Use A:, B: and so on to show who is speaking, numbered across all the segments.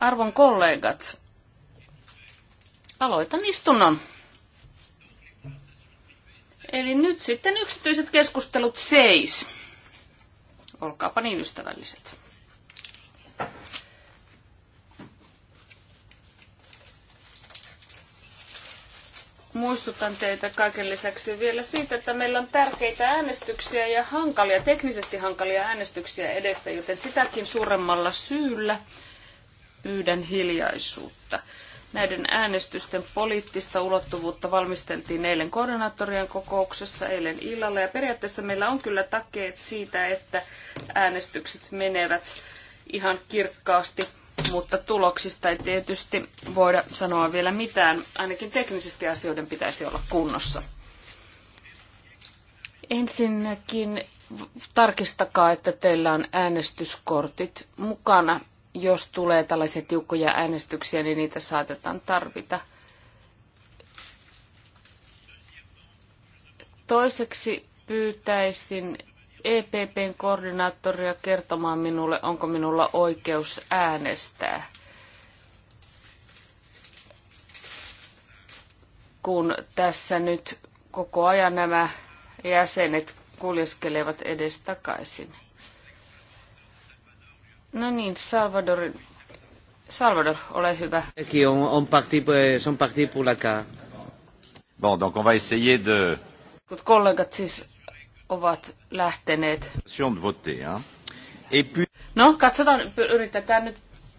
A: Arvon kollegat, aloitan istunnon. Eli nyt sitten yksityiset keskustelut seis. Olkaapa niin ystävälliset. Muistutan teitä kaiken lisäksi vielä siitä, että meillä on tärkeitä äänestyksiä ja hankalia, teknisesti hankalia äänestyksiä edessä, joten sitäkin suuremmalla syyllä pyydän hiljaisuutta. Näiden äänestysten poliittista ulottuvuutta valmisteltiin eilen koordinaattorien kokouksessa eilen illalla ja periaatteessa meillä on kyllä takeet siitä, että äänestykset menevät ihan kirkkaasti mutta tuloksista ei tietysti voida sanoa vielä mitään. Ainakin teknisesti asioiden pitäisi olla kunnossa. Ensinnäkin tarkistakaa, että teillä on äänestyskortit mukana. Jos tulee tällaisia tiukkoja äänestyksiä, niin niitä saatetaan tarvita. Toiseksi pyytäisin, EPPn koordinaattoria kertomaan minulle, onko minulla oikeus äänestää. Kun tässä nyt koko ajan nämä jäsenet kuljeskelevat edestakaisin. No niin, Salvador, Salvador, ole hyvä.
B: On, on parti, sont partis pour la Bon, donc on va essayer de...
A: kollegat siis ovat lähteneet. No, katsotaan, yritetään nyt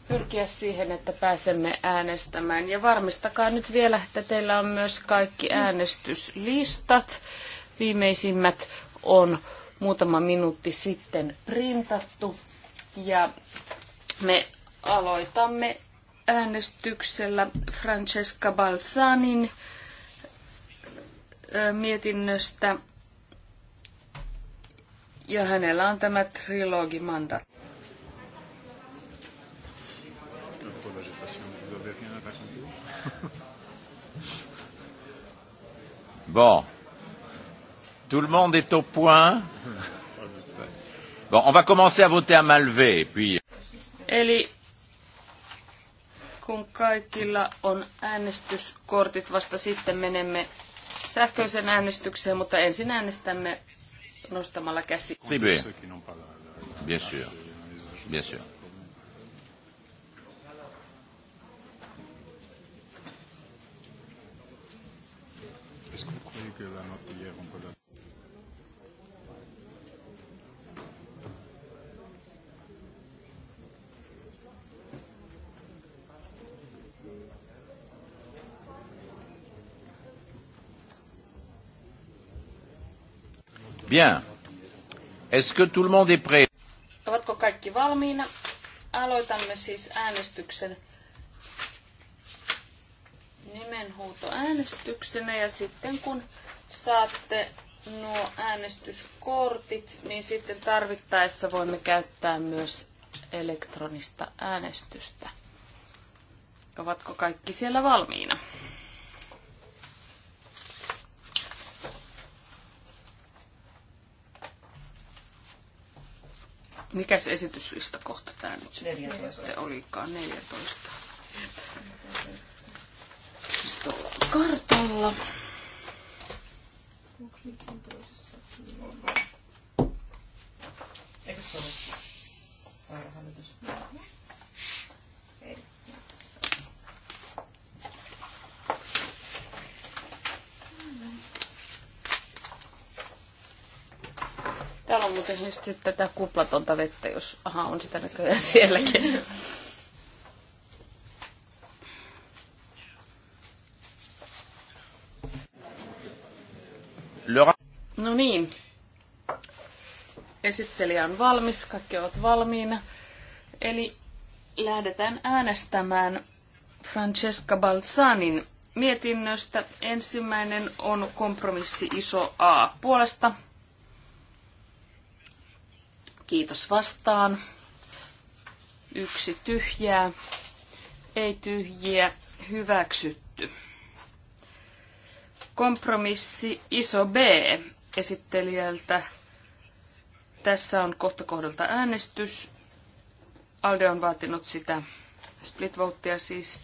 A: pyrkiä siihen, että pääsemme äänestämään. Ja varmistakaa nyt vielä, että teillä on myös kaikki äänestyslistat. Viimeisimmät on muutama minuutti sitten printattu. Ja me aloitamme äänestyksellä Francesca Balsanin mietinnöstä ja hänellä on tämä trilogimandat.
B: Bon. Tout le monde est au point. Bon, on va commencer à voter à main levée, puis...
A: Eli kun kaikilla on äänestyskortit, vasta sitten menemme sähköisen äänestykseen, mutta ensin äänestämme nostamalla käsi.
B: Bien sûr. Bien sûr.
C: Est-ce que vous croyez que la
B: Bien. Est-ce que tout le monde est prêt?
A: Ovatko kaikki valmiina? Aloitamme siis äänestyksen nimenhuutoäänestyksenä ja sitten kun saatte nuo äänestyskortit, niin sitten tarvittaessa voimme käyttää myös elektronista äänestystä. Ovatko kaikki siellä valmiina? Mikäs esityslista kohta tämä nyt sitten 14. olikaan? 14. kartalla.
D: Onko nyt toisessa?
C: Eikö se ole?
A: Täällä on muuten just tätä kuplatonta vettä, jos aha, on sitä näköjään sielläkin. No niin. Esittelijä on valmis, kaikki ovat valmiina. Eli lähdetään äänestämään Francesca Balzanin mietinnöstä. Ensimmäinen on kompromissi iso A puolesta Kiitos vastaan. Yksi tyhjää. Ei tyhjiä. Hyväksytty. Kompromissi iso B esittelijältä. Tässä on kohtakohdalta äänestys. Alde on vaatinut sitä split votea siis.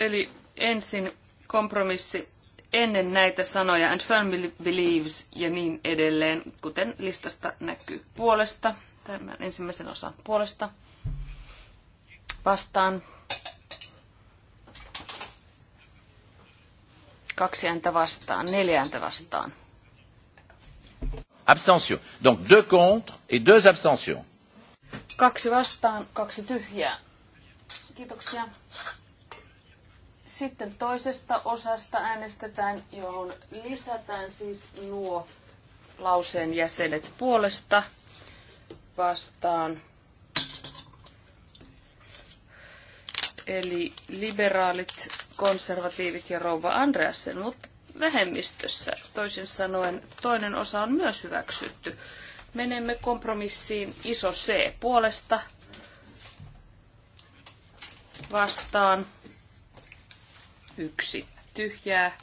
A: Eli ensin kompromissi ennen näitä sanoja and firmly believes ja niin edelleen, kuten listasta näkyy puolesta. Tämän ensimmäisen osan puolesta vastaan. Kaksi ääntä vastaan, neljä ääntä vastaan.
B: Abstention. Donc deux contre et deux abstentions.
A: Kaksi vastaan, kaksi tyhjää. Kiitoksia. Sitten toisesta osasta äänestetään, johon lisätään siis nuo lauseen jäsenet puolesta vastaan. Eli liberaalit, konservatiivit ja rouva Andreasen, mutta vähemmistössä. Toisin sanoen toinen osa on myös hyväksytty. Menemme kompromissiin iso C puolesta vastaan yksi. Tyhjää,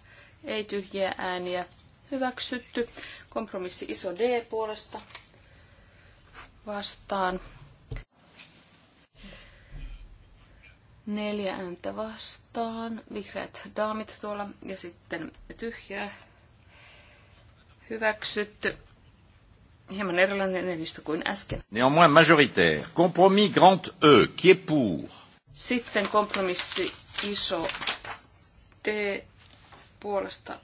A: ei tyhjiä ääniä, hyväksytty. Kompromissi iso D puolesta vastaan. Neljä ääntä vastaan, vihreät daamit tuolla ja sitten tyhjää hyväksytty. Hieman erilainen enemmistö kuin äsken.
B: Néanmoins majoritaire. Compromis grand E, qui est pour?
A: Sitten kompromissi iso puolesta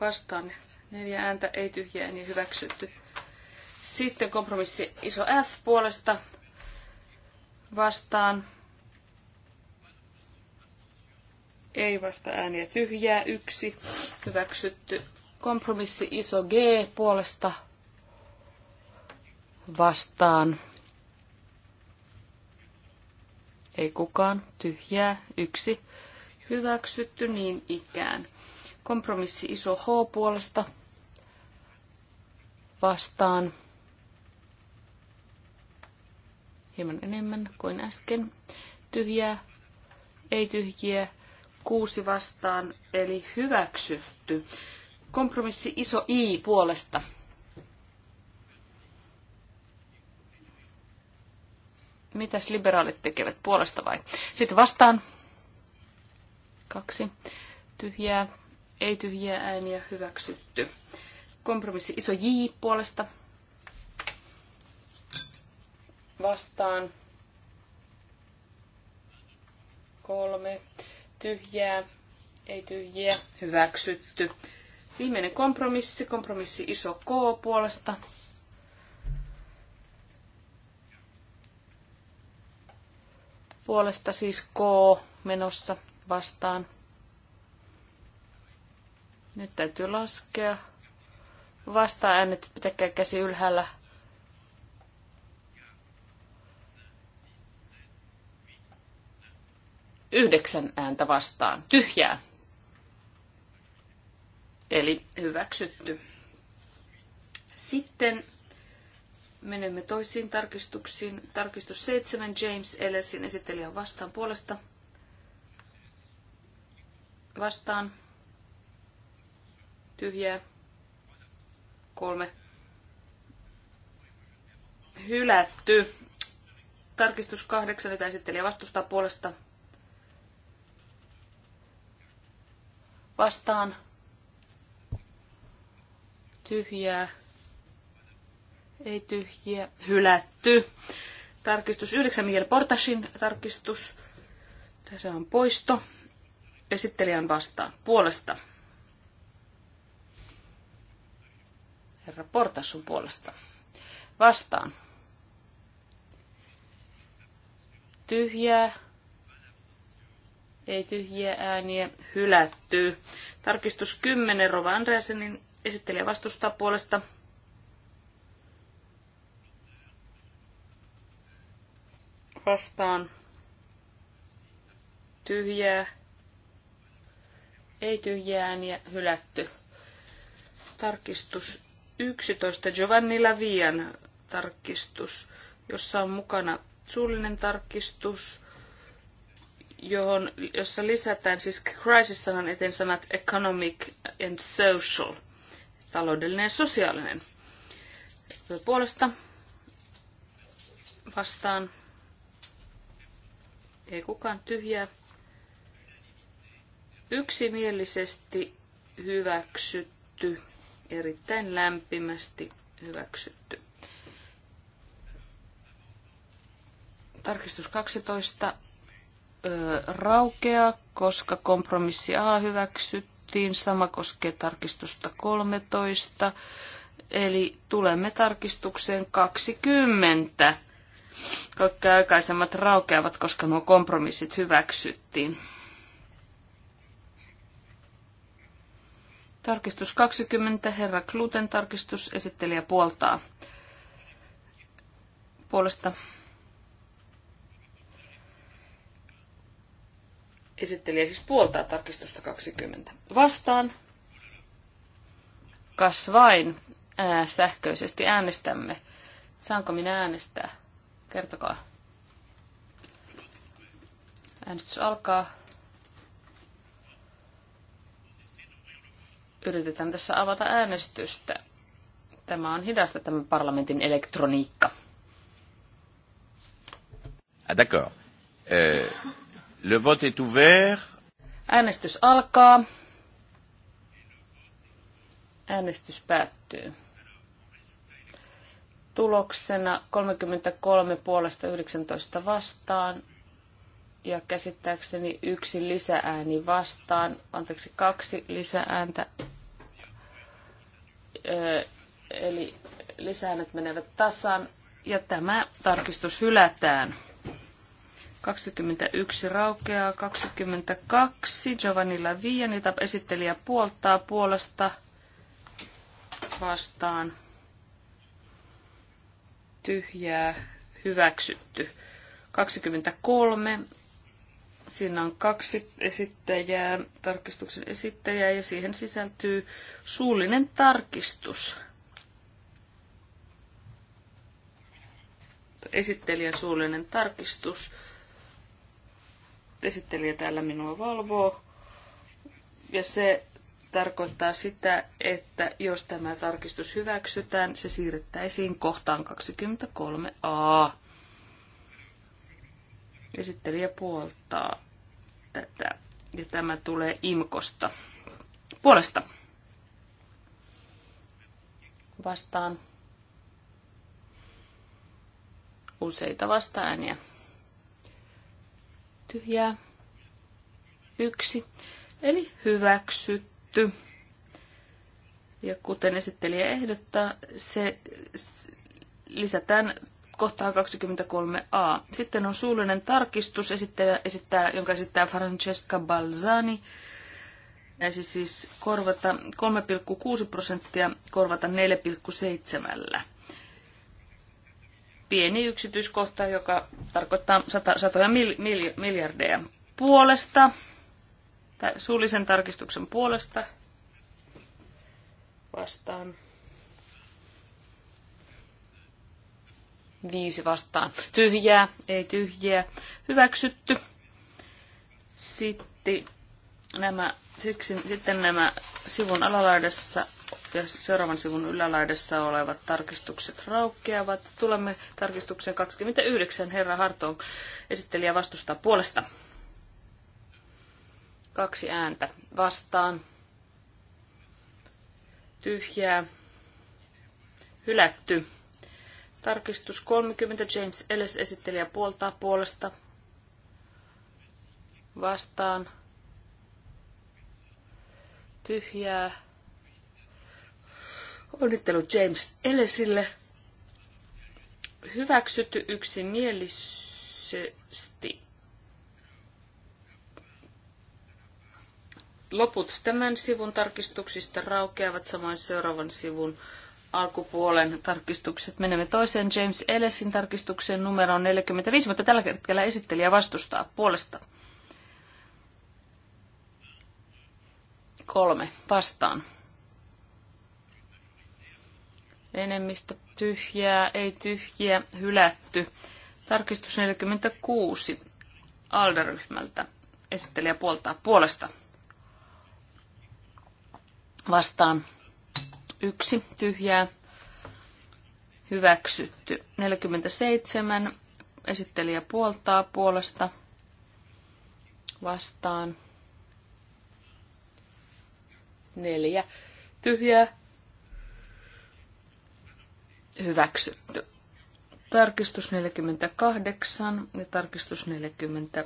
A: vastaan. Neljä ääntä ei tyhjää, niin hyväksytty. Sitten kompromissi iso F puolesta vastaan. Ei vasta ääniä tyhjää, yksi hyväksytty. Kompromissi iso G puolesta vastaan. ei kukaan, tyhjää, yksi, hyväksytty niin ikään. Kompromissi iso H puolesta vastaan hieman enemmän kuin äsken. Tyhjää, ei tyhjiä, kuusi vastaan, eli hyväksytty. Kompromissi iso I puolesta Mitäs liberaalit tekevät puolesta vai? Sitten vastaan. Kaksi. Tyhjää. Ei tyhjää ääniä hyväksytty. Kompromissi iso J puolesta. Vastaan. Kolme. Tyhjää. Ei tyhjiä. Hyväksytty. Viimeinen kompromissi. Kompromissi iso K puolesta puolesta siis K menossa vastaan. Nyt täytyy laskea. Vastaa äänet, pitäkää käsi ylhäällä. Yhdeksän ääntä vastaan. Tyhjää. Eli hyväksytty. Sitten Menemme toisiin tarkistuksiin. Tarkistus 7. James Ellisin esittelijä vastaan puolesta. Vastaan. Tyhjää. Kolme. Hylätty. Tarkistus 8. Jota esittelijä vastustaa puolesta. Vastaan. Tyhjää ei tyhjiä, hylätty. Tarkistus 9, Miguel Portasin tarkistus. Tässä on poisto. Esittelijän vastaan. Puolesta. Herra Portas sun puolesta. Vastaan. Tyhjää. Ei tyhjiä ääniä. Hylätty. Tarkistus 10, Rova Andreasenin esittelijä vastustaa puolesta vastaan. Tyhjää. Ei tyhjää ja hylätty. Tarkistus 11. Giovanni Lavian tarkistus, jossa on mukana suullinen tarkistus, johon, jossa lisätään siis crisis-sanan eteen sanat economic and social, taloudellinen ja sosiaalinen. Puolesta vastaan ei kukaan tyhjää. Yksimielisesti hyväksytty. Erittäin lämpimästi hyväksytty. Tarkistus 12 ö, raukea, koska kompromissi A hyväksyttiin. Sama koskee tarkistusta 13. Eli tulemme tarkistukseen 20. Kaikki aikaisemmat raukeavat, koska nuo kompromissit hyväksyttiin. Tarkistus 20, herra Kluten tarkistus, esittelijä puoltaa puolesta. Esittelijä siis puoltaa tarkistusta 20. Vastaan. Kas vain ää, sähköisesti äänestämme. Saanko minä äänestää? Kertokaa. Äänestys alkaa. Yritetään tässä avata äänestystä. Tämä on hidasta tämä parlamentin elektroniikka.
B: Ah, d'accord. Euh, le vote est ouvert.
A: Äänestys alkaa. Äänestys päättyy tuloksena 33 puolesta 19 vastaan ja käsittääkseni yksi lisääni vastaan, anteeksi kaksi lisääntä, eli lisäänet menevät tasan ja tämä tarkistus hylätään. 21 raukeaa, 22 Giovanni Lavian, jota esittelijä puoltaa puolesta vastaan tyhjää hyväksytty. 23. Siinä on kaksi esittäjää, tarkistuksen esittäjää ja siihen sisältyy suullinen tarkistus. Esittelijän suullinen tarkistus. Esittelijä täällä minua valvoo. Ja se tarkoittaa sitä, että jos tämä tarkistus hyväksytään, se siirrettäisiin kohtaan 23a. Esittelijä puoltaa tätä ja tämä tulee IMKOsta. Puolesta. Vastaan. Useita vastaääniä. Tyhjää. Yksi. Eli hyväksyt hyväksytty. Ja kuten esittelijä ehdottaa, se lisätään kohtaan 23a. Sitten on suullinen tarkistus, esittää, esittää, jonka esittää Francesca Balzani. Näisi siis korvata 3,6 prosenttia, korvata 4,7. Pieni yksityiskohta, joka tarkoittaa sata, satoja mil, mil, miljardeja puolesta Suullisen tarkistuksen puolesta vastaan. Viisi vastaan. Tyhjää, ei tyhjää. Hyväksytty. Sitten nämä, siksi, sitten nämä sivun alalaidassa ja seuraavan sivun ylälaidassa olevat tarkistukset raukeavat. Tulemme tarkistukseen 29. Herra Harto esittelijä vastustaa puolesta Kaksi ääntä vastaan. Tyhjää. Hylätty. Tarkistus 30. James Ellis esittelijä puoltaa puolesta. Vastaan. Tyhjää. Onnittelu James Ellisille. Hyväksytty yksimielisesti. Loput tämän sivun tarkistuksista raukeavat samoin seuraavan sivun alkupuolen tarkistukset. Menemme toiseen James Ellisin tarkistukseen numero 45, mutta tällä hetkellä esittelijä vastustaa puolesta. Kolme vastaan. Enemmistö tyhjää, ei tyhjiä, hylätty. Tarkistus 46 Alderyhmältä. Esittelijä puoltaa puolesta vastaan yksi tyhjää hyväksytty. 47 esittelijä puoltaa puolesta vastaan neljä tyhjää hyväksytty. Tarkistus 48 ja tarkistus 40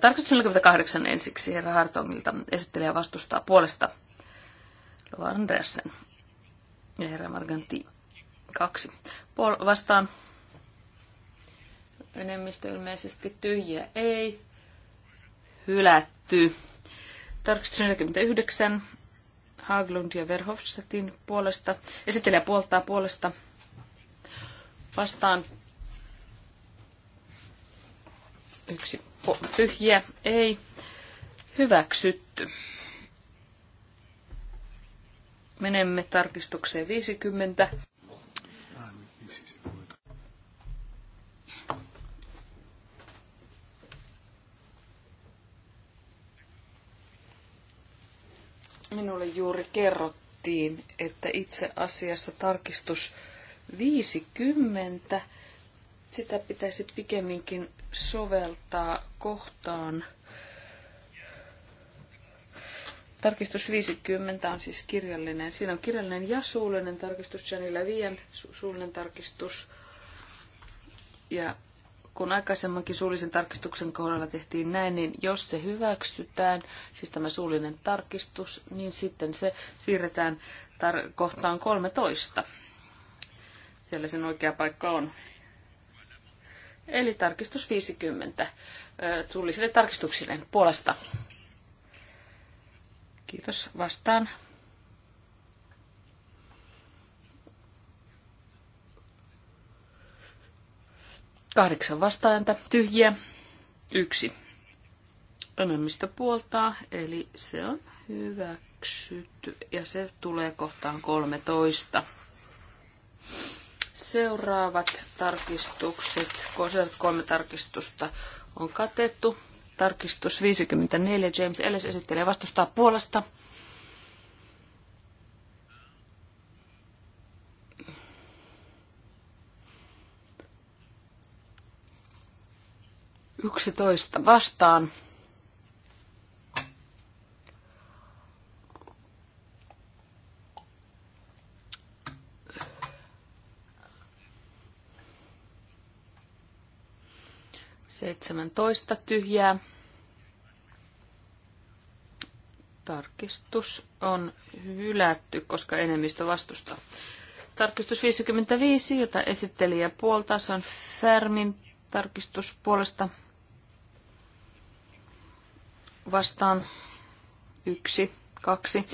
A: Tarkastus 48 ensiksi herra Hartongilta. Esittelijä vastustaa puolesta. Lova Andersen ja herra Marganti. 2. Puol- vastaan. Enemmistö ilmeisesti tyhjiä ei. Hylätty. Tarkastus 49. Haglund ja Verhofstadtin puolesta. Esittelijä puoltaa puolesta. Vastaan. Yksi tyhjiä ei hyväksytty. Menemme tarkistukseen 50. Minulle juuri kerrottiin, että itse asiassa tarkistus 50, sitä pitäisi pikemminkin soveltaa kohtaan. Tarkistus 50 on siis kirjallinen. Siinä on kirjallinen ja suullinen tarkistus, Janilla Vien su- suullinen tarkistus. Ja kun aikaisemmankin suullisen tarkistuksen kohdalla tehtiin näin, niin jos se hyväksytään, siis tämä suullinen tarkistus, niin sitten se siirretään tar- kohtaan 13. Siellä sen oikea paikka on. Eli tarkistus 50 tullisille tarkistuksille puolesta. Kiitos vastaan. Kahdeksan vastaajanta, tyhjiä, yksi. Enemmistö puoltaa, eli se on hyväksytty ja se tulee kohtaan 13. Seuraavat tarkistukset, seuraavat kolme tarkistusta on katettu. Tarkistus 54, James Ellis esittelee vastustaa puolesta. Yksitoista vastaan. 17 tyhjää. Tarkistus on hylätty, koska enemmistö vastustaa. Tarkistus 55, jota esittelijä puolta, se on Fermin tarkistus puolesta vastaan yksi, kaksi,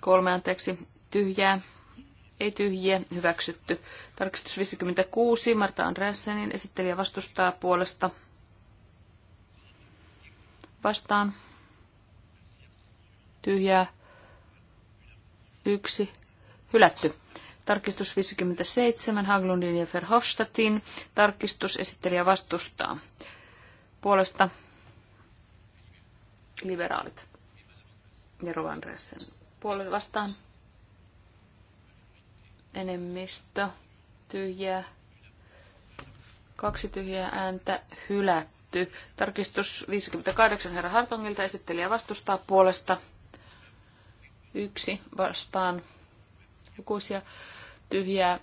A: kolme anteeksi, tyhjää, ei tyhjiä, hyväksytty. Tarkistus 56, Marta Andreasenin esittelijä vastustaa puolesta. Vastaan. Tyhjää. Yksi. Hylätty. Tarkistus 57, Haglundin ja Verhofstadtin. Tarkistus esittelijä vastustaa. Puolesta liberaalit. Jero Andreasen puolesta vastaan enemmistö, tyhjää, kaksi tyhjää ääntä, hylätty. Tarkistus 58 herra Hartongilta esittelijä vastustaa puolesta. Yksi vastaan lukuisia tyhjää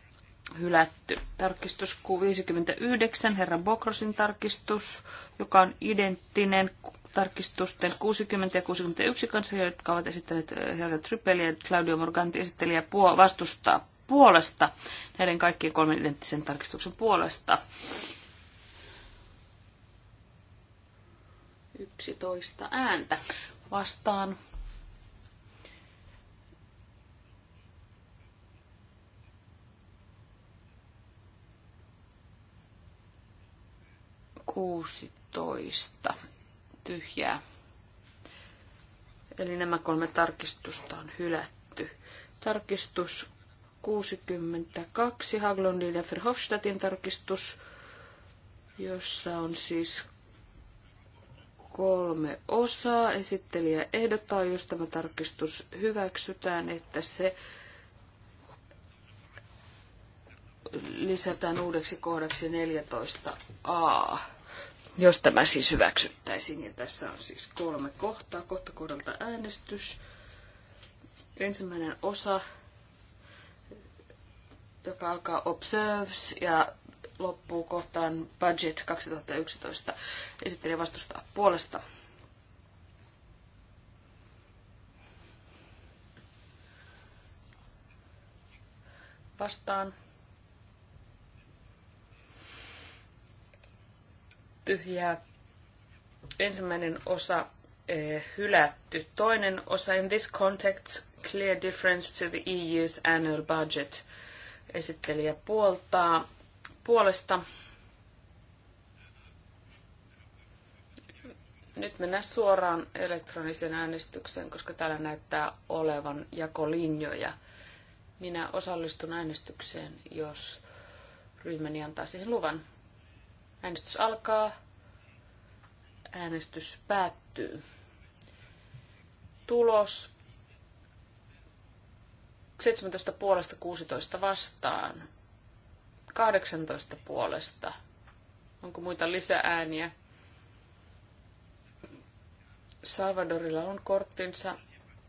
A: hylätty. Tarkistus 59, herra Bokrosin tarkistus, joka on identtinen tarkistusten 60 ja 61 kanssa, jotka ovat esittäneet äh, Helga Trypeli ja Claudio Morganti esittelijä puo vastustaa puolesta, näiden kaikkien kolmen identtisen tarkistuksen puolesta. 11 ääntä vastaan. Kuusitoista tyhjää. Eli nämä kolme tarkistusta on hylätty. Tarkistus 62 Haglundin ja Verhofstadtin tarkistus, jossa on siis kolme osaa. Esittelijä ehdottaa, jos tämä tarkistus hyväksytään, että se lisätään uudeksi kohdaksi 14a. Jos tämä siis hyväksyttäisiin, niin tässä on siis kolme kohtaa. Kohta kohdalta äänestys. Ensimmäinen osa joka alkaa Observes ja loppuu kohtaan Budget 2011. Esittelijä vastustaa puolesta. Vastaan. Tyhjää. Ensimmäinen osa eh, hylätty. Toinen osa in this context clear difference to the EU's annual budget – Esittelijä puoltaa puolesta. Nyt mennään suoraan elektronisen äänestykseen, koska täällä näyttää olevan jakolinjoja. Minä osallistun äänestykseen, jos ryhmäni antaa siihen luvan. Äänestys alkaa. Äänestys päättyy. Tulos 17 puolesta 16 vastaan. 18 puolesta. Onko muita lisääniä? Salvadorilla on korttinsa,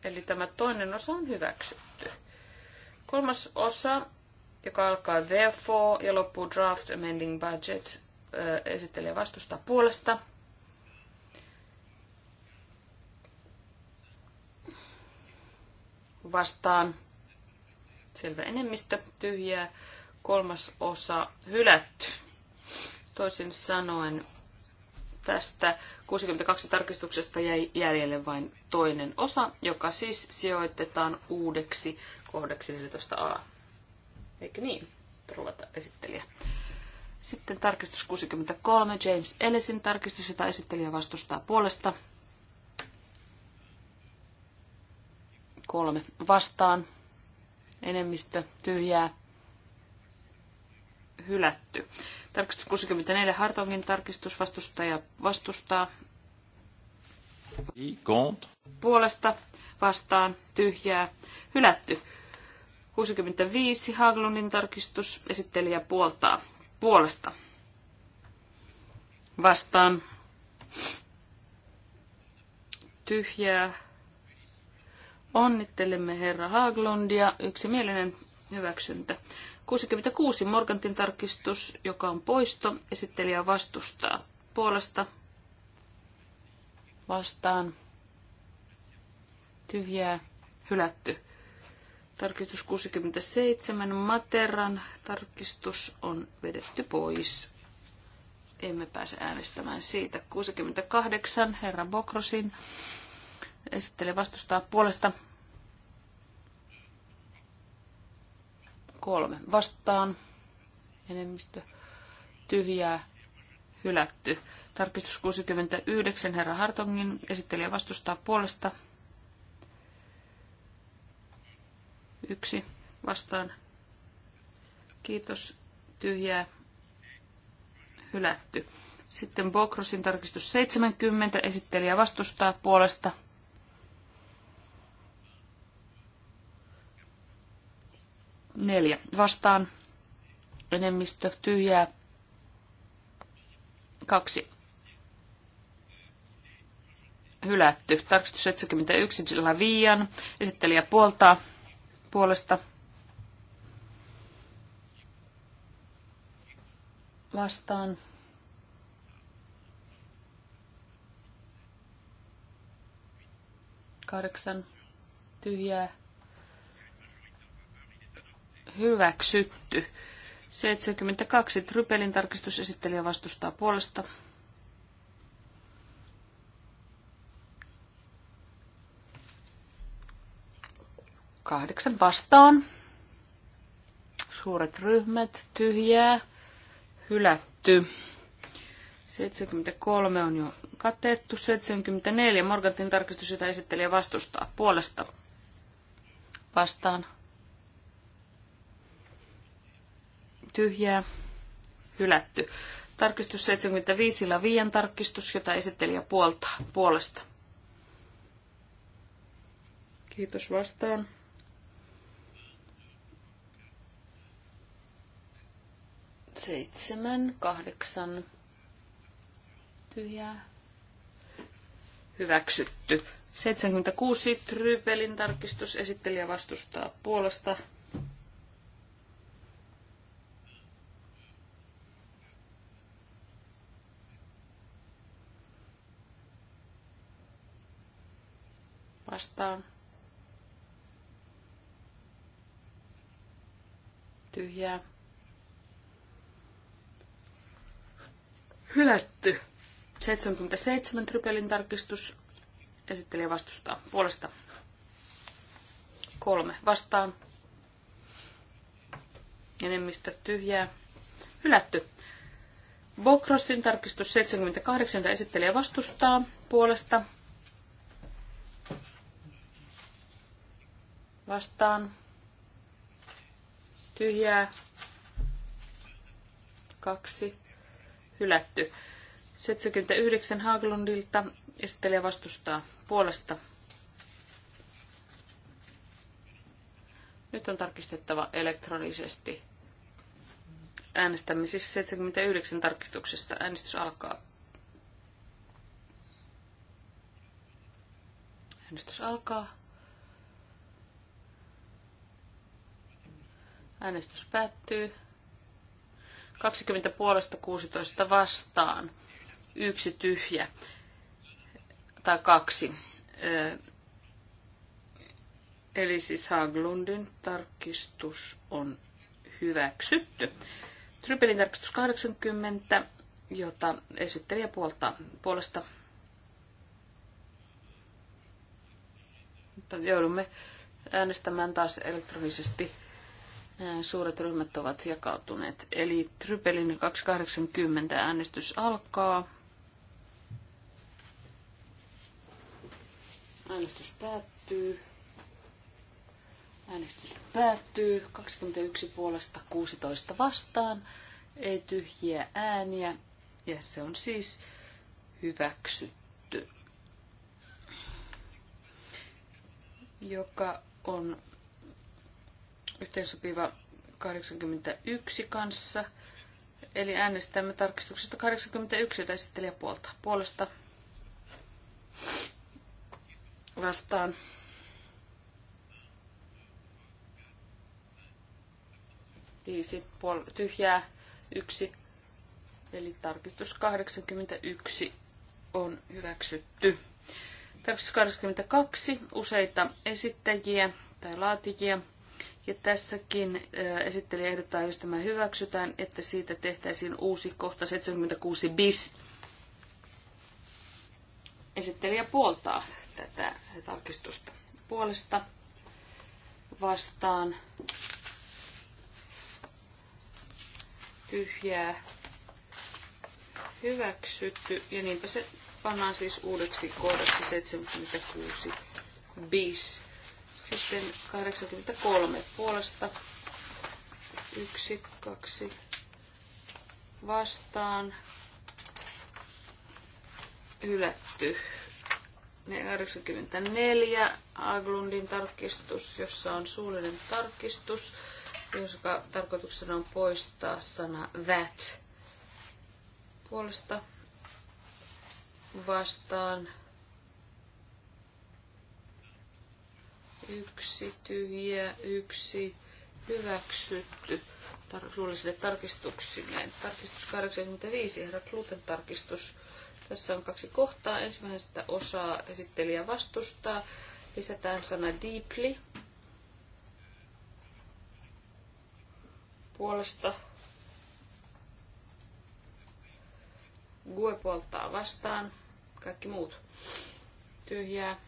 A: eli tämä toinen osa on hyväksytty. Kolmas osa, joka alkaa therefore ja loppuu draft amending budget, esittelee vastustaa puolesta. Vastaan Selvä enemmistö. Tyhjää. Kolmas osa hylätty. Toisin sanoen tästä 62 tarkistuksesta jäi jäljelle vain toinen osa, joka siis sijoitetaan uudeksi kohdaksi 14a. Eikö niin? Ruvata esittelijä. Sitten tarkistus 63, James Ellisin tarkistus, jota esittelijä vastustaa puolesta. Kolme vastaan enemmistö tyhjää hylätty. Tarkistus 64 Hartongin tarkistus vastustaja vastustaa. Puolesta vastaan tyhjää hylätty. 65 Haglundin tarkistus esittelijä puoltaa puolesta vastaan tyhjää Onnittelemme herra Haaglundia. Yksimielinen hyväksyntä. 66 Morgantin tarkistus, joka on poisto. Esittelijä vastustaa. Puolesta vastaan. Tyhjää. Hylätty. Tarkistus 67. Materan tarkistus on vedetty pois. Emme pääse äänestämään siitä. 68. Herra Bokrosin Esittele vastustaa puolesta. Kolme vastaan. Enemmistö tyhjää hylätty. Tarkistus 69 herra Hartongin esittelijä vastustaa puolesta. Yksi vastaan. Kiitos. Tyhjää. Hylätty. Sitten Bokrosin tarkistus 70 esittelijä vastustaa puolesta. Neljä. Vastaan enemmistö tyhjää. Kaksi. Hylätty. Tarkistus 71 sillä viian. Esittelijä puoltaa puolesta. Vastaan. Kahdeksan tyhjää hyväksytty. 72. Trypelin tarkistusesittelijä vastustaa puolesta. Kahdeksan vastaan. Suuret ryhmät, tyhjää, hylätty. 73 on jo katettu. 74. Morgantin tarkistus, jota esittelijä vastustaa puolesta. Vastaan tyhjää, hylätty. Tarkistus 75 Lavian tarkistus, jota esittelijä puolta, puolesta. Kiitos vastaan. Seitsemän, kahdeksan. Tyhjää. Hyväksytty. 76 rypelin tarkistus. Esittelijä vastustaa puolesta. vastaan. Tyhjää. Hylätty. 77 trypelin tarkistus. Esittelijä vastustaa. Puolesta. Kolme vastaan. Enemmistö tyhjää. Hylätty. Bokrossin tarkistus 78 esittelijä vastustaa puolesta vastaan tyhjää kaksi hylätty. 79 Haaglundilta esittelee vastustaa puolesta. Nyt on tarkistettava elektronisesti. äänestämisessä siis 79 tarkistuksesta. Äänestys alkaa. Äänestys alkaa. Äänestys päättyy. 20 puolesta 16 vastaan. Yksi tyhjä. Tai kaksi. Eli siis Haglundin tarkistus on hyväksytty. Trypelin tarkistus 80, jota esittelijä puolta, puolesta joudumme äänestämään taas elektronisesti Äh, suuret ryhmät ovat jakautuneet. Eli Trypelin 280 äänestys alkaa. Äänestys päättyy. Äänestys päättyy. 21 puolesta 16 vastaan. Ei tyhjiä ääniä. Ja se on siis hyväksytty. Joka on yhteensopiva 81 kanssa. Eli äänestämme tarkistuksesta 81, jota esittelijä puolta. Puolesta vastaan. Viisi puol- tyhjää, yksi. Eli tarkistus 81 on hyväksytty. Tarkistus 82, useita esittäjiä tai laatijia ja tässäkin äh, esittelijä ehdottaa, jos tämä hyväksytään, että siitä tehtäisiin uusi kohta 76 bis. Esittelijä puoltaa tätä tarkistusta puolesta vastaan tyhjää hyväksytty ja niinpä se pannaan siis uudeksi kohdaksi 76 bis. Sitten 83 puolesta. yksi kaksi vastaan. Hylätty. 84 Aglundin tarkistus, jossa on suullinen tarkistus, jossa tarkoituksena on poistaa sana that puolesta vastaan Yksi tyhjä, yksi hyväksytty suullisille tarkistuksille. Tarkistus 85, herra Kluten tarkistus. Tässä on kaksi kohtaa. Ensimmäisestä osaa esittelijä vastustaa. Lisätään sana deeply. Puolesta. Gue puoltaa vastaan. Kaikki muut. Tyhjää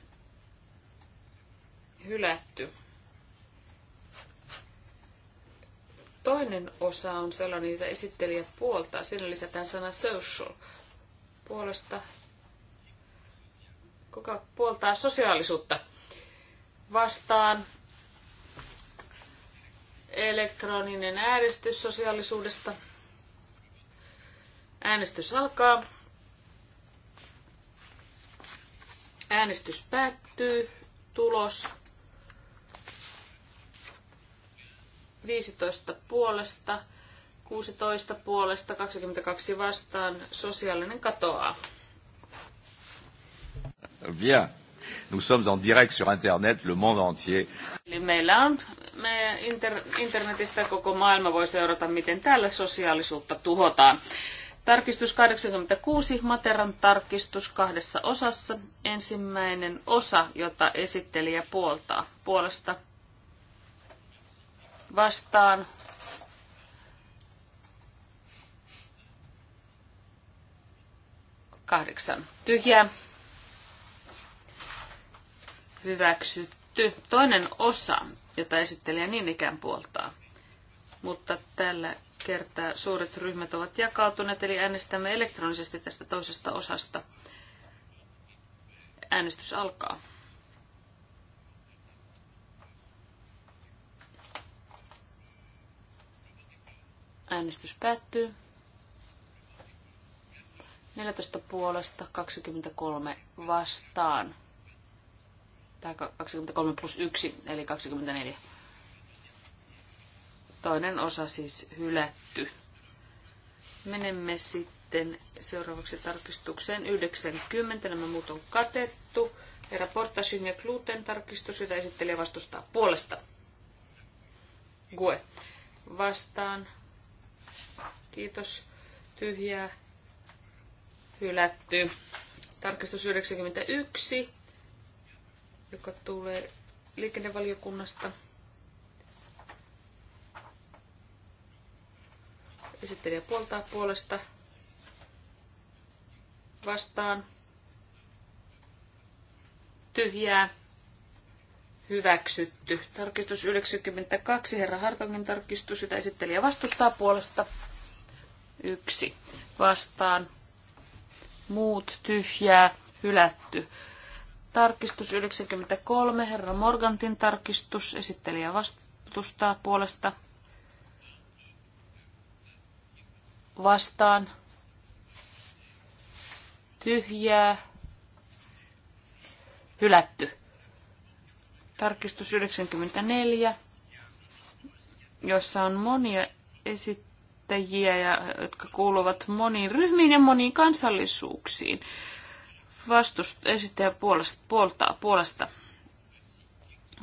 A: hylätty. Toinen osa on sellainen, jota esittelijä puoltaa. Siinä lisätään sana social puolesta. Kuka puoltaa sosiaalisuutta? Vastaan elektroninen äänestys sosiaalisuudesta. Äänestys alkaa. Äänestys päättyy. Tulos 15 puolesta, 16 puolesta, 22 vastaan, sosiaalinen katoaa.
B: Bien. Nous sommes en direct sur Internet, le monde entier.
A: Eli meillä on me inter, internetistä koko maailma voi seurata, miten täällä sosiaalisuutta tuhotaan. Tarkistus 86, Materan tarkistus kahdessa osassa. Ensimmäinen osa, jota esittelijä puoltaa. Puolesta vastaan. Kahdeksan tyhjä Hyväksytty. Toinen osa, jota esittelijä niin ikään puoltaa. Mutta tällä kertaa suuret ryhmät ovat jakautuneet, eli äänestämme elektronisesti tästä toisesta osasta. Äänestys alkaa. Äänestys päättyy. 14 puolesta 23 vastaan. Tämä 23 plus 1, eli 24. Toinen osa siis hylätty. Menemme sitten seuraavaksi tarkistukseen 90. Nämä muut on katettu. Herra Portasin ja Kluten tarkistus, jota esittelijä vastustaa puolesta. Gue. Vastaan. Kiitos. Tyhjää. Hylätty. Tarkistus 91, joka tulee liikennevaliokunnasta. Esittelijä puoltaa puolesta. Vastaan. Tyhjää. Hyväksytty. Tarkistus 92, herra Hartongin tarkistus, sitä esittelijä vastustaa puolesta yksi vastaan. Muut tyhjää hylätty. Tarkistus 93, herra Morgantin tarkistus, esittelijä vastustaa puolesta. Vastaan. Tyhjää. Hylätty. Tarkistus 94, jossa on monia esit päättäjiä, ja, jotka kuuluvat moniin ryhmiin ja moniin kansallisuuksiin. Vastust, esittäjä puolesta, puolta, puolesta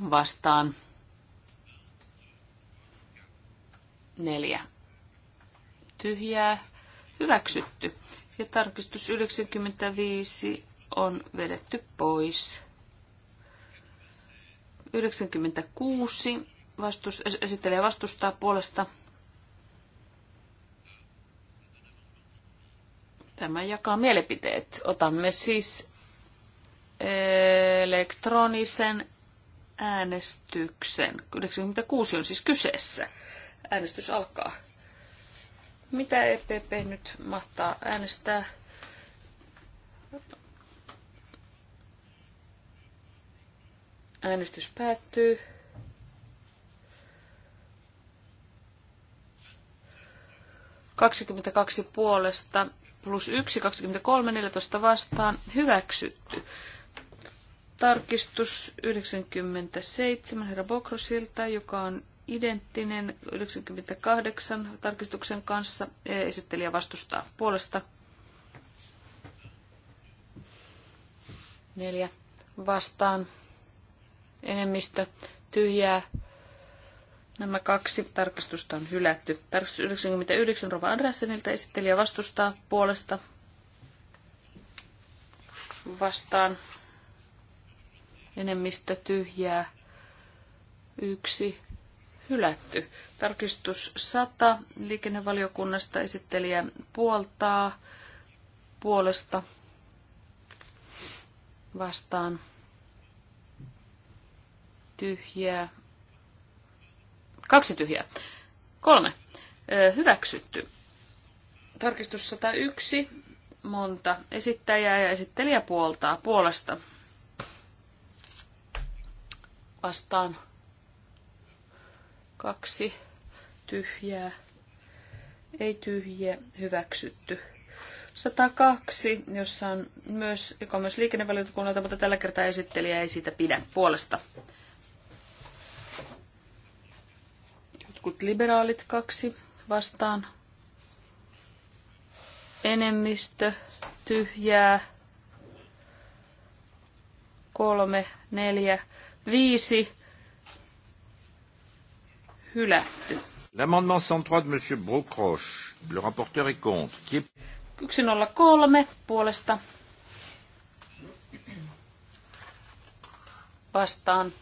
A: vastaan neljä tyhjää hyväksytty. Ja tarkistus 95 on vedetty pois. 96 vastus, esittelee vastustaa puolesta Tämä jakaa mielipiteet. Otamme siis eh, elektronisen äänestyksen. 96 on siis kyseessä. Äänestys alkaa. Mitä EPP nyt mahtaa äänestää? Äänestys päättyy. Kaksikymmentäkaksi puolesta, plus 1, 23, 14 vastaan hyväksytty. Tarkistus 97 herra Bokrosilta, joka on identtinen 98 tarkistuksen kanssa. E, esittelijä vastustaa puolesta. Neljä vastaan enemmistö tyhjää Nämä kaksi tarkistusta on hylätty. Tarkistus 99 Rova Andreasenilta esittelijä vastustaa puolesta vastaan enemmistö tyhjää yksi hylätty. Tarkistus 100 liikennevaliokunnasta esittelijä puoltaa puolesta vastaan tyhjää Kaksi tyhjää. Kolme. Hyväksytty. Tarkistus 101. Monta esittäjää ja esittelijä puoltaa puolesta. Vastaan kaksi tyhjää. Ei tyhjiä, hyväksytty. 102, jossa on myös, joka on myös liikennevaliokunnalta, mutta tällä kertaa esittelijä ei siitä pidä puolesta jotkut liberaalit kaksi vastaan. Enemmistö tyhjää kolme, neljä, viisi
B: hylätty. L'amendement 103 de Monsieur Brocroche, le rapporteur est contre. Qui est...
A: 103 puolesta vastaan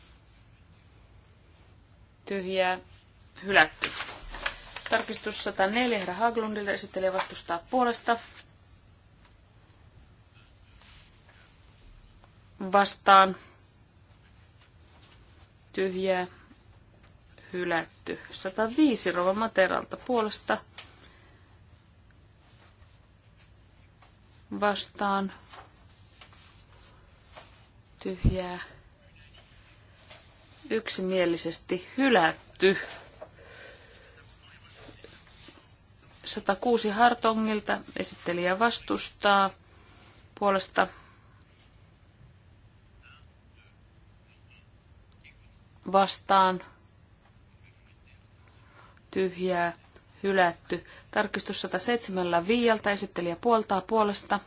A: tyhjää hylätty. Tarkistus 104 herra Haglundille esittelee vastustaa puolesta. Vastaan. Tyhjää. Hylätty. 105 Rova Materalta puolesta. Vastaan. Tyhjää. Yksimielisesti hylätty. 106 Hartongilta esittelijä vastustaa puolesta vastaan tyhjää hylätty. Tarkistus 107 viialta esittelijä puoltaa puolesta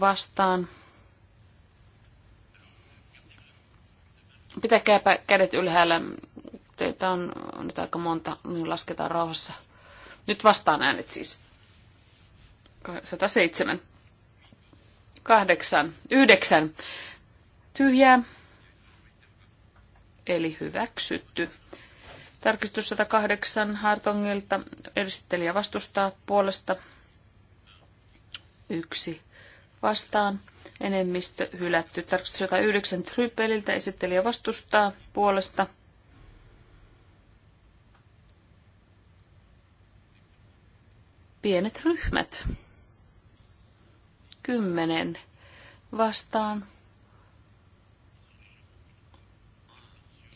A: vastaan. Pitäkääpä kädet ylhäällä. Teitä on, nyt aika monta, niin lasketaan rauhassa. Nyt vastaan äänet siis. 107. 8. 9. Tyhjää. Eli hyväksytty. Tarkistus 108 Hartongilta. Esittelijä vastustaa puolesta. Yksi vastaan. Enemmistö hylätty. Tarkistus 109 Trypeliltä. Esittelijä vastustaa puolesta. pienet ryhmät. Kymmenen vastaan.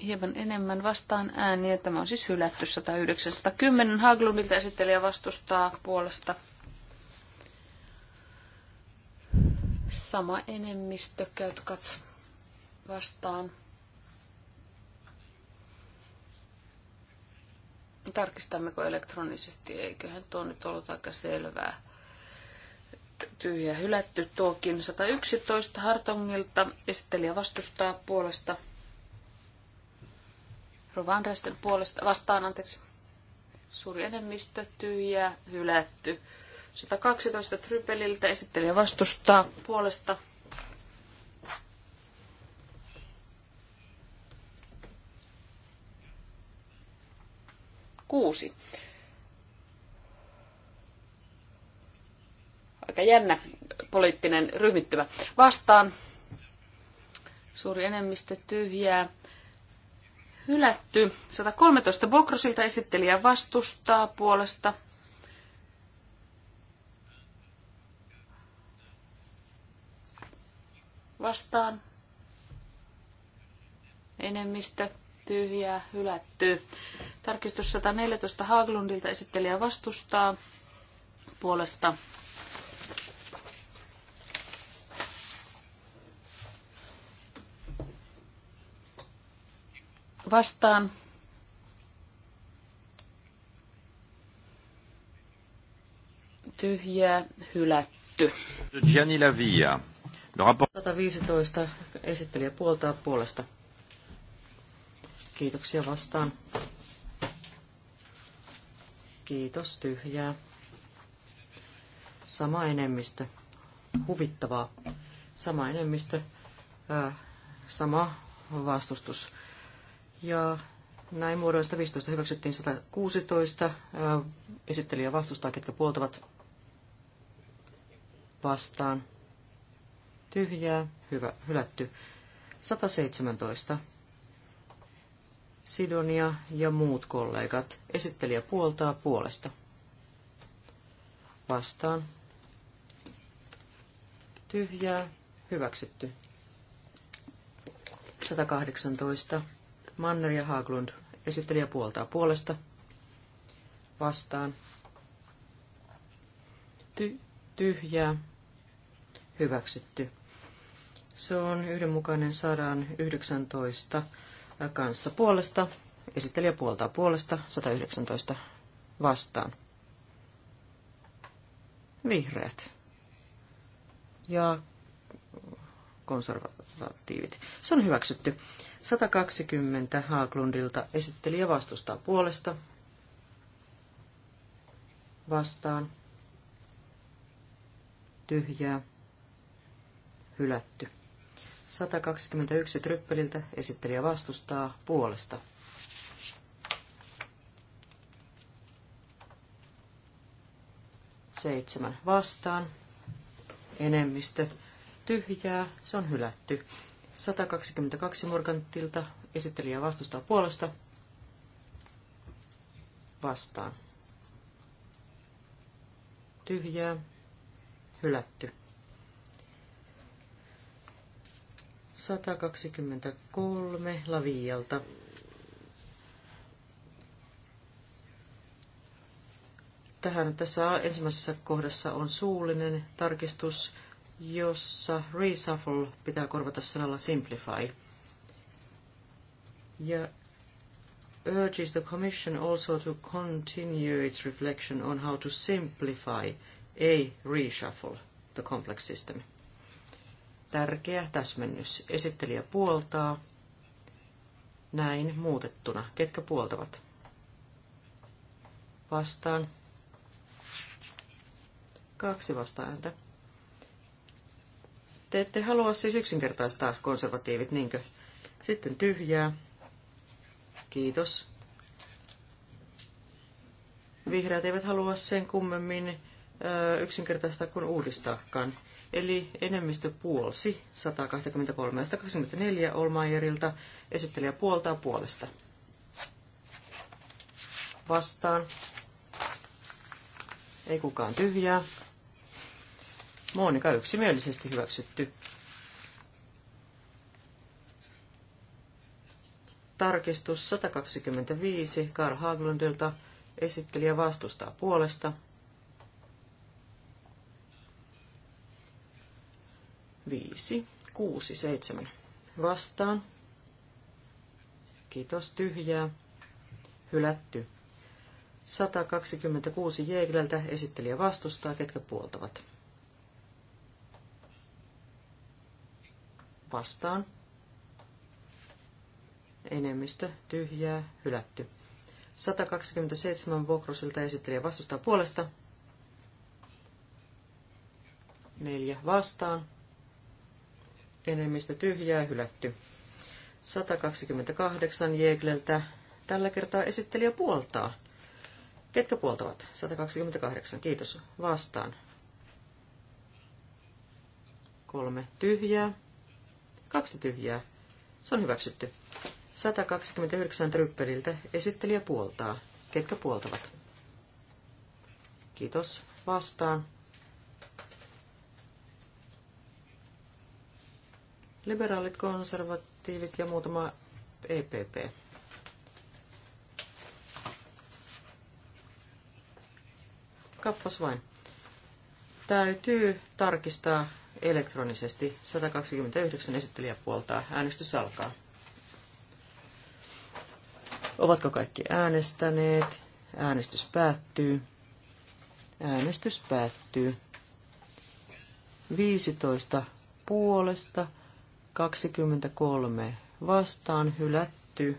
A: Hieman enemmän vastaan ääniä. Tämä on siis hylätty 1910. Haglundilta esittelijä vastustaa puolesta. Sama enemmistö käyt katso vastaan Tarkistammeko elektronisesti? Eiköhän tuo nyt ollut aika selvää. Tyhjä hylätty tuokin 111 Hartongilta. Esittelijä vastustaa puolesta. Rovanresten puolesta vastaan, anteeksi. Suuri enemmistö, tyhjä, hylätty. 112 Trypeliltä esittelijä vastustaa puolesta kuusi, Aika jännä poliittinen ryhmittymä. Vastaan suuri enemmistö tyhjää. Hylätty. 113 Bokrosilta esittelijä vastustaa puolesta. Vastaan. Enemmistö tyhjää, hylätty. Tarkistus 114 Haaglundilta esittelijä vastustaa puolesta. Vastaan. Tyhjää, hylätty.
B: Gianni Lavia.
A: 115
C: esittelijä puoltaa puolesta Kiitoksia vastaan. Kiitos, tyhjää. Sama enemmistö. Huvittavaa. Sama enemmistö. Ää, sama vastustus. Ja näin muodoista 15 hyväksyttiin 116. Ää, esittelijä vastustaa, ketkä puoltavat vastaan. Tyhjää, hyvä, hylätty. 117 Sidonia ja muut kollegat. Esittelijä puoltaa puolesta. Vastaan. Tyhjää. Hyväksytty. 118. Manner ja Haglund. Esittelijä puoltaa puolesta. Vastaan. Ty- tyhjää. Hyväksytty. Se on yhdenmukainen 119 kanssa puolesta. Esittelijä puoltaa puolesta 119 vastaan. Vihreät ja konservatiivit. Se on hyväksytty. 120 Haaglundilta esittelijä vastustaa puolesta. Vastaan. Tyhjää. Hylätty. 121 tryppeliltä esittelijä vastustaa puolesta. Seitsemän vastaan. Enemmistö tyhjää. Se on hylätty. 122 Morgantilta esittelijä vastustaa puolesta. Vastaan. Tyhjää. Hylätty. 123 Lavialta. Tähän tässä ensimmäisessä kohdassa on suullinen tarkistus, jossa reshuffle pitää korvata sanalla simplify. Ja urges the Commission also to continue its reflection on how to simplify, a reshuffle, the complex system. Tärkeä täsmennys. Esittelijä puoltaa. Näin muutettuna. Ketkä puoltavat? Vastaan. Kaksi vastaääntä. Te ette halua siis yksinkertaistaa konservatiivit, niinkö? Sitten tyhjää. Kiitos. Vihreät eivät halua sen kummemmin ö, yksinkertaistaa kuin uudistaakaan. Eli enemmistö puolsi 123 124 Olmaierilta. Esittelijä puoltaa puolesta. Vastaan. Ei kukaan tyhjää. Monika yksimielisesti hyväksytty. Tarkistus 125 Karl Haglundilta. Esittelijä vastustaa puolesta. 5, 6, 7. Vastaan. Kiitos, tyhjää. Hylätty. 126 Jeegleltä esittelijä vastustaa, ketkä puoltavat. Vastaan. Enemmistö tyhjää, hylätty. 127 Vokrosilta esittelijä vastustaa puolesta. Neljä vastaan enemmistö tyhjää hylätty. 128 Jeegleltä. Tällä kertaa esittelijä puoltaa. Ketkä puoltavat? 128. Kiitos. Vastaan. Kolme tyhjää. Kaksi tyhjää. Se on hyväksytty. 129 Tryppeliltä esittelijä puoltaa. Ketkä puoltavat? Kiitos. Vastaan. Liberaalit, konservatiivit ja muutama EPP. Kappas vain. Täytyy tarkistaa elektronisesti. 129 esittelijä puoltaa. Äänestys alkaa. Ovatko kaikki äänestäneet? Äänestys päättyy. Äänestys päättyy. 15 puolesta, 23 vastaan hylätty.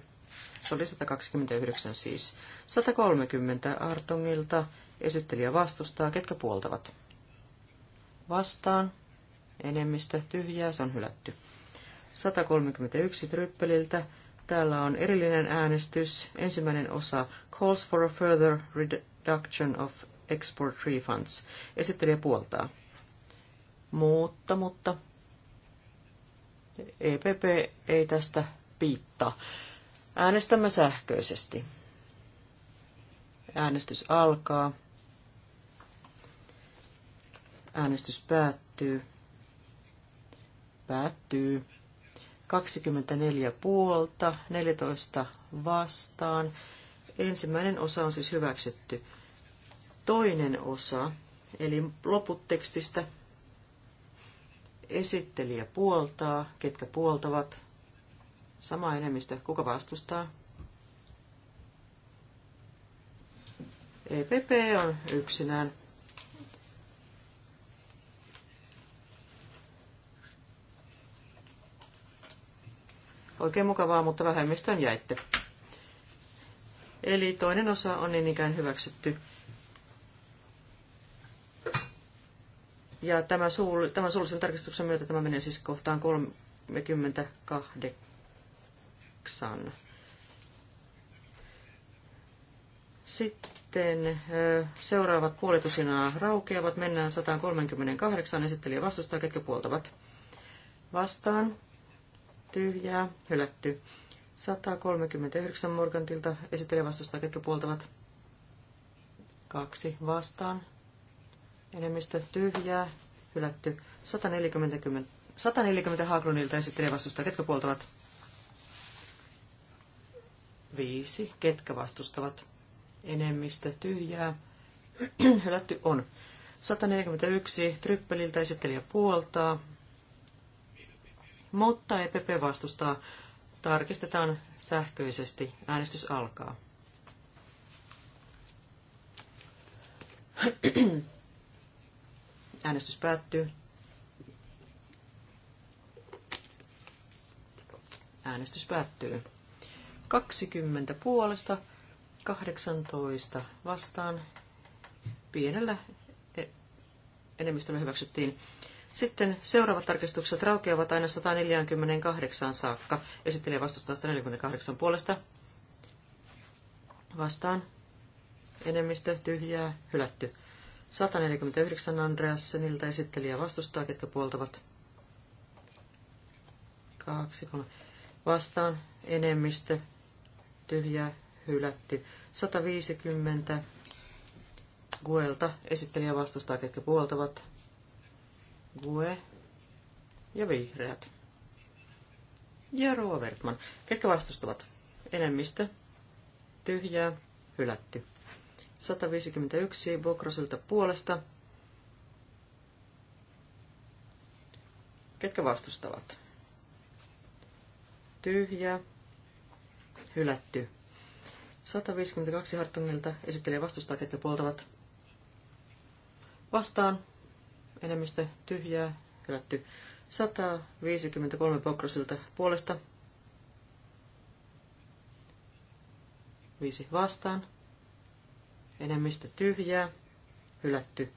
C: Se oli 129 siis. 130 Artongilta. Esittelijä vastustaa. Ketkä puoltavat? Vastaan. Enemmistö tyhjää. Se on hylätty. 131 Tryppeliltä. Täällä on erillinen äänestys. Ensimmäinen osa calls for a further reduction of export refunds. Esittelijä puoltaa. Mutta, mutta, EPP ei tästä piittaa. Äänestämme sähköisesti. Äänestys alkaa. Äänestys päättyy. Päättyy. 24 puolta, 14 vastaan. Ensimmäinen osa on siis hyväksytty. Toinen osa, eli loput tekstistä Esittelijä puoltaa, ketkä puoltavat. Sama enemmistö, kuka vastustaa? EPP on yksinään. Oikein mukavaa, mutta vähemmistön jäitte. Eli toinen osa on niin ikään hyväksytty. Ja tämä suul, tämän suullisen tarkistuksen myötä tämä menee siis kohtaan 38. Sitten seuraavat puolitusinaa raukeavat. Mennään 138. Esittelijä vastustaa, ketkä puoltavat. Vastaan. Tyhjää. Hylätty. 139 Morgantilta. Esittelijä vastustaa, ketkä puoltavat. Kaksi vastaan. Enemmistö tyhjää, hylätty. 140, 140 Haaklunilta esittelee vastusta. Ketkä puoltavat? Viisi. Ketkä vastustavat? Enemmistö tyhjää. hylätty on. 141 Tryppeliltä esittelijä puoltaa, mutta EPP vastustaa. Tarkistetaan sähköisesti. Äänestys alkaa. Äänestys päättyy. Äänestys päättyy. 20 puolesta, 18 vastaan. Pienellä e- enemmistöllä hyväksyttiin. Sitten seuraavat tarkistukset raukeavat aina 148 saakka. Esittelijä vastustaa 148 puolesta. Vastaan. Enemmistö tyhjää, hylätty. 149 Andreassenilta esittelijä vastustaa, ketkä puoltavat. Kaksi, kolme. Vastaan enemmistö, tyhjä, hylätty. 150 Guelta esittelijä vastustaa, ketkä puoltavat. Gue ja vihreät. Ja Rova Vertman. Ketkä vastustavat? Enemmistö, tyhjää, hylätty. 151 Bokrosilta puolesta. Ketkä vastustavat? Tyhjä. Hylätty. 152 Hartungilta esittelee vastustaa, ketkä puoltavat. Vastaan. Enemmistö tyhjää. Hylätty. 153 Bokrosilta puolesta. Viisi vastaan enemmistö tyhjää, hylätty.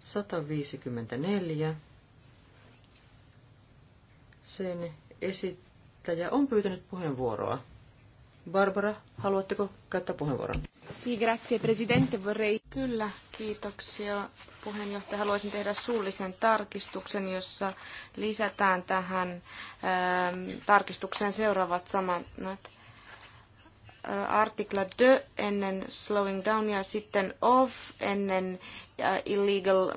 C: 154. Sen esittäjä on pyytänyt puheenvuoroa. Barbara, haluatteko käyttää puheenvuoron?
D: Si, grazie presidente, vorrei... Kyllä, kiitoksia puheenjohtaja. Haluaisin tehdä suullisen tarkistuksen, jossa lisätään tähän ähm, tarkistukseen seuraavat samat Äh, artikla de ennen slowing down ja sitten of ennen äh, illegal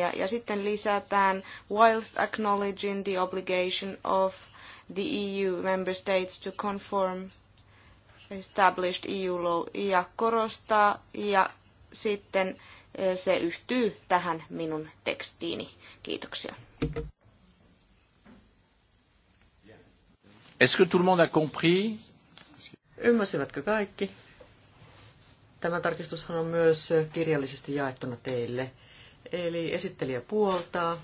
D: ja, ja sitten lisätään whilst acknowledging the obligation of the EU member states to conform established EU law ja korostaa ja sitten äh, se yhtyy tähän minun tekstiini. Kiitoksia.
B: Est-ce que tout le monde a compris Ymmärsivätkö kaikki?
C: Tämä tarkistushan on myös kirjallisesti jaettuna teille. Eli esittelijä puoltaa.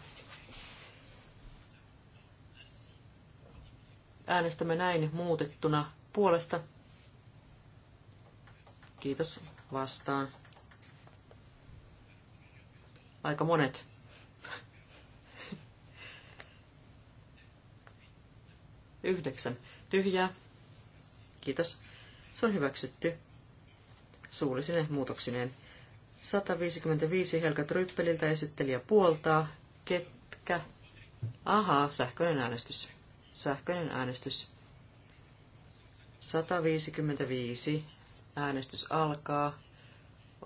C: Äänestämme näin muutettuna puolesta. Kiitos vastaan. Aika monet. Yhdeksän. Tyhjää. Kiitos. Se on hyväksytty suullisine muutoksineen. 155 Helka Tryppeliltä esittelijä puoltaa. Ketkä? Ahaa, sähköinen äänestys. Sähköinen äänestys. 155. Äänestys alkaa.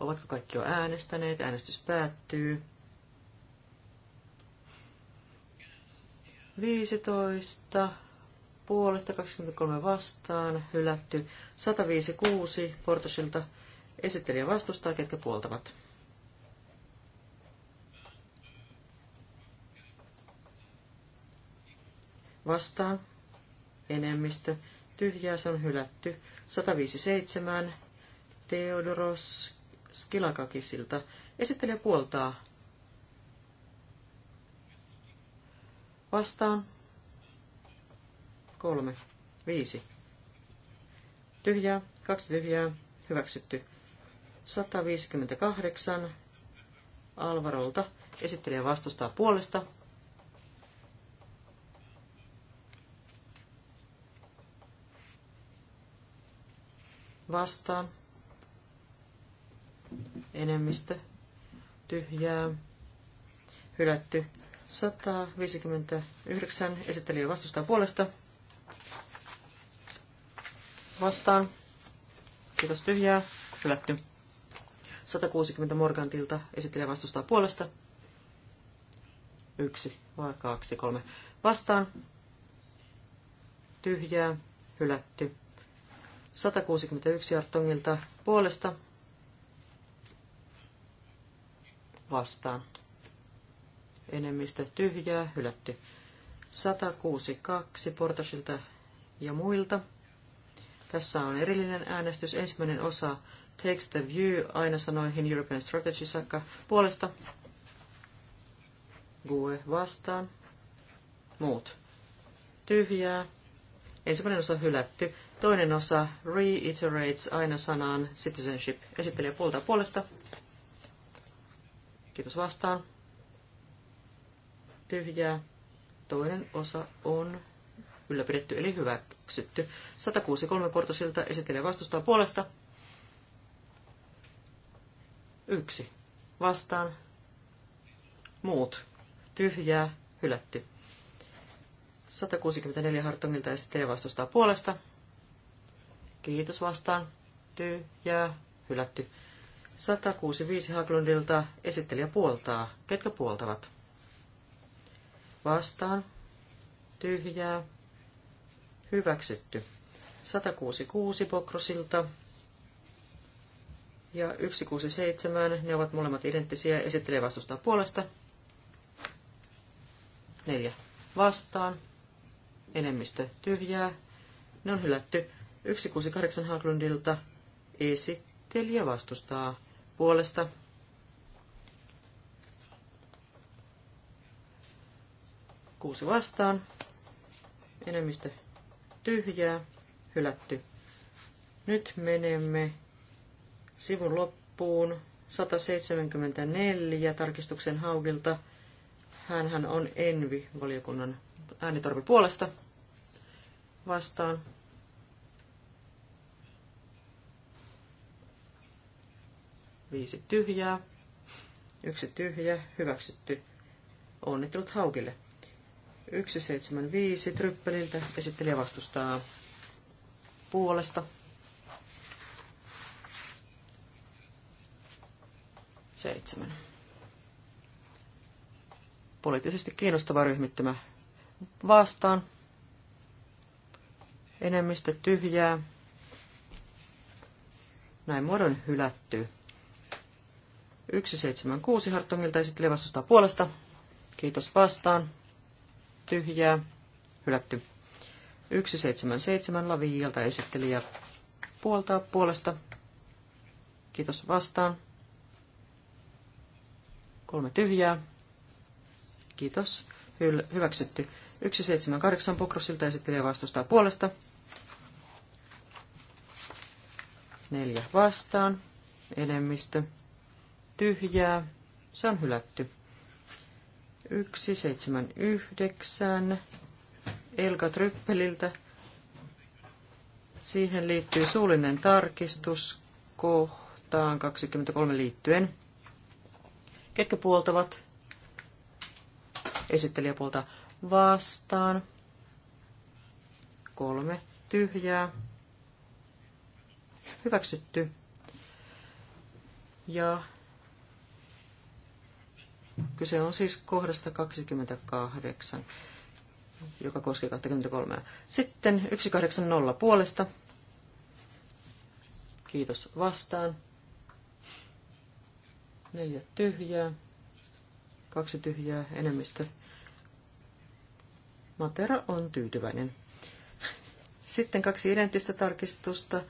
C: Ovatko kaikki jo äänestäneet? Äänestys päättyy. 15 puolesta, 23 vastaan, hylätty. 156 Portosilta esittelijä vastustaa, ketkä puoltavat. Vastaan, enemmistö, tyhjää, se on hylätty. 157 Theodoros Skilakakisilta esittelijä puoltaa. Vastaan, kolme, viisi. Tyhjää, kaksi tyhjää, hyväksytty. 158 Alvarolta. Esittelijä vastustaa puolesta. Vastaan. Enemmistö. Tyhjää. Hylätty. 159. Esittelijä vastustaa puolesta vastaan. Kiitos tyhjää. Hylätty. 160 Morgantilta esittelee vastustaa puolesta. Yksi vai kaksi, kolme. Vastaan. Tyhjää. Hylätty. 161 Artongilta puolesta. Vastaan. Enemmistö tyhjää. Hylätty. 162 Portosilta ja muilta tässä on erillinen äänestys. Ensimmäinen osa Takes the View aina sanoihin European Strategy saakka puolesta. GUE vastaan. Muut. Tyhjää. Ensimmäinen osa hylätty. Toinen osa reiterates aina sanaan citizenship. Esittelijä puolta puolesta. Kiitos vastaan. Tyhjää. Toinen osa on ylläpidetty eli hyväksytty. 163 Portosilta esittelee vastustaa puolesta. Yksi. Vastaan. Muut. Tyhjää. Hylätty. 164 Hartongilta esittelee vastustaa puolesta. Kiitos vastaan. Tyhjää. Hylätty. 165 Haglundilta esittelijä puoltaa. Ketkä puoltavat? Vastaan. Tyhjää. Hyväksytty. 166 Bokrosilta ja 167. Ne ovat molemmat identtisiä. Esittelee vastustaa puolesta. Neljä vastaan. Enemmistö tyhjää. Ne on hylätty. 168 Haglundilta esittelijä vastustaa puolesta. Kuusi vastaan. Enemmistö tyhjää, hylätty. Nyt menemme sivun loppuun 174 tarkistuksen haugilta. Hänhän on Envi-valiokunnan äänitorvi puolesta vastaan. Viisi tyhjää, yksi tyhjä, hyväksytty. Onnittelut Haukille. 175 Tryppeliltä esittelijä vastustaa puolesta. Seitsemän. Poliittisesti kiinnostava ryhmittymä vastaan. Enemmistö tyhjää. Näin muodon hylätty. 176 Hartongilta esittelijä vastustaa puolesta. Kiitos vastaan tyhjää, hylätty. 177 Laviilta esittelijä puoltaa puolesta. Kiitos vastaan. Kolme tyhjää. Kiitos. Hyl- hyväksytty. 178 Pokrosilta esittelijä vastustaa puolesta. Neljä vastaan. Enemmistö. Tyhjää. Se on hylätty. 179 Elka Tryppeliltä. Siihen liittyy suullinen tarkistus kohtaan 23 liittyen. Ketkä puoltavat? Esittelijä puolta vastaan. Kolme tyhjää. Hyväksytty. Ja Kyse on siis kohdasta 28, joka koskee 23. Sitten 180 puolesta. Kiitos vastaan. Neljä tyhjää. Kaksi tyhjää enemmistö. Matera on tyytyväinen. Sitten kaksi identtistä tarkistusta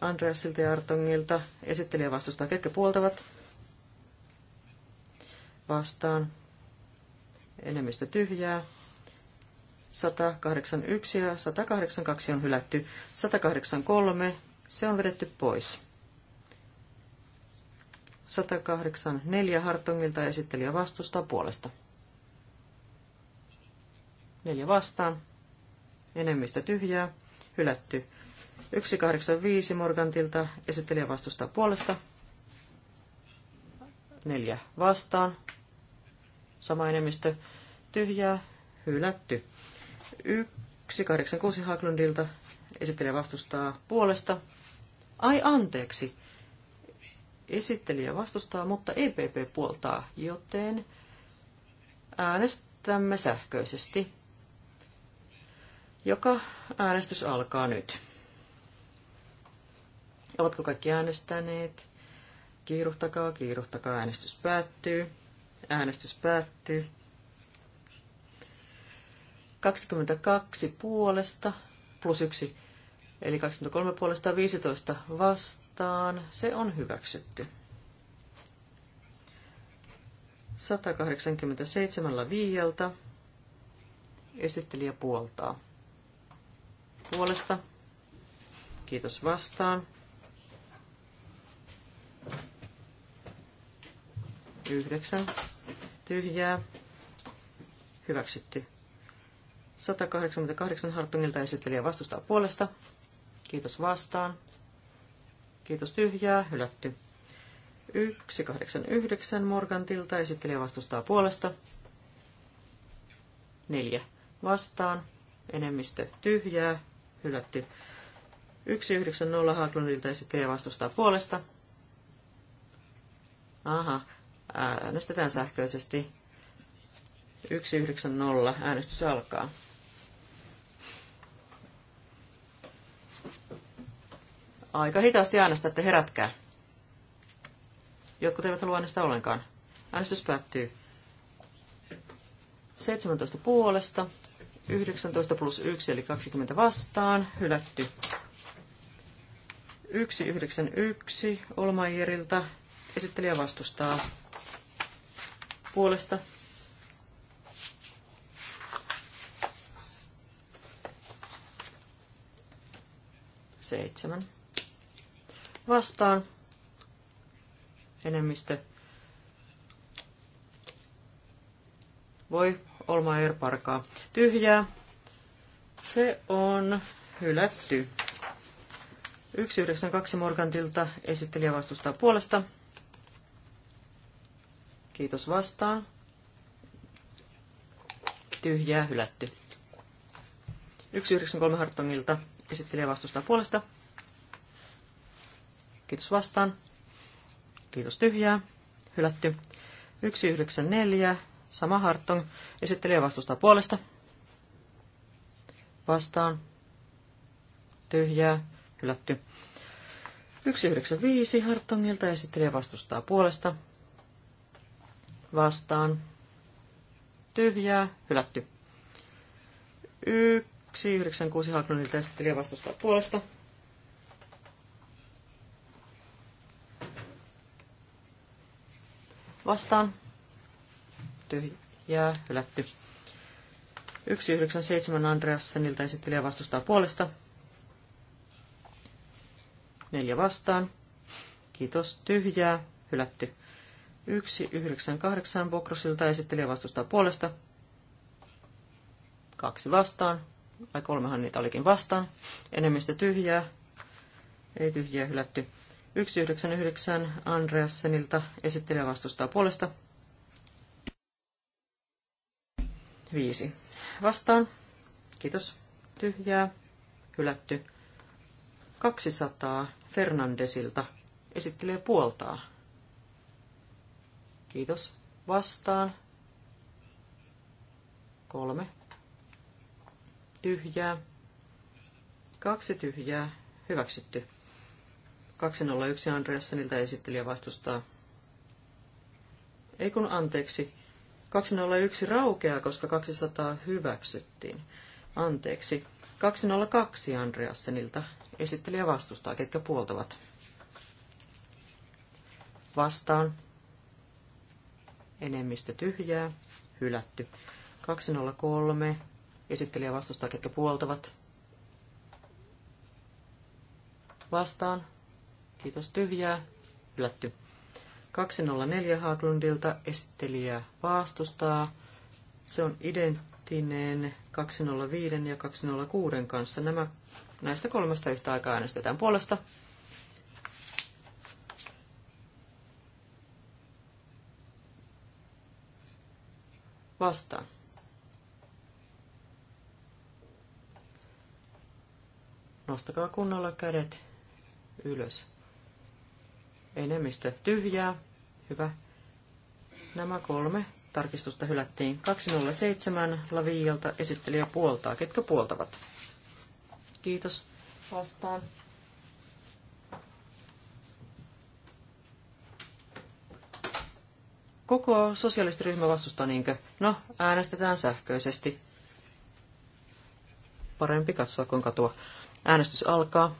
C: Andreasilta ja Artongilta. Esittelijä vastustaa, ketkä puoltavat vastaan. Enemmistö tyhjää. 181 ja 182 on hylätty. 183, se on vedetty pois. 184 Hartongilta esittelijä vastustaa puolesta. Neljä vastaan. Enemmistö tyhjää. Hylätty. 185 Morgantilta esittelijä vastustaa puolesta. Neljä vastaan sama enemmistö, tyhjää, hylätty. 186 Haglundilta esittelijä vastustaa puolesta. Ai anteeksi, esittelijä vastustaa, mutta EPP puoltaa, joten äänestämme sähköisesti, joka äänestys alkaa nyt. Ovatko kaikki äänestäneet? Kiiruhtakaa, kiiruhtakaa, äänestys päättyy. Äänestys päättyy. 22 puolesta plus 1, eli 23 puolesta 15 vastaan. Se on hyväksytty. 187 laviijalta esittelijä puoltaa. Puolesta. Kiitos vastaan. Yhdeksän tyhjää, hyväksytty. 188 Hartungilta esittelijä vastustaa puolesta. Kiitos vastaan. Kiitos tyhjää, hylätty. 189 Morgantilta esittelijä vastustaa puolesta. 4 vastaan. Enemmistö tyhjää, hylätty. 190 Haglundilta esittelijä vastustaa puolesta. Aha, Äänestetään sähköisesti. 190. Äänestys alkaa. Aika hitaasti äänestätte, herätkää. Jotkut eivät halua äänestää ollenkaan. Äänestys päättyy 17 puolesta, 19 plus 1 eli 20 vastaan, hylätty. 191 Olmajerilta, esittelijä vastustaa puolesta seitsemän. Vastaan enemmistö. Voi olma erparkaa. Tyhjää. Se on hylätty. 192 Morgantilta esittelijä vastustaa puolesta. Kiitos vastaan. Tyhjää hylätty. 193 Hartongilta esittelee vastusta puolesta. Kiitos vastaan. Kiitos tyhjää. Hylätty. 194. Sama Hartong esittelee vastusta puolesta. Vastaan. Tyhjää. Hylätty. 195 Hartongilta esittelee vastustaa puolesta vastaan tyhjää, hylätty. 196 Haglundilta esittelijä vastustaa puolesta. Vastaan. Tyhjää, hylätty. 197 Andreassenilta esittelijä vastustaa puolesta. Neljä vastaan. Kiitos, tyhjää, hylätty. 198 Bokrosilta esittelijä vastustaa puolesta. Kaksi vastaan. Vai kolmehan niitä olikin vastaan. Enemmistö tyhjää. Ei tyhjää hylätty. 199 Andreassenilta esittelijä vastustaa puolesta. Viisi. Vastaan. Kiitos. Tyhjää. Hylätty. 200 Fernandesilta esittelee puoltaa. Kiitos. Vastaan. Kolme. Tyhjää. Kaksi tyhjää. Hyväksytty. 201 Andreassenilta esittelijä vastustaa. Ei kun anteeksi. 201 raukeaa, koska 200 hyväksyttiin. Anteeksi. 202 Andreassenilta esittelijä vastustaa, ketkä puoltavat. Vastaan enemmistö tyhjää, hylätty. 203, esittelijä vastustaa, ketkä puoltavat. Vastaan, kiitos tyhjää, hylätty. 204 Haaglundilta esittelijä vastustaa. Se on identtinen 205 ja 206 kanssa. Nämä, näistä kolmesta yhtä aikaa äänestetään puolesta vastaan. Nostakaa kunnolla kädet ylös. Enemmistö tyhjää. Hyvä. Nämä kolme tarkistusta hylättiin. 207 laviilta esittelijä puoltaa. Ketkä puoltavat? Kiitos. Vastaan. Koko sosialistiryhmä vastustaa niinkö? No, äänestetään sähköisesti. Parempi katsoa kuinka tuo Äänestys alkaa.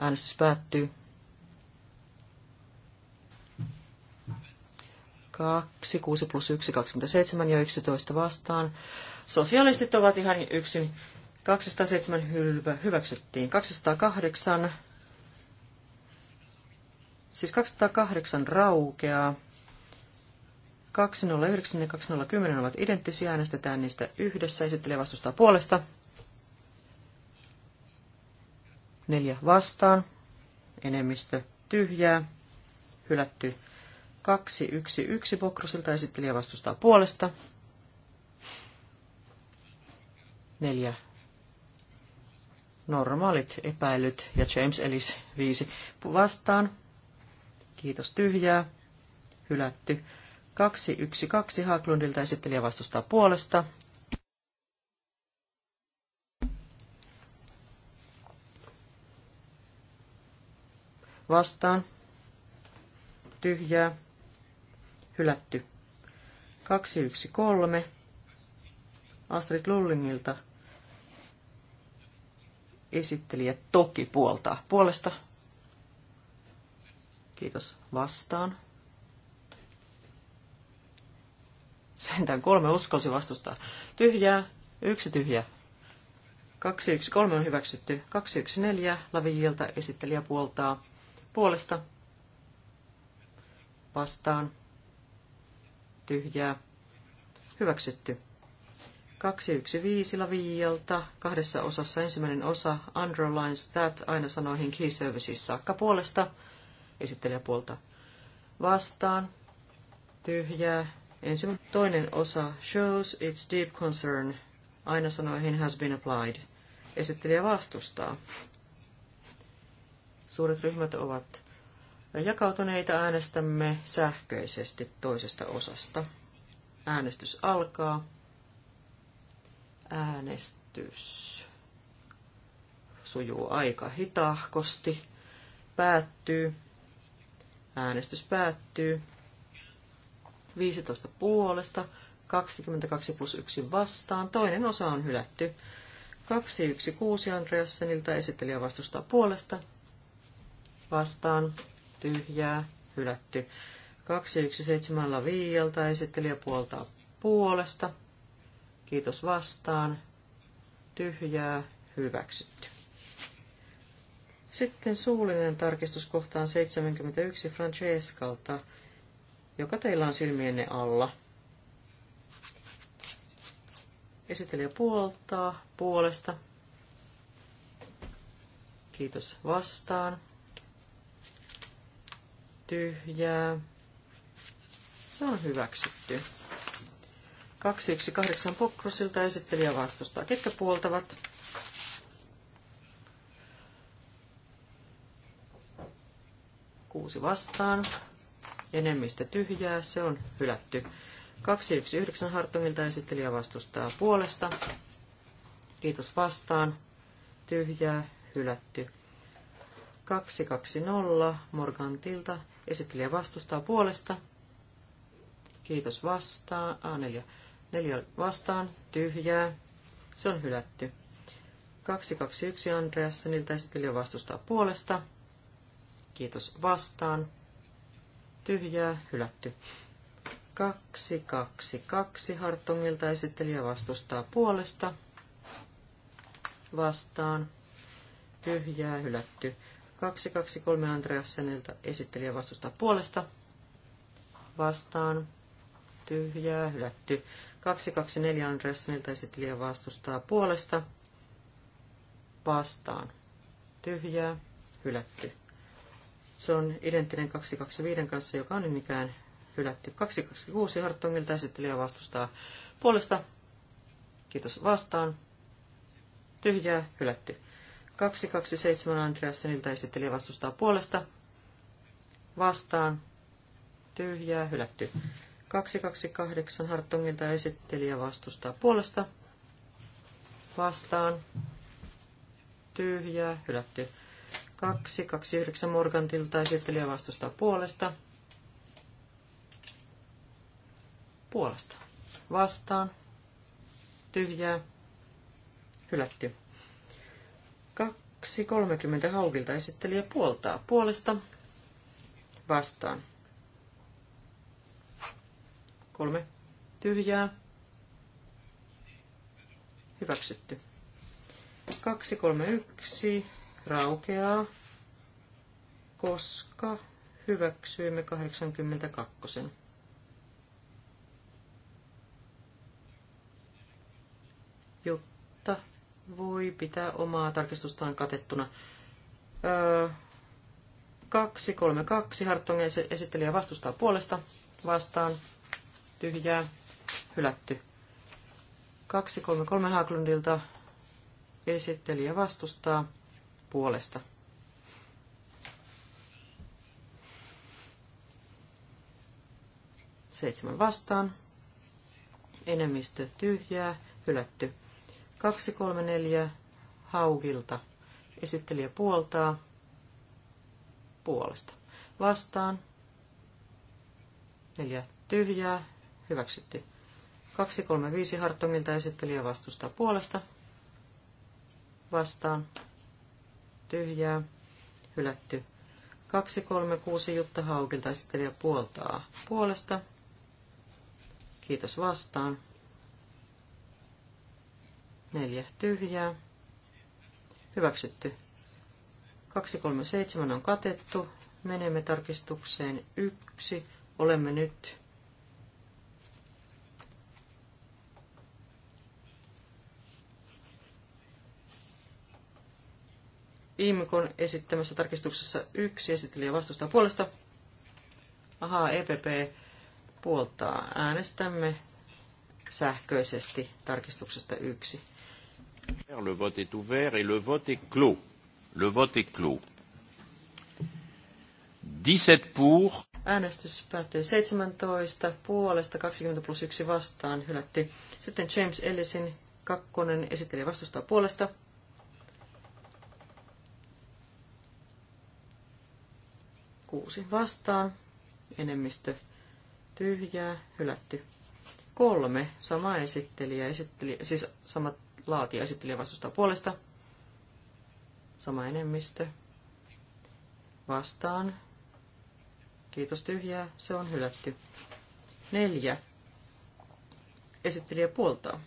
C: Äänestys päättyy. 2, 6 plus 1, 27 ja 11 vastaan. Sosialistit ovat ihan yksin. 207 hyvä, hyväksyttiin. 208 Siis 208 raukeaa. 209 ja 210 ovat identtisiä, äänestetään niistä yhdessä, esittelijä vastustaa puolesta. Neljä vastaan, enemmistö tyhjää, hylätty 211 Bokrosilta, esittelijä vastustaa puolesta. Neljä normaalit epäilyt ja James Ellis viisi vastaan, Kiitos tyhjää. Hylätty. 212 Haaklundilta esittelijä vastustaa puolesta. Vastaan. Tyhjää. Hylätty. 213 Astrid Lullingilta esittelijä toki puoltaa puolesta Kiitos vastaan. Sentään kolme uskalsi vastustaa. Tyhjää, yksi tyhjä. kaksi yksi kolme on hyväksytty. kaksi yksi neljä Lavijilta esittelijä puoltaa. Puolesta. Vastaan. Tyhjää. Hyväksytty. 215 Lavijilta. Kahdessa osassa ensimmäinen osa. Underlines that aina sanoihin key services saakka puolesta esittelijäpuolta puolta vastaan. Tyhjää. Ensimmäinen toinen osa shows its deep concern. Aina sanoihin has been applied. Esittelijä vastustaa. Suuret ryhmät ovat jakautuneita. Äänestämme sähköisesti toisesta osasta. Äänestys alkaa. Äänestys sujuu aika hitahkosti. Päättyy. Äänestys päättyy. 15 puolesta, 22 plus 1 vastaan. Toinen osa on hylätty. 216 Andreassenilta esittelijä vastustaa puolesta. Vastaan. Tyhjää. Hylätty. 217 Lavialta esittelijä puoltaa puolesta. Kiitos vastaan. Tyhjää. Hyväksytty. Sitten suullinen tarkistus kohtaan 71 Francescalta, joka teillä on silmienne alla. Esittelijä puoltaa puolesta. Kiitos vastaan. Tyhjää. Se on hyväksytty. 218 Pokrosilta esittelijä vastustaa. Ketkä puoltavat? kuusi vastaan. Enemmistö tyhjää, se on hylätty. 219 hartungilta esittelijä vastustaa puolesta. Kiitos vastaan. Tyhjää, hylätty. 220 Morgantilta esittelijä vastustaa puolesta. Kiitos vastaan. A4. 4 vastaan. Tyhjää. Se on hylätty. 221 Andreassenilta esittelijä vastustaa puolesta kiitos vastaan. Tyhjää, hylätty. kaksi Hartongilta esittelijä vastustaa puolesta. Vastaan. Tyhjää, hylätty. 223 Andreassenilta esittelijä vastustaa puolesta. Vastaan. Tyhjää, hylätty. 224 Andreassenilta esittelijä vastustaa puolesta. Vastaan. Tyhjää, hylätty. Se on identtinen 225 kanssa, joka on niin ikään hylätty. 226 Hartongilta esittelijä vastustaa puolesta. Kiitos vastaan. Tyhjää, hylätty. 227 Andreasenilta esittelijä vastustaa puolesta. Vastaan. Tyhjää, hylätty. 228 Hartongilta esittelijä vastustaa puolesta. Vastaan. Tyhjää, hylätty. 229 Morgantilta esittelijä vastustaa puolesta. Puolesta. Vastaan. Tyhjää. Hylätty. 230 Haukilta esittelijä puoltaa puolesta. Vastaan. Kolme. Tyhjää. Hyväksytty. 231 raukeaa, koska hyväksyimme 82. Jotta voi pitää omaa tarkistustaan katettuna. Öö, 232 Hartongen esittelijä vastustaa puolesta vastaan. Tyhjää. Hylätty. 233 Haaklundilta esittelijä vastustaa puolesta. Seitsemän vastaan. Enemmistö tyhjää, hylätty. Kaksi, kolme, neljä, haukilta. Esittelijä puoltaa. Puolesta. Vastaan. Neljä tyhjää, hyväksytty. 235 Hartongilta esittelijä vastustaa puolesta. Vastaan tyhjää, hylätty. 236 Jutta Haukilta esittelijä puoltaa puolesta. Kiitos vastaan. Neljä tyhjää. Hyväksytty. 237 on katettu. Menemme tarkistukseen yksi. Olemme nyt IMKon esittämässä tarkistuksessa yksi esittelijä vastustaa puolesta. Ahaa, EPP puoltaa. Äänestämme sähköisesti tarkistuksesta yksi.
B: Le vote est ouvert et le vote est clos. Le vote est clos. 17 pour.
C: Äänestys päättyy 17 puolesta, 20 plus 1 vastaan hylätty. Sitten James Ellisin kakkonen esittelijä vastustaa puolesta. Kuusi vastaan, enemmistö tyhjää, hylätty. Kolme, sama esittelijä, esitteli, siis sama laatija esittelijä vastustaa puolesta. Sama enemmistö. Vastaan. Kiitos tyhjää, se on hylätty. Neljä. Esittelijä puoltaa.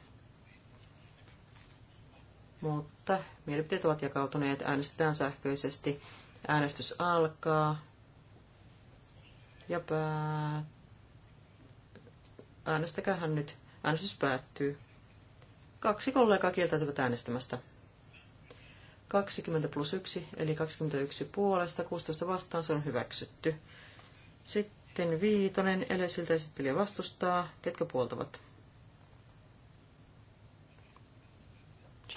C: Mutta mielipiteet ovat jakautuneet, äänestetään sähköisesti. Äänestys alkaa ja pää... Äänestäkähän nyt. Äänestys päättyy. Kaksi kollegaa kieltäytyvät äänestämästä. 20 plus 1, eli 21 puolesta, 16 vastaan, se on hyväksytty. Sitten viitonen, Elesiltä esittelijä vastustaa. Ketkä puoltavat?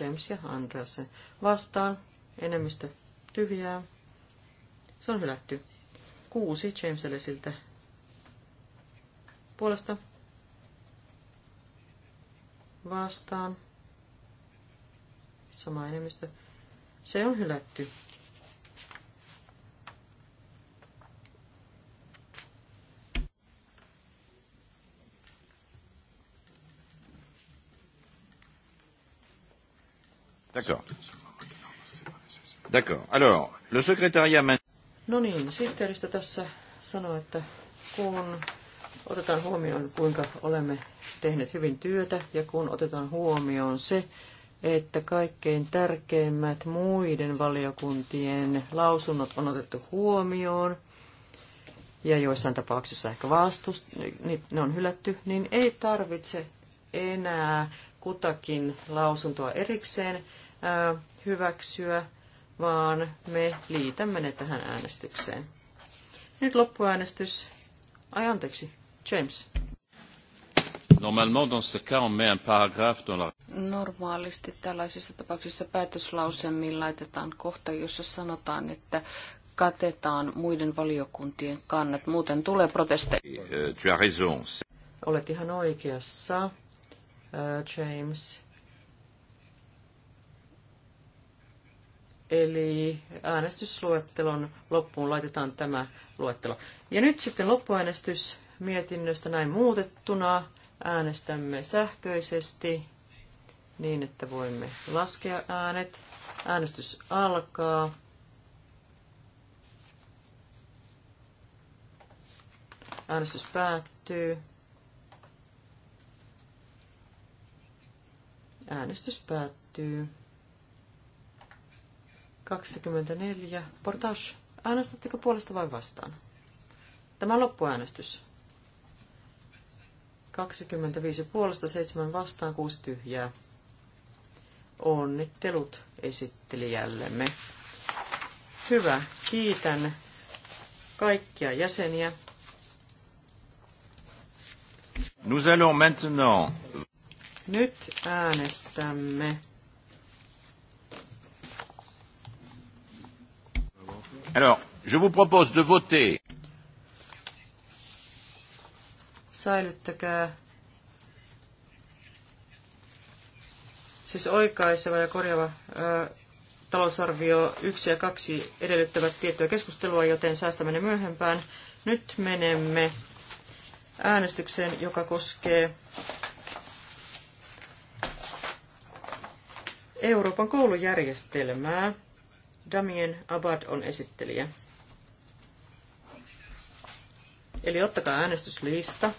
C: James ja Andreas vastaan. Enemmistö tyhjää. Se on hylätty. Kuusi James Ellisiltä puolesta vastaan. Sama enemmistö. Se on hylätty.
B: D'accord. D'accord. Alors, le secrétariat
C: No niin, sihteeristä tässä sanoo, että kun otetaan huomioon, kuinka olemme tehneet hyvin työtä ja kun otetaan huomioon se, että kaikkein tärkeimmät muiden valiokuntien lausunnot on otettu huomioon, ja joissain tapauksissa ehkä vastus, niin ne on hylätty, niin ei tarvitse enää kutakin lausuntoa erikseen hyväksyä, vaan me liitämme ne tähän äänestykseen. Nyt
A: loppuäänestys. Ai anteeksi, James.
B: Normalement dans ce cas on met un paragraphe dans la...
A: Normaalisti tällaisissa tapauksissa päätöslausemmin laitetaan kohta, jossa sanotaan, että katetaan muiden valiokuntien kannat. Muuten tulee protesteja.
B: Euh, tu as raison.
C: Olet ihan oikeassa, äh, James Eli äänestysluettelon loppuun laitetaan tämä luettelo. Ja nyt sitten loppuäänestys mietinnöstä näin muutettuna. Äänestämme sähköisesti niin, että voimme laskea äänet. Äänestys alkaa. Äänestys päättyy. Äänestys päättyy. 24. Portaus. Äänestättekö puolesta vai vastaan? Tämä on loppuäänestys. 25 puolesta, 7 vastaan, 6 tyhjää. Onnittelut esittelijällemme. Hyvä, kiitän kaikkia jäseniä.
B: Nous allons maintenant.
C: Nyt äänestämme
B: Alors, je vous propose de voter.
C: Säilyttäkää siis oikaiseva ja korjaava ö, talousarvio 1 ja 2 edellyttävät tiettyä keskustelua, joten säästämme ne myöhempään. Nyt menemme äänestykseen, joka koskee Euroopan koulujärjestelmää. Damien Abad on esittelijä. Eli ottakaa äänestyslista,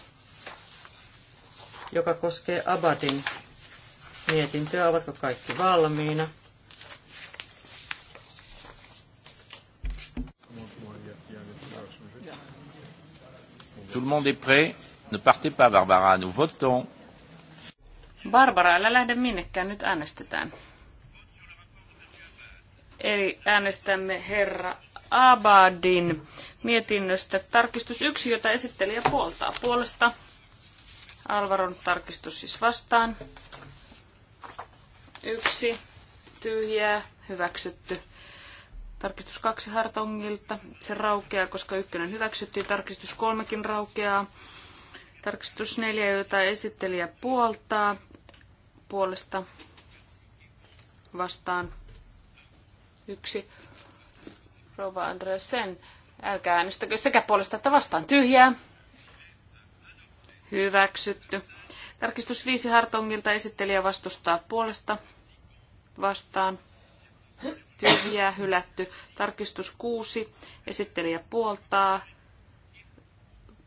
C: joka koskee Abadin mietintöä. Ovatko kaikki valmiina?
D: Tout le
B: monde est prêt. Ne partez pas, Barbara. Nous votons.
A: Barbara, älä lähde minnekään. Nyt äänestetään. Eli äänestämme herra Abadin mietinnöstä. Tarkistus yksi, jota esittelijä puoltaa puolesta. Alvaron tarkistus siis vastaan. Yksi, tyhjää, hyväksytty. Tarkistus kaksi Hartongilta. Se raukeaa, koska ykkönen hyväksyttiin. Tarkistus kolmekin raukeaa. Tarkistus neljä, jota esittelijä puoltaa puolesta vastaan yksi. Rova Andresen, älkää äänestäkö sekä puolesta että vastaan tyhjää. Hyväksytty. Tarkistus 5 Hartongilta esittelijä vastustaa puolesta vastaan. Tyhjää hylätty. Tarkistus 6 esittelijä puoltaa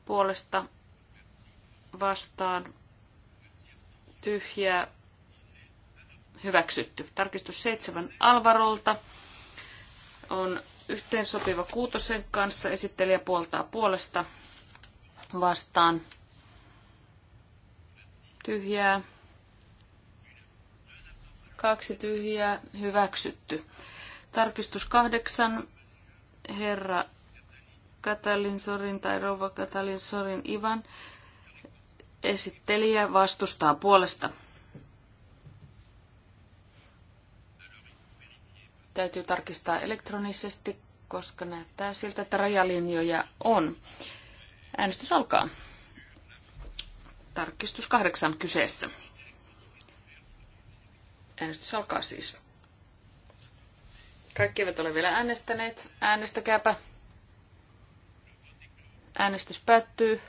A: puolesta vastaan. Tyhjää hyväksytty. Tarkistus 7 Alvarolta on yhteensopiva kuutosen kanssa. Esittelijä puoltaa puolesta vastaan tyhjää. Kaksi tyhjää hyväksytty. Tarkistus kahdeksan. Herra Katalin Sorin tai rouva Katalin Sorin Ivan. Esittelijä vastustaa puolesta täytyy tarkistaa elektronisesti, koska näyttää siltä, että rajalinjoja on. Äänestys alkaa. Tarkistus kahdeksan kyseessä. Äänestys alkaa siis. Kaikki eivät ole vielä äänestäneet. Äänestäkääpä. Äänestys päättyy.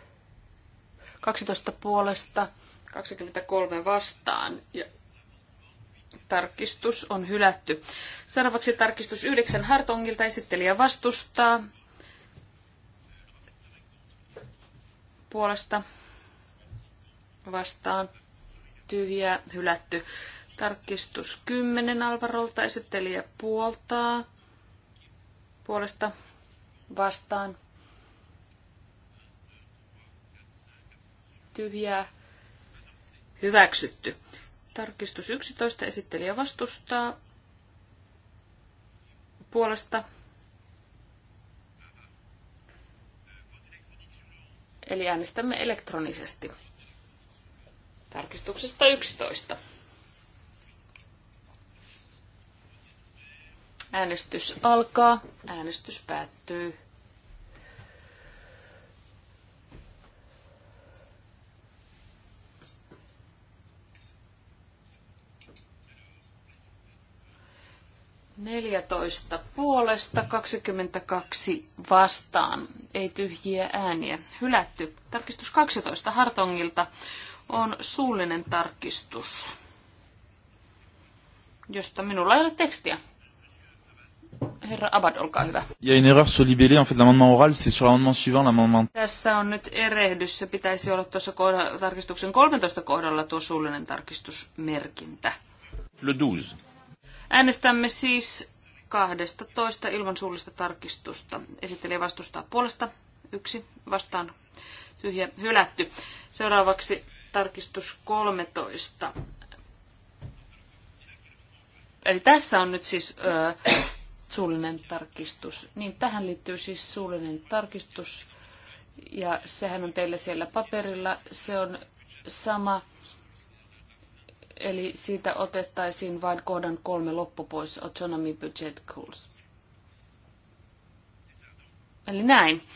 A: 12 puolesta, 23 vastaan ja Tarkistus on hylätty. Seuraavaksi tarkistus 9 Hartongilta esittelijä vastustaa puolesta vastaan tyhjää hylätty. Tarkistus 10 Alvarolta esittelijä puoltaa puolesta vastaan tyhjää hyväksytty. Tarkistus 11. Esittelijä vastustaa puolesta. Eli äänestämme elektronisesti. Tarkistuksesta 11. Äänestys alkaa, äänestys päättyy. 14 puolesta, 22 vastaan. Ei tyhjiä ääniä. Hylätty. Tarkistus 12 Hartongilta on suullinen tarkistus, josta minulla ei ole tekstiä. Herra Abad, olkaa hyvä.
D: Il y a une erreur sur l'IBL, en fait l'amendement oral, c'est sur l'amendement suivant, l'amendement...
A: Tässä on nyt erehdys, se pitäisi olla tuossa kohda, tarkistuksen 13 kohdalla tuo suullinen tarkistusmerkintä.
B: Le 12.
A: Äänestämme siis 12 ilman suullista tarkistusta. Esittelijä vastustaa puolesta. Yksi vastaan tyhjä hylätty. Seuraavaksi tarkistus 13. Eli tässä on nyt siis ö, suullinen tarkistus. Niin tähän liittyy siis suullinen tarkistus. Ja sehän on teillä siellä paperilla. Se on sama Eli siitä otettaisiin vain kohdan kolme loppu pois, autonomy budget goals. Eli näin.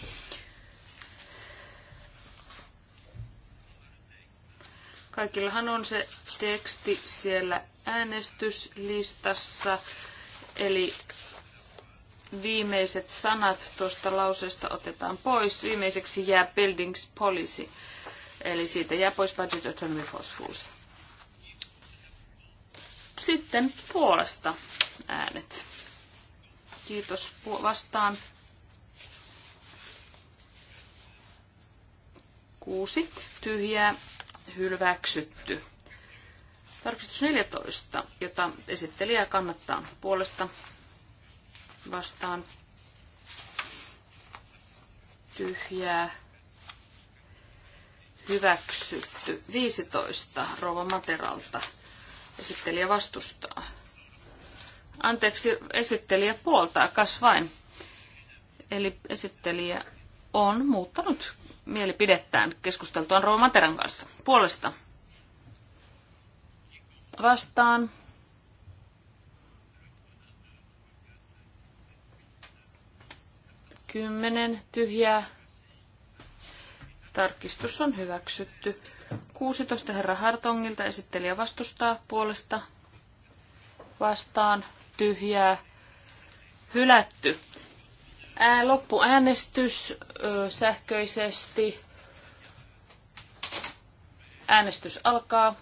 A: Kaikillahan on se teksti siellä äänestyslistassa. Eli viimeiset sanat tuosta lauseesta otetaan pois. Viimeiseksi jää buildings policy. Eli siitä jää pois budget autonomy Force schools. Sitten puolesta äänet. Kiitos vastaan. Kuusi. Tyhjää. Hyväksytty. Tarkistus 14, jota esittelijä kannattaa puolesta vastaan. Tyhjää. Hyväksytty. 15. Rova Materalta Esittelijä vastustaa. Anteeksi, esittelijä puoltaa, kas vain. Eli esittelijä on muuttanut mielipidettään keskusteltuaan Rova Materan kanssa. Puolesta. Vastaan. Kymmenen tyhjää. Tarkistus on hyväksytty. 16 herra Hartongilta esittelijä vastustaa puolesta vastaan tyhjää hylätty. Ää, loppuäänestys ö, sähköisesti. Äänestys alkaa.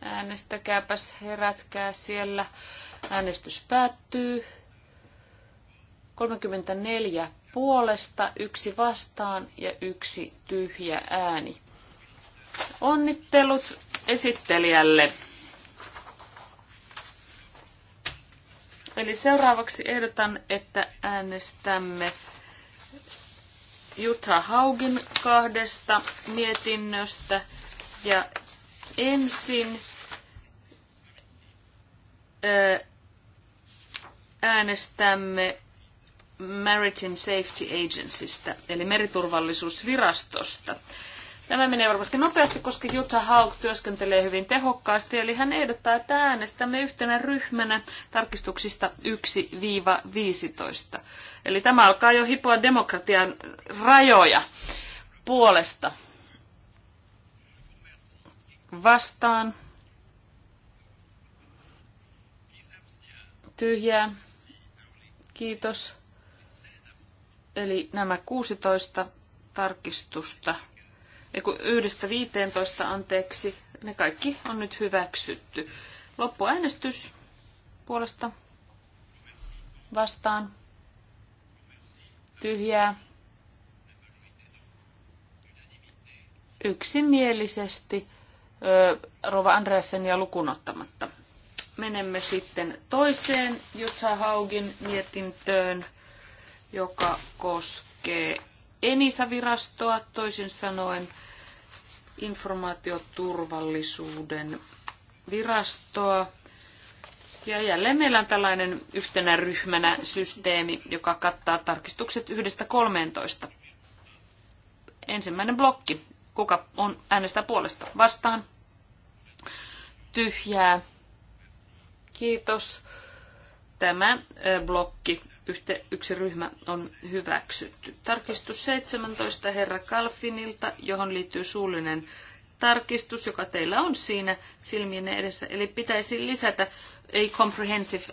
A: Äänestäkääpäs, herätkää siellä. Äänestys päättyy. 34 puolesta, yksi vastaan ja yksi tyhjä ääni. Onnittelut esittelijälle. Eli seuraavaksi ehdotan, että äänestämme Jutta Haugin kahdesta mietinnöstä. Ja ensin äänestämme Maritime Safety Agencystä, eli meriturvallisuusvirastosta. Tämä menee varmasti nopeasti, koska Jutta Haug työskentelee hyvin tehokkaasti, eli hän ehdottaa, että äänestämme yhtenä ryhmänä tarkistuksista 1-15. Eli tämä alkaa jo hipoa demokratian rajoja puolesta. Vastaan. Tyhjää. Kiitos. Eli nämä 16 tarkistusta, yhdestä 15 anteeksi, ne kaikki on nyt hyväksytty. Loppuäänestys puolesta vastaan tyhjää yksimielisesti Rova ja lukunottamatta. Menemme sitten toiseen Jutta Haugin mietintöön joka koskee ENISA-virastoa, toisin sanoen informaatioturvallisuuden virastoa. Ja jälleen meillä on tällainen yhtenä ryhmänä systeemi, joka kattaa tarkistukset yhdestä 13. Ensimmäinen blokki. Kuka on äänestää puolesta? Vastaan. Tyhjää. Kiitos. Tämä blokki yksi ryhmä on hyväksytty. Tarkistus 17 herra Kalfinilta, johon liittyy suullinen tarkistus, joka teillä on siinä silmien edessä. Eli pitäisi lisätä a comprehensive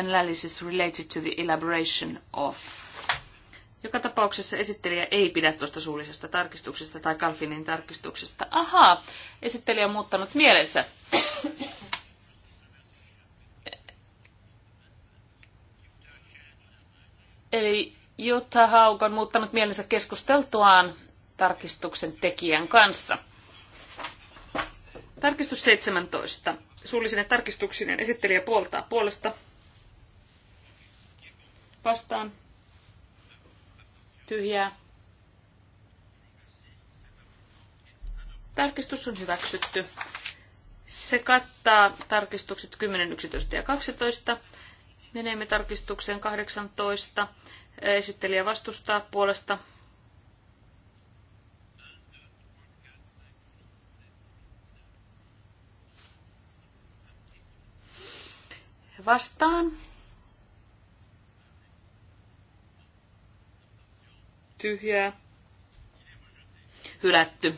A: analysis related to the elaboration of. Joka tapauksessa esittelijä ei pidä tuosta suullisesta tarkistuksesta tai Kalfinin tarkistuksesta. Ahaa, esittelijä on muuttanut mielensä. Eli Jutta Hauk on muuttanut mielensä keskusteltuaan tarkistuksen tekijän kanssa. Tarkistus 17. Suullisen tarkistuksinen esittelijä puoltaa puolesta. Vastaan. Tyhjää. Tarkistus on hyväksytty. Se kattaa tarkistukset 10, 11 ja 12. Menemme tarkistukseen 18. Esittelijä vastustaa puolesta. Vastaan. Tyhjää. Hylätty.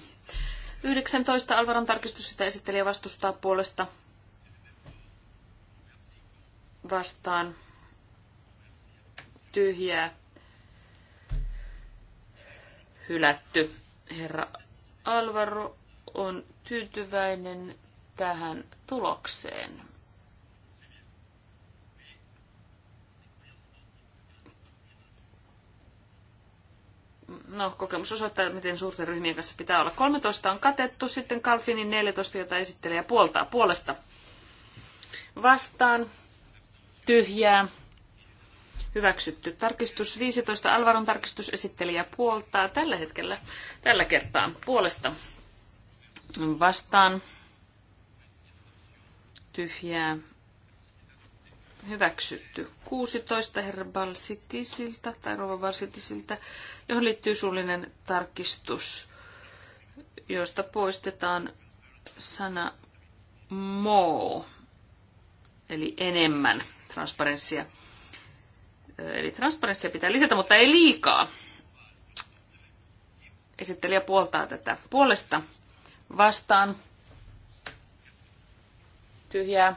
A: 19. Alvaron tarkistus sitä esittelijä vastustaa puolesta vastaan tyhjää hylätty. Herra Alvaro on tyytyväinen tähän tulokseen. No, kokemus osoittaa, miten suurten ryhmien kanssa pitää olla. 13 on katettu, sitten Kalfinin 14, jota esittelee ja puoltaa puolesta. Vastaan tyhjää, hyväksytty. Tarkistus 15, Alvaron tarkistusesittelijä puoltaa tällä hetkellä, tällä kertaa puolesta vastaan tyhjää, hyväksytty. 16 herra Balsitisilta tai Rova Balsitisilta, johon liittyy suullinen tarkistus, josta poistetaan sana moo eli enemmän transparenssia. Eli transparenssia pitää lisätä, mutta ei liikaa. Esittelijä puoltaa tätä puolesta vastaan. Tyhjää.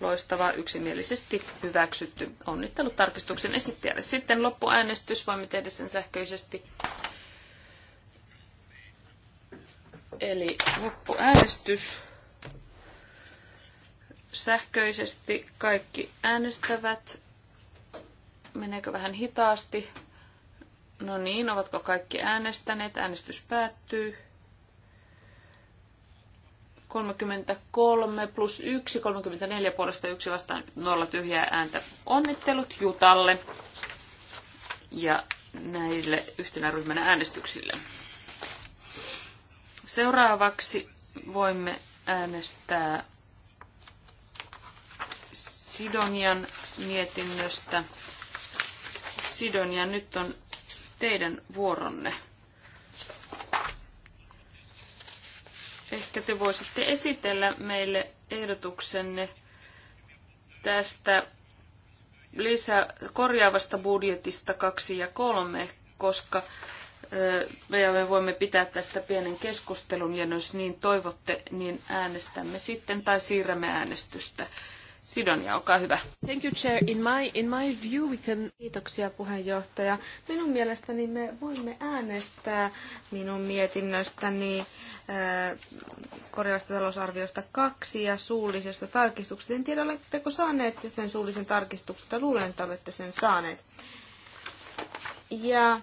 A: Loistava, yksimielisesti hyväksytty. Onnittelut tarkistuksen esittäjälle. Sitten loppuäänestys, voimme tehdä sen sähköisesti. Eli loppuäänestys. Sähköisesti kaikki äänestävät. Meneekö vähän hitaasti? No niin, ovatko kaikki äänestäneet? Äänestys päättyy. 33 plus 1, 34 puolesta 1 vastaan 0 tyhjää ääntä. Onnittelut Jutalle ja näille yhtenä ryhmänä äänestyksille. Seuraavaksi voimme äänestää Sidonian mietinnöstä. Sidonia, nyt on teidän vuoronne. Ehkä te voisitte esitellä meille ehdotuksenne tästä lisä korjaavasta budjetista kaksi ja kolme, koska me voimme pitää tästä pienen keskustelun ja jos niin toivotte, niin äänestämme sitten tai siirrämme äänestystä. Sidonia, olkaa hyvä.
D: Thank you, Chair. In my, in my view we can... Kiitoksia, puheenjohtaja. Minun mielestäni me voimme äänestää minun mietinnöstäni äh, korjaavasta talousarviosta kaksi ja suullisesta tarkistuksesta. En tiedä, oletteko saaneet sen suullisen tarkistuksen, luulen, että olette sen saaneet. Ja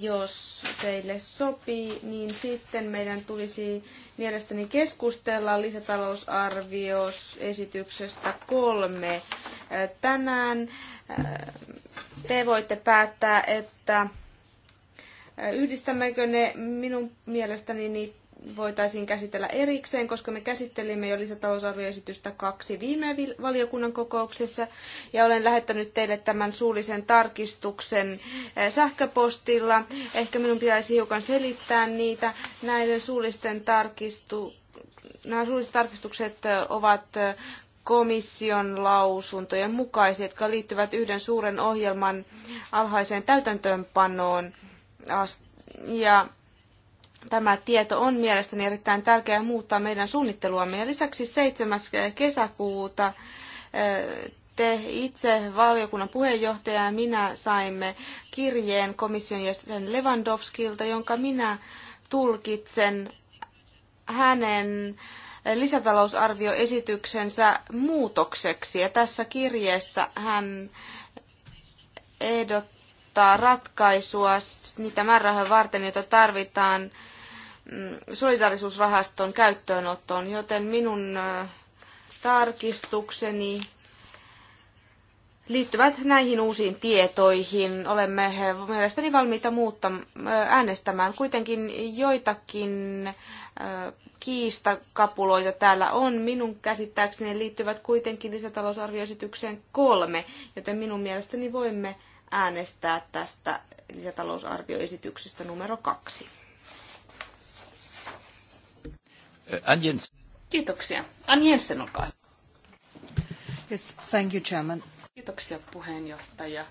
D: jos teille sopii, niin sitten meidän tulisi mielestäni keskustella lisätalousarvioesityksestä kolme äh, tänään. Äh, te voitte päättää, että äh, yhdistämmekö ne minun mielestäni niitä voitaisiin käsitellä erikseen, koska me käsittelimme jo lisätalousarvioesitystä kaksi viime valiokunnan kokouksessa ja olen lähettänyt teille tämän suullisen tarkistuksen eh, sähköpostilla. Ehkä minun pitäisi hiukan selittää niitä. Näiden suullisten tarkistu... Nämä suulliset tarkistukset eh, ovat eh, komission lausuntojen mukaisia, jotka liittyvät yhden suuren ohjelman alhaiseen täytäntöönpanoon. Ja Tämä tieto on mielestäni erittäin tärkeää muuttaa meidän suunnitteluamme. Ja lisäksi 7. kesäkuuta eh, te itse valiokunnan puheenjohtaja ja minä saimme kirjeen komission jäsen Lewandowskilta, jonka minä tulkitsen hänen lisätalousarvioesityksensä muutokseksi. Ja tässä kirjeessä hän ehdottaa ratkaisua niitä määrärahoja varten, joita tarvitaan Mm, solidaarisuusrahaston käyttöönottoon, joten minun äh, tarkistukseni liittyvät näihin uusiin tietoihin. Olemme äh, mielestäni valmiita muutta, äh, äänestämään. Kuitenkin joitakin kiistakapuloita täällä on. Minun käsittääkseni liittyvät kuitenkin lisätalousarvioesitykseen kolme, joten minun mielestäni voimme äänestää tästä lisätalousarvioesityksestä numero kaksi.
B: Eh, Anjens.
A: Kiitoksia. Anjensen, olkaa Yes, thank you, Chairman. Kiitoksia puheenjohtaja.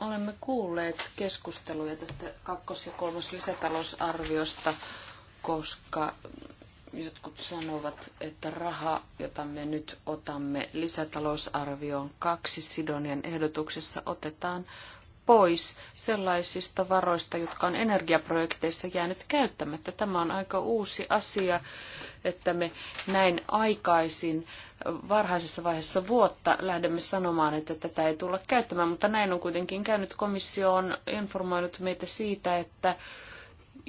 A: Olemme kuulleet keskusteluja tästä kakkos- ja kolmos koska jotkut sanovat, että raha, jota me nyt otamme lisätalousarvioon kaksi Sidonian ehdotuksessa, otetaan pois sellaisista varoista, jotka on energiaprojekteissa jäänyt käyttämättä. Tämä on aika uusi asia, että me näin aikaisin varhaisessa vaiheessa vuotta lähdemme sanomaan, että tätä ei tulla käyttämään, mutta näin on kuitenkin käynyt. Komissio on informoinut meitä siitä, että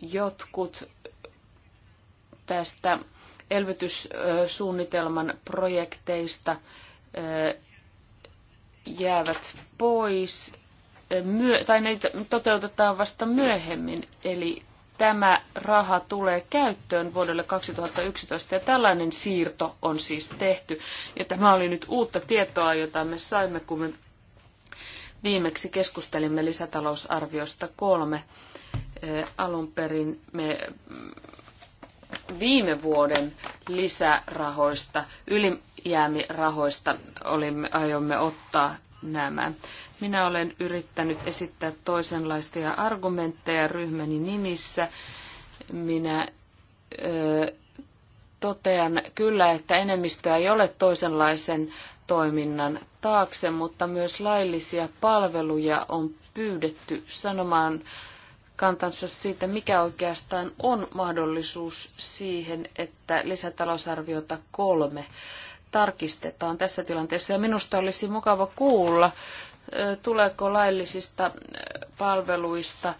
A: jotkut tästä elvytyssuunnitelman projekteista jäävät pois myö- tai ne toteutetaan vasta myöhemmin, eli tämä raha tulee käyttöön vuodelle 2011 ja tällainen siirto on siis tehty. Ja tämä oli nyt uutta tietoa, jota me saimme, kun me viimeksi keskustelimme lisätalousarviosta kolme. Alun perin me mm, viime vuoden lisärahoista, ylijäämirahoista olimme, aiomme ottaa nämä. Minä olen yrittänyt esittää toisenlaisia argumentteja ryhmäni nimissä. Minä ö, totean kyllä, että enemmistöä ei ole toisenlaisen toiminnan taakse, mutta myös laillisia palveluja on pyydetty sanomaan kantansa siitä, mikä oikeastaan on mahdollisuus siihen, että lisätalousarviota kolme tarkistetaan tässä tilanteessa. Ja minusta olisi mukava kuulla tuleeko laillisista palveluista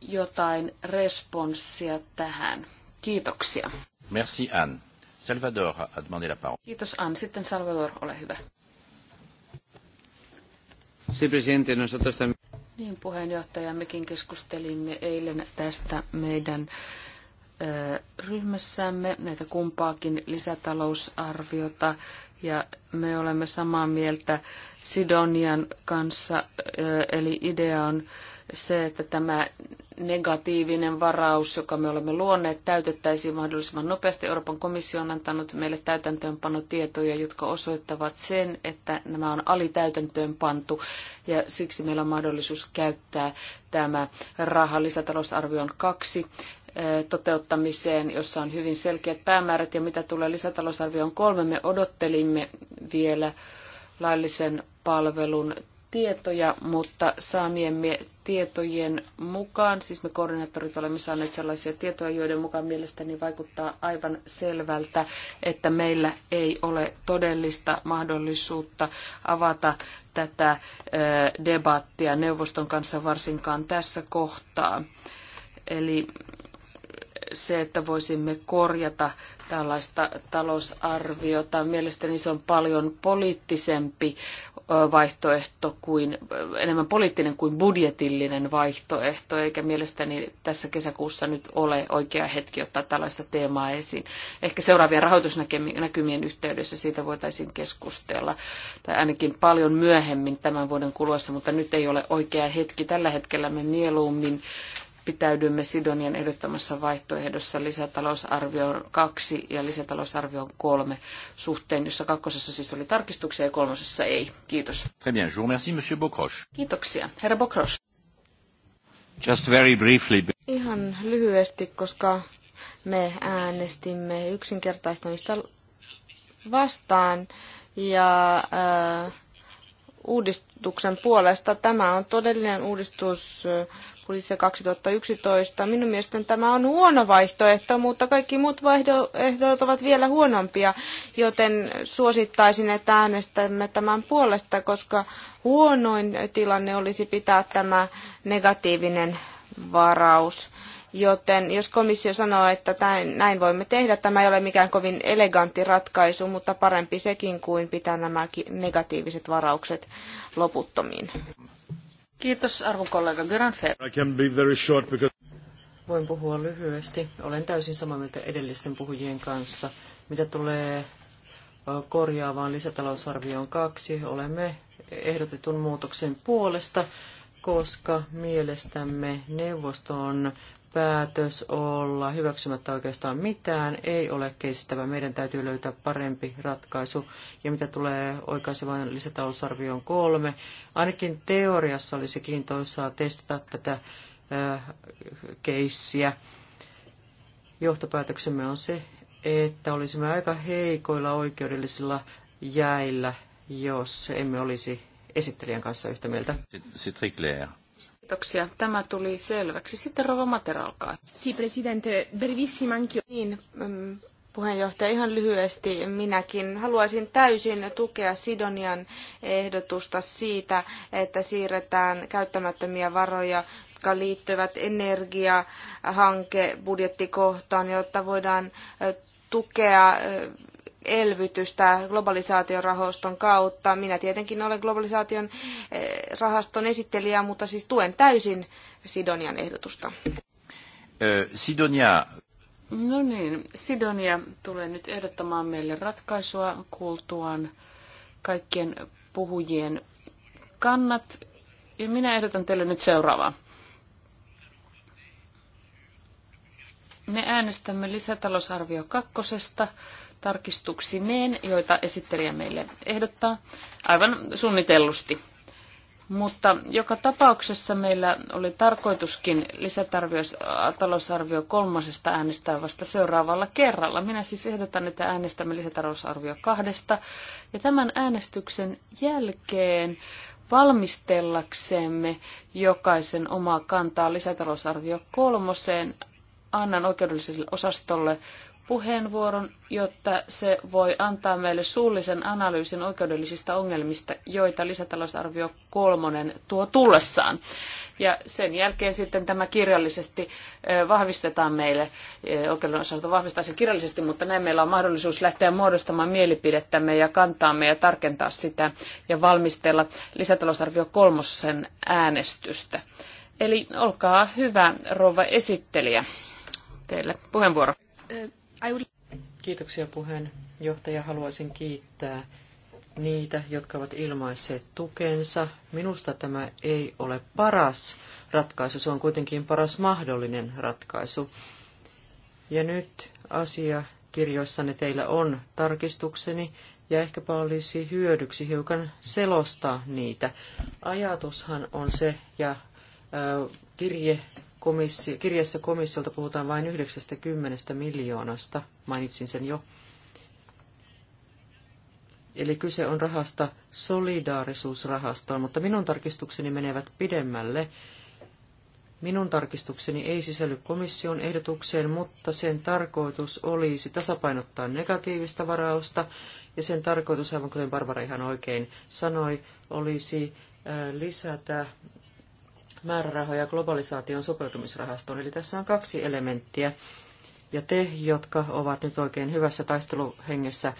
A: jotain responssia tähän. Kiitoksia.
B: Merci Anne. Salvador a demandé la parole.
A: Kiitos Anne. Sitten Salvador, ole hyvä.
B: Sí, presidente, nosotros también.
A: Niin, puheenjohtaja, mekin keskustelimme eilen tästä meidän ryhmässämme näitä kumpaakin lisätalousarviota ja me olemme samaa mieltä Sidonian kanssa, eli idea on se, että tämä negatiivinen varaus, joka me olemme luoneet, täytettäisiin mahdollisimman nopeasti. Euroopan komissio on antanut meille täytäntöönpanotietoja, jotka osoittavat sen, että nämä on alitäytäntöönpantu ja siksi meillä on mahdollisuus käyttää tämä raha lisätalousarvion kaksi toteuttamiseen, jossa on hyvin selkeät päämäärät ja mitä tulee lisätalousarvioon kolme, me odottelimme vielä laillisen palvelun tietoja, mutta saamiemme tietojen mukaan, siis me koordinaattorit olemme saaneet sellaisia tietoja, joiden mukaan mielestäni vaikuttaa aivan selvältä, että meillä ei ole todellista mahdollisuutta avata tätä debattia neuvoston kanssa varsinkaan tässä kohtaa. Eli se, että voisimme korjata tällaista talousarviota. Mielestäni se on paljon poliittisempi vaihtoehto kuin, enemmän poliittinen kuin budjetillinen vaihtoehto, eikä mielestäni tässä kesäkuussa nyt ole oikea hetki ottaa tällaista teemaa esiin. Ehkä seuraavien rahoitusnäkymien yhteydessä siitä voitaisiin keskustella, tai ainakin paljon myöhemmin tämän vuoden kuluessa, mutta nyt ei ole oikea hetki. Tällä hetkellä me mieluummin pitäydymme Sidonian ehdottamassa vaihtoehdossa lisätalousarvio 2 ja lisätalousarvio 3 suhteen, jossa kakkosessa siis oli tarkistuksia ja kolmosessa ei. Kiitos.
B: Très bien, je vous remercie, monsieur
D: Kiitoksia. Herra Bokros.
B: Just very briefly.
D: Ihan lyhyesti, koska me äänestimme yksinkertaistamista vastaan ja äh, uudistuksen puolesta. Tämä on todellinen uudistus tuli se 2011. Minun mielestäni tämä on huono vaihtoehto, mutta kaikki muut vaihtoehdot ovat vielä huonompia, joten suosittaisin, että äänestämme tämän puolesta, koska huonoin tilanne olisi pitää tämä negatiivinen varaus. Joten jos komissio sanoo, että näin voimme tehdä, tämä ei ole mikään kovin elegantti ratkaisu, mutta parempi sekin kuin pitää nämä negatiiviset varaukset loputtomiin. Kiitos arvon kollega Granfe.
B: because...
C: Voin puhua lyhyesti. Olen täysin samaa mieltä edellisten puhujien kanssa. Mitä tulee korjaavaan lisätalousarvioon kaksi, olemme ehdotetun muutoksen puolesta, koska mielestämme neuvoston päätös olla hyväksymättä oikeastaan mitään ei ole kestävä. Meidän täytyy löytää parempi ratkaisu. Ja mitä tulee oikaisevan lisätalousarvioon kolme, ainakin teoriassa olisi kiintoisaa testata tätä äh, keissiä. Johtopäätöksemme on se, että olisimme aika heikoilla oikeudellisilla jäillä, jos emme olisi esittelijän kanssa yhtä mieltä.
B: C'est très clair.
D: Kiitoksia. Tämä tuli selväksi. Sitten Rova Mater alkaa. Si, presidente, brevissima anch'io. Niin, mm, puheenjohtaja, ihan lyhyesti minäkin haluaisin täysin tukea Sidonian ehdotusta siitä, että siirretään käyttämättömiä varoja jotka liittyvät energiahankebudjettikohtaan, jotta voidaan tukea elvytystä globalisaation rahaston kautta. Minä tietenkin olen globalisaation eh, rahaston esittelijä, mutta siis tuen täysin Sidonian ehdotusta.
B: Sidonia.
A: No niin, Sidonia tulee nyt ehdottamaan meille ratkaisua kuultuaan kaikkien puhujien kannat. Ja minä ehdotan teille nyt seuraavaa. Me äänestämme lisätalousarvio kakkosesta tarkistuksineen, joita esittelijä meille ehdottaa, aivan suunnitellusti. Mutta joka tapauksessa meillä oli tarkoituskin lisätalousarvio kolmasesta äänestää vasta seuraavalla kerralla. Minä siis ehdotan, että äänestämme lisätalousarvio kahdesta. Ja tämän äänestyksen jälkeen valmistellaksemme jokaisen omaa kantaa lisätalousarvio kolmoseen annan oikeudelliselle osastolle puheenvuoron, jotta se voi antaa meille suullisen analyysin oikeudellisista ongelmista, joita lisätalousarvio kolmonen tuo tullessaan. Ja sen jälkeen sitten tämä kirjallisesti vahvistetaan meille, oikeuden osalta vahvistaa se kirjallisesti, mutta näin meillä on mahdollisuus lähteä muodostamaan mielipidettämme ja kantaamme ja tarkentaa sitä ja valmistella lisätalousarvio kolmosen äänestystä. Eli olkaa hyvä, rouva esittelijä, teille puheenvuoro. Kiitoksia puheenjohtaja.
C: Haluaisin kiittää niitä, jotka ovat ilmaisseet tukensa. Minusta tämä ei ole paras ratkaisu, se on kuitenkin paras mahdollinen ratkaisu. Ja nyt asiakirjoissanne teillä on tarkistukseni, ja ehkäpä olisi hyödyksi hiukan selostaa niitä. Ajatushan on se, ja kirje komissi, kirjassa komissiolta puhutaan vain 90 miljoonasta, mainitsin sen jo. Eli kyse on rahasta solidaarisuusrahastoon, mutta minun tarkistukseni menevät pidemmälle. Minun tarkistukseni ei sisälly komission ehdotukseen, mutta sen tarkoitus olisi tasapainottaa negatiivista varausta, ja sen tarkoitus, aivan kuten Barbara ihan oikein sanoi, olisi äh, lisätä määrärahoja globalisaation sopeutumisrahastoon. Eli tässä on kaksi elementtiä. Ja te, jotka ovat nyt oikein hyvässä taisteluhengessä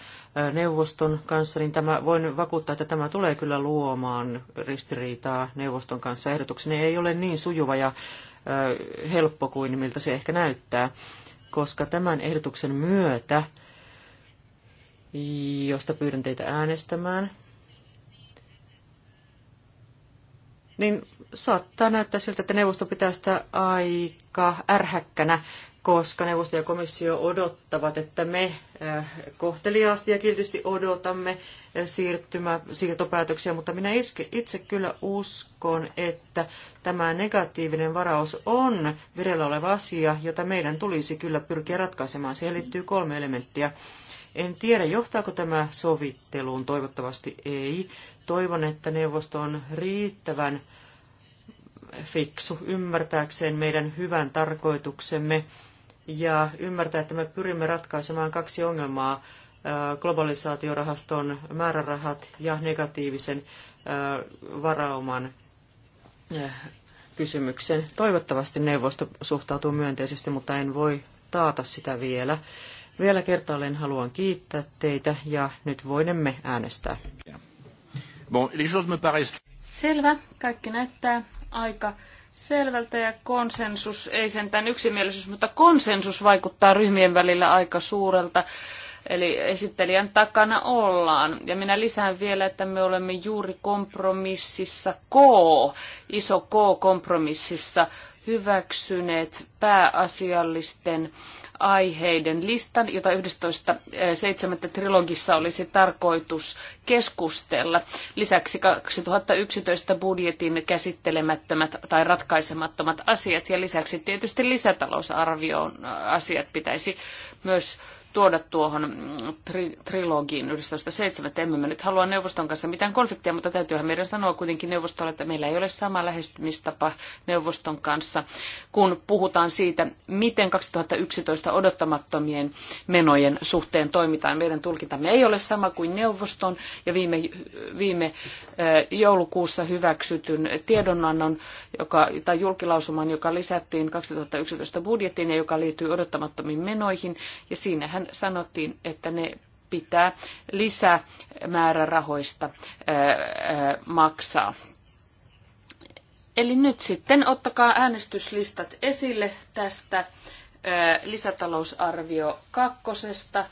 C: neuvoston kanssa, niin tämä, voin vakuuttaa, että tämä tulee kyllä luomaan ristiriitaa neuvoston kanssa. Ehdotukseni ei ole niin sujuva ja helppo kuin miltä se ehkä näyttää, koska tämän ehdotuksen myötä, josta pyydän teitä äänestämään, niin saattaa näyttää siltä, että neuvosto pitää sitä aika ärhäkkänä, koska neuvosto ja komissio odottavat, että me äh, kohteliaasti ja kiltisti odotamme äh, siirtymä, siirtopäätöksiä, mutta minä itse kyllä uskon, että tämä negatiivinen varaus on vireillä oleva asia, jota meidän tulisi kyllä pyrkiä ratkaisemaan. Siihen liittyy kolme elementtiä. En tiedä, johtaako tämä sovitteluun, toivottavasti ei. Toivon, että neuvosto on riittävän fiksu ymmärtääkseen meidän hyvän tarkoituksemme ja ymmärtää, että me pyrimme ratkaisemaan kaksi ongelmaa, globalisaatiorahaston määrärahat ja negatiivisen varauman kysymyksen. Toivottavasti neuvosto suhtautuu myönteisesti, mutta en voi taata sitä vielä. Vielä kertaalleen haluan kiittää teitä ja nyt voinemme äänestää. Bon, les choses me paraissent...
A: Selvä, kaikki näyttää aika selvältä ja konsensus, ei sentään yksimielisyys, mutta konsensus vaikuttaa ryhmien välillä aika suurelta. Eli esittelijän takana ollaan. Ja minä lisään vielä, että me olemme juuri kompromississa K, iso K-kompromississa hyväksyneet pääasiallisten aiheiden listan, jota 11.7. Eh, trilogissa olisi tarkoitus keskustella. Lisäksi 2011 budjetin käsittelemättömät tai ratkaisemattomat asiat ja lisäksi tietysti lisätalousarvion eh, asiat pitäisi myös tuoda tuohon mm, tri- trilogiin 11.7. Emme me nyt halua neuvoston kanssa mitään konfliktia, mutta täytyyhän meidän sanoa kuitenkin neuvostolle, että meillä ei ole sama lähestymistapa neuvoston kanssa, kun puhutaan siitä, miten 2011 odottamattomien menojen suhteen toimitaan. Meidän tulkintamme ei ole sama kuin neuvoston ja viime, viime joulukuussa hyväksytyn tiedonannon joka, tai julkilausuman, joka lisättiin 2011 budjettiin ja joka liittyy odottamattomiin menoihin. Ja siinähän sanottiin, että ne pitää lisämäärärahoista maksaa. Eli nyt sitten ottakaa äänestyslistat esille tästä lisätalousarvio kakkosesta.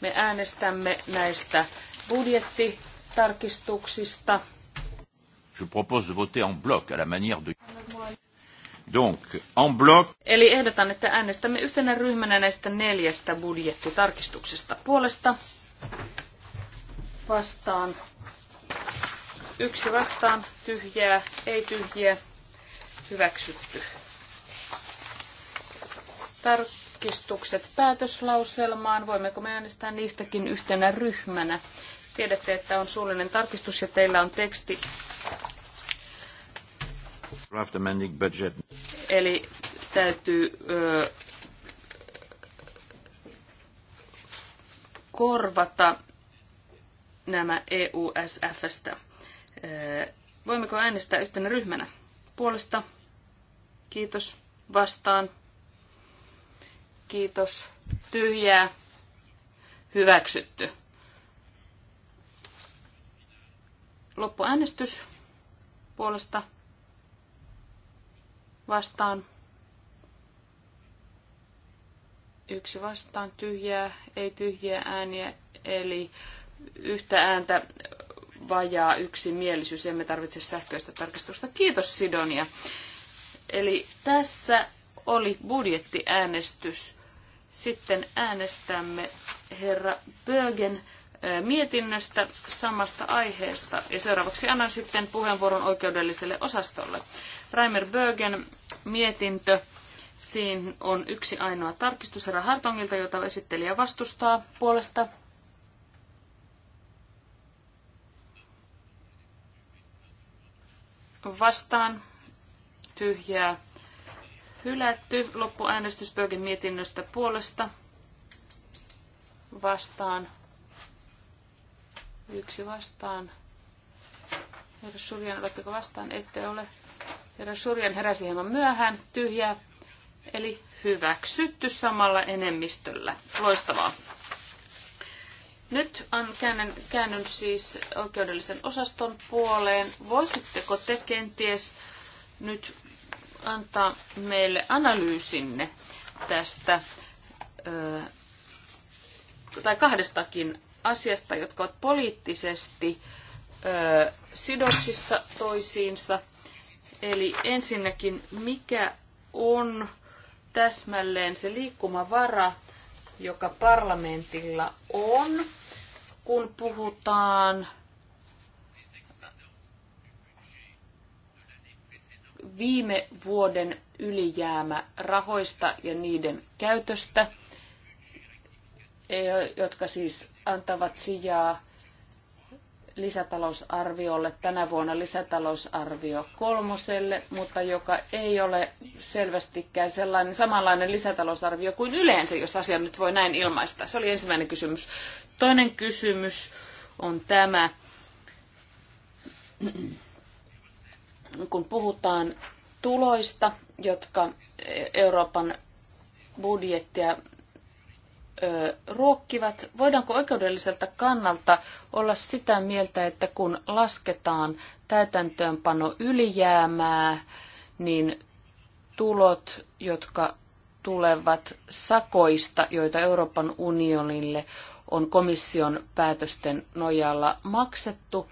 A: Me äänestämme näistä budjettitarkistuksista.
B: Je propose de voter en bloc à la manière de... Donc, en bloc.
A: Eli ehdotan, että äänestämme yhtenä ryhmänä näistä neljästä budjettitarkistuksesta puolesta vastaan. Yksi vastaan, tyhjää, ei tyhjää, hyväksytty. Tarkistukset päätöslauselmaan. Voimmeko me äänestää niistäkin yhtenä ryhmänä? Tiedätte, että on suullinen tarkistus ja teillä on teksti
B: draft amending budget.
A: Eli täytyy ö, korvata nämä EUSFstä. Voimmeko äänestää yhtenä ryhmänä? Puolesta. Kiitos. Vastaan. Kiitos. Tyhjää. Hyväksytty. Loppuäänestys puolesta vastaan. Yksi vastaan tyhjää, ei tyhjiä ääniä, eli yhtä ääntä vajaa mielisyys Emme tarvitse sähköistä tarkistusta. Kiitos Sidonia. Eli tässä oli budjettiäänestys. Sitten äänestämme herra Bögen mietinnöstä samasta aiheesta. Ja seuraavaksi annan sitten puheenvuoron oikeudelliselle osastolle. Reimer Bögen mietintö. Siinä on yksi ainoa tarkistus herra Hartongilta, jota esittelijä vastustaa puolesta. Vastaan. Tyhjää. Hylätty. Loppuäänestys mietinnöstä puolesta. Vastaan. Yksi vastaan. Herra Suljan, oletteko vastaan? Ette ole. Herra Surjan heräsi hieman myöhään, tyhjää, eli hyväksytty samalla enemmistöllä. Loistavaa. Nyt on käännyn, käännyn siis oikeudellisen osaston puoleen. Voisitteko te kenties nyt antaa meille analyysinne tästä ö, tai kahdestakin asiasta, jotka ovat poliittisesti ö, sidoksissa toisiinsa – Eli ensinnäkin, mikä on täsmälleen se liikkumavara, joka parlamentilla on, kun puhutaan viime vuoden ylijäämä rahoista ja niiden käytöstä, e, jotka siis antavat sijaa lisätalousarviolle, tänä vuonna lisätalousarvio kolmoselle, mutta joka ei ole selvästikään sellainen samanlainen lisätalousarvio kuin yleensä, jos asia nyt voi näin ilmaista. Se oli ensimmäinen kysymys. Toinen kysymys on tämä, kun puhutaan tuloista, jotka Euroopan budjettia ruokkivat. Voidaanko oikeudelliselta kannalta olla sitä mieltä, että kun lasketaan täytäntöönpano ylijäämää, niin tulot, jotka tulevat sakoista, joita Euroopan unionille on komission päätösten nojalla maksettu,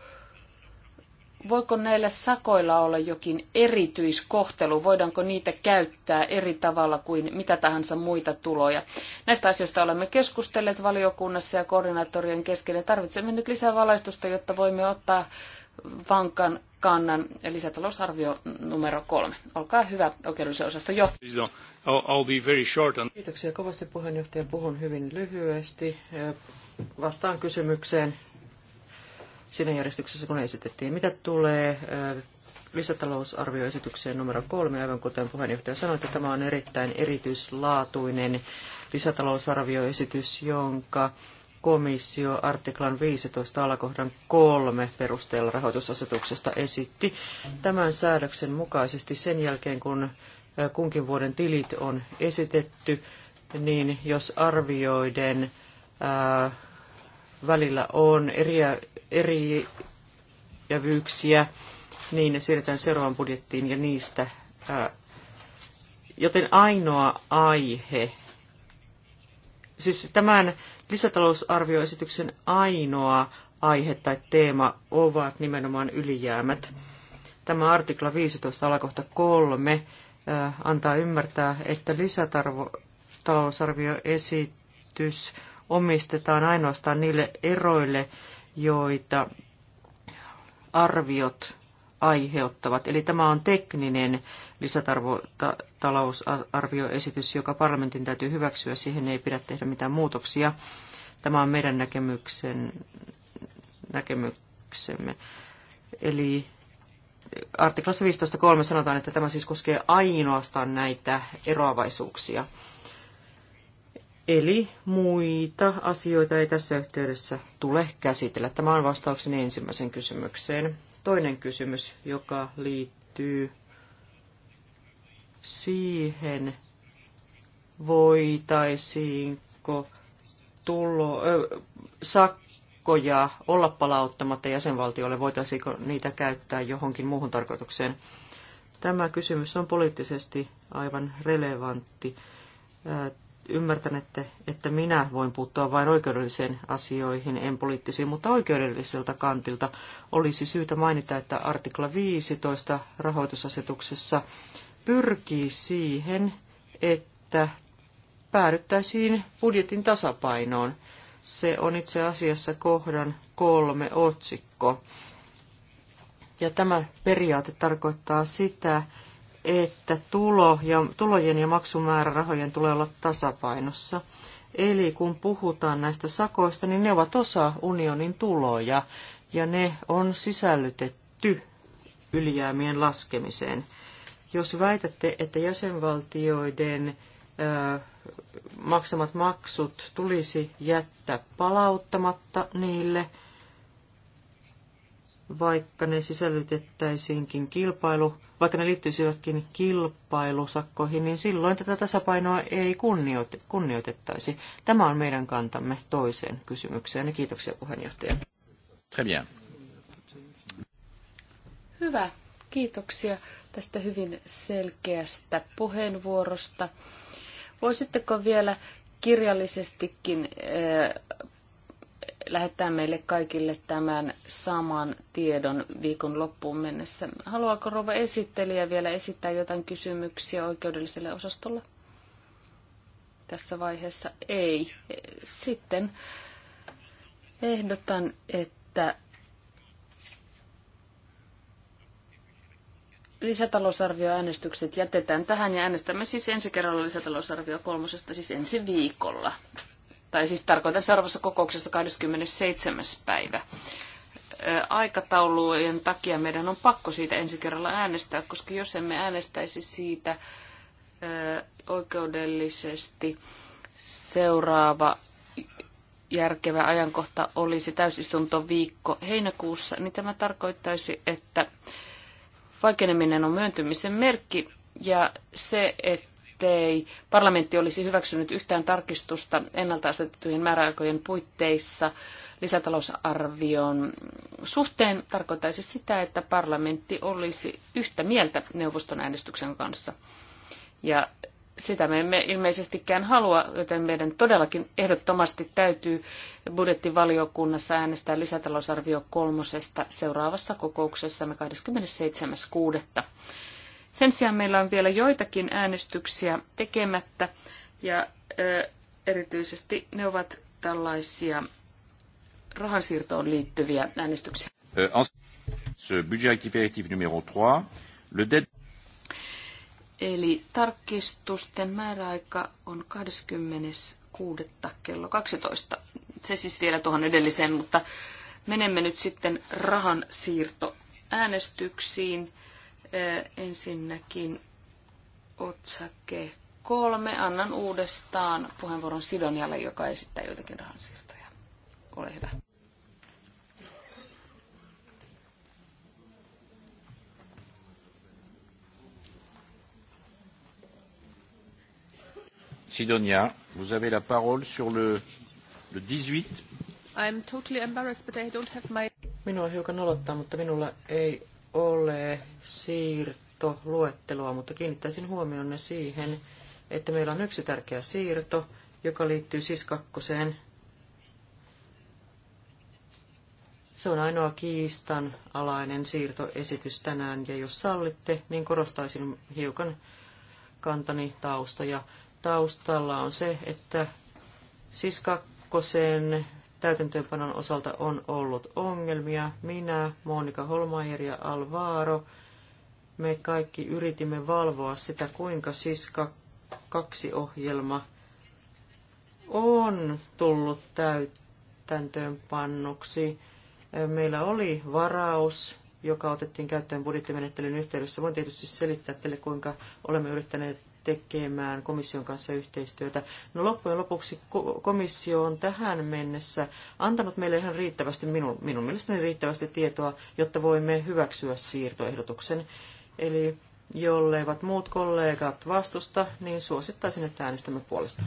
A: voiko näillä sakoilla olla jokin erityiskohtelu? Voidaanko niitä käyttää eri tavalla kuin mitä tahansa muita tuloja? Näistä asioista olemme keskustelleet valiokunnassa ja koordinaattorien kesken ja tarvitsemme nyt lisää valaistusta, jotta voimme ottaa vankan kannan lisätalousarvio numero kolme. Olkaa hyvä, oikeudellisen osaston johtaja. Kiitoksia
C: kovasti puheenjohtaja. Puhun hyvin lyhyesti. Vastaan kysymykseen siinä järjestyksessä, kun esitettiin. Mitä tulee lisätalousarvioesitykseen numero kolme, aivan kuten puheenjohtaja sanoi, että tämä on erittäin erityislaatuinen lisätalousarvioesitys, jonka komissio artiklan 15 alakohdan kolme perusteella rahoitusasetuksesta esitti tämän säädöksen mukaisesti sen jälkeen, kun kunkin vuoden tilit on esitetty, niin jos arvioiden välillä on eriä, eri jävyyksiä, niin ne siirretään seuraavaan budjettiin ja niistä. Ää, joten ainoa aihe, siis tämän lisätalousarvioesityksen ainoa aihe tai teema ovat nimenomaan ylijäämät. Tämä artikla 15 alakohta 3 antaa ymmärtää, että lisätalousarvioesitys omistetaan ainoastaan niille eroille, joita arviot aiheuttavat. Eli tämä on tekninen lisätalousarvioesitys, joka parlamentin täytyy hyväksyä. Siihen ei pidä tehdä mitään muutoksia. Tämä on meidän näkemyksen, näkemyksemme. Eli artiklassa 15.3 sanotaan, että tämä siis koskee ainoastaan näitä eroavaisuuksia. Eli muita asioita ei tässä yhteydessä tule käsitellä. Tämä on vastaukseni ensimmäiseen kysymykseen. Toinen kysymys, joka liittyy siihen, voitaisiinko tulo, ö, sakkoja olla palauttamatta jäsenvaltiolle, voitaisiinko niitä käyttää johonkin muuhun tarkoitukseen. Tämä kysymys on poliittisesti aivan relevantti ymmärtänette, että minä voin puuttua vain oikeudelliseen asioihin, en poliittisiin, mutta oikeudelliselta kantilta olisi syytä mainita, että artikla 15 rahoitusasetuksessa pyrkii siihen, että päädyttäisiin budjetin tasapainoon. Se on itse asiassa kohdan kolme otsikko. Ja tämä periaate tarkoittaa sitä, että tulo ja, tulojen ja maksumäärärahojen tulee olla tasapainossa. Eli kun puhutaan näistä sakoista, niin ne ovat osa unionin tuloja ja ne on sisällytetty ylijäämien laskemiseen. Jos väitätte, että jäsenvaltioiden ö, maksamat maksut tulisi jättää palauttamatta niille, vaikka ne sisällytettäisiinkin kilpailu, vaikka ne liittyisivätkin kilpailusakkoihin, niin silloin tätä tasapainoa ei kunnioitettaisi. Tämä on meidän kantamme toiseen kysymykseen. kiitoksia puheenjohtaja.
B: Très bien.
A: Hyvä. Kiitoksia tästä hyvin selkeästä puheenvuorosta. Voisitteko vielä kirjallisestikin eh, lähettää meille kaikille tämän saman tiedon viikon loppuun mennessä. Haluaako rouva esittelijä vielä esittää jotain kysymyksiä oikeudelliselle osastolle? Tässä vaiheessa ei. Sitten ehdotan, että lisätalousarvioäänestykset jätetään tähän ja äänestämme siis ensi kerralla lisätalousarvio kolmosesta siis ensi viikolla tai siis tarkoitan seuraavassa kokouksessa 27. päivä. Aikataulujen takia meidän on pakko siitä ensi kerralla äänestää, koska jos emme äänestäisi siitä oikeudellisesti, seuraava järkevä ajankohta olisi täysistunto viikko heinäkuussa, niin tämä tarkoittaisi, että vaikeneminen on myöntymisen merkki ja se, että ettei parlamentti olisi hyväksynyt yhtään tarkistusta ennalta asetettujen määräaikojen puitteissa lisätalousarvion suhteen, tarkoittaisi sitä, että parlamentti olisi yhtä mieltä neuvoston äänestyksen kanssa. Ja sitä me emme ilmeisestikään halua, joten meidän todellakin ehdottomasti täytyy budjettivaliokunnassa äänestää lisätalousarvio kolmosesta seuraavassa kokouksessamme 27.6. Sen sijaan meillä on vielä joitakin äänestyksiä tekemättä ja erityisesti ne ovat tällaisia rahansiirtoon liittyviä äänestyksiä. Eli tarkistusten määräaika on 26. kello 12. Se siis vielä tuohon edelliseen, mutta menemme nyt sitten rahansiirtoäänestyksiin. äänestyksiin. Ensinnäkin otsake kolme. Annan uudestaan puheenvuoron Sidonialle, joka esittää joitakin rahansiirtoja. Ole hyvä.
B: Sidonia, vous avez la parole sur le, le 18.
A: I'm totally embarrassed, but I don't have my...
C: Minua hiukan nolottaa, mutta minulla ei ole luettelua, mutta kiinnittäisin huomionne siihen, että meillä on yksi tärkeä siirto, joka liittyy siis kakkoseen. Se on ainoa kiistan alainen siirtoesitys tänään, ja jos sallitte, niin korostaisin hiukan kantani taustoja. Taustalla on se, että siis täytäntöönpanon osalta on ollut ongelmia. Minä, Monika Holmaier ja Alvaro, me kaikki yritimme valvoa sitä, kuinka siska kaksi ohjelma on tullut täytäntöönpannuksi. Meillä oli varaus, joka otettiin käyttöön budjettimenettelyn yhteydessä. Voin tietysti selittää teille, kuinka olemme yrittäneet tekemään komission kanssa yhteistyötä. No loppujen lopuksi komissio on tähän mennessä antanut meille ihan riittävästi, minun, minun mielestäni riittävästi tietoa, jotta voimme hyväksyä siirtoehdotuksen. Eli jolleivat muut kollegat vastusta, niin suosittaisin, että äänestämme puolesta.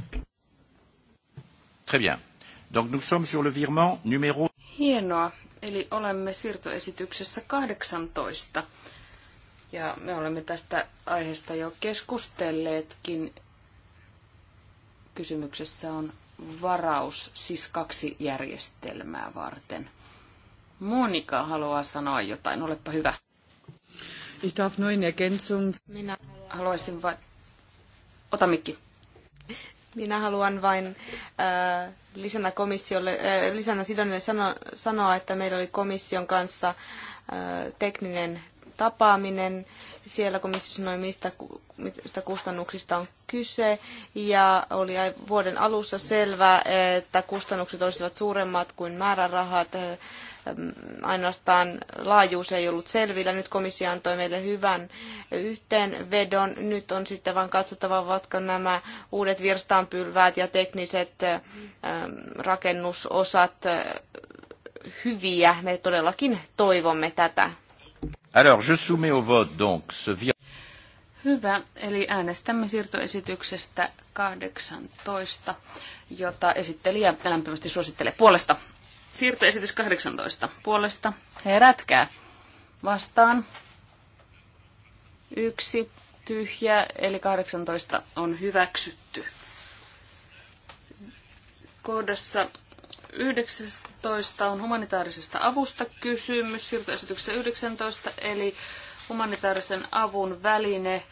B: Très bien. Donc nous sommes sur le virement numéro...
A: Hienoa. Eli olemme siirtoesityksessä 18. Ja me olemme tästä aiheesta jo keskustelleetkin. Kysymyksessä on varaus, siis kaksi järjestelmää varten. Monika haluaa sanoa jotain, olepa hyvä. Ich darf nur in Ergänzung...
D: Minä haluaisin
A: vain... Ota mikki.
D: Minä haluan vain äh, lisänä, komissiolle, äh, lisänä Sidonille sano, sanoa, että meillä oli komission kanssa äh, tekninen tapaaminen. Siellä komissio sanoi, mistä, mistä kustannuksista on kyse. Ja oli vuoden alussa selvää, että kustannukset olisivat suuremmat kuin määrärahat. Ainoastaan laajuus ei ollut selvillä. Nyt komissio antoi meille hyvän yhteenvedon. Nyt on sitten vain katsottava, ovatko nämä uudet virstaanpylväät ja tekniset rakennusosat hyviä. Me todellakin toivomme tätä.
B: Alors, je soumets au vote donc ce
A: Hyvä, eli äänestämme siirtoesityksestä 18, jota esittelijä lämpimästi suosittelee puolesta. Siirtoesitys 18 puolesta. Herätkää. Vastaan. Yksi tyhjä, eli 18 on hyväksytty. Kohdassa 19 on humanitaarisesta avusta kysymys, siirtoesityksessä 19, eli humanitaarisen avun väline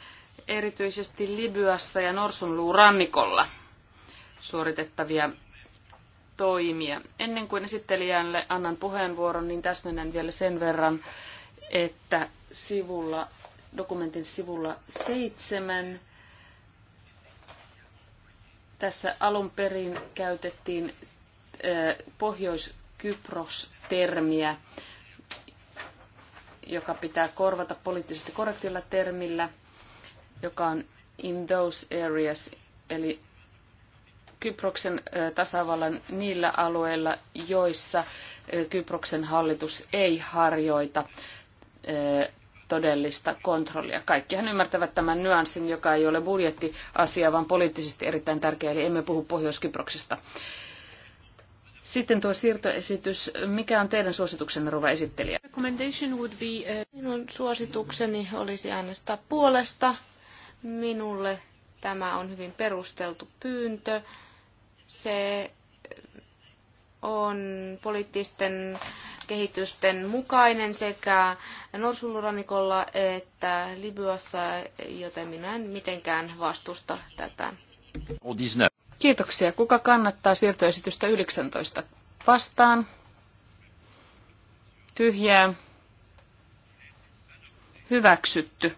A: erityisesti Libyassa ja Norsunluurannikolla suoritettavia toimia. Ennen kuin esittelijälle annan puheenvuoron, niin täsmennän vielä sen verran, että sivulla, dokumentin sivulla seitsemän tässä alun perin käytettiin Pohjois-Kypros-termiä, joka pitää korvata poliittisesti korrektilla termillä, joka on in those areas, eli Kyproksen tasavallan niillä alueilla, joissa Kyproksen hallitus ei harjoita todellista kontrollia. Kaikkihan ymmärtävät tämän nyanssin, joka ei ole budjettiasia, vaan poliittisesti erittäin tärkeä, eli emme puhu Pohjois-Kyproksesta. Sitten tuo siirtoesitys. Mikä on teidän suosituksenne, rouva esittelijä?
D: Eh, minun suositukseni olisi äänestää puolesta. Minulle tämä on hyvin perusteltu pyyntö. Se eh, on poliittisten kehitysten mukainen sekä Norsulurannikolla että Libyassa, joten minä en mitenkään vastusta tätä.
B: Kiitoksia.
A: Kuka kannattaa siirtoesitystä 19? Vastaan. Tyhjää. Hyväksytty.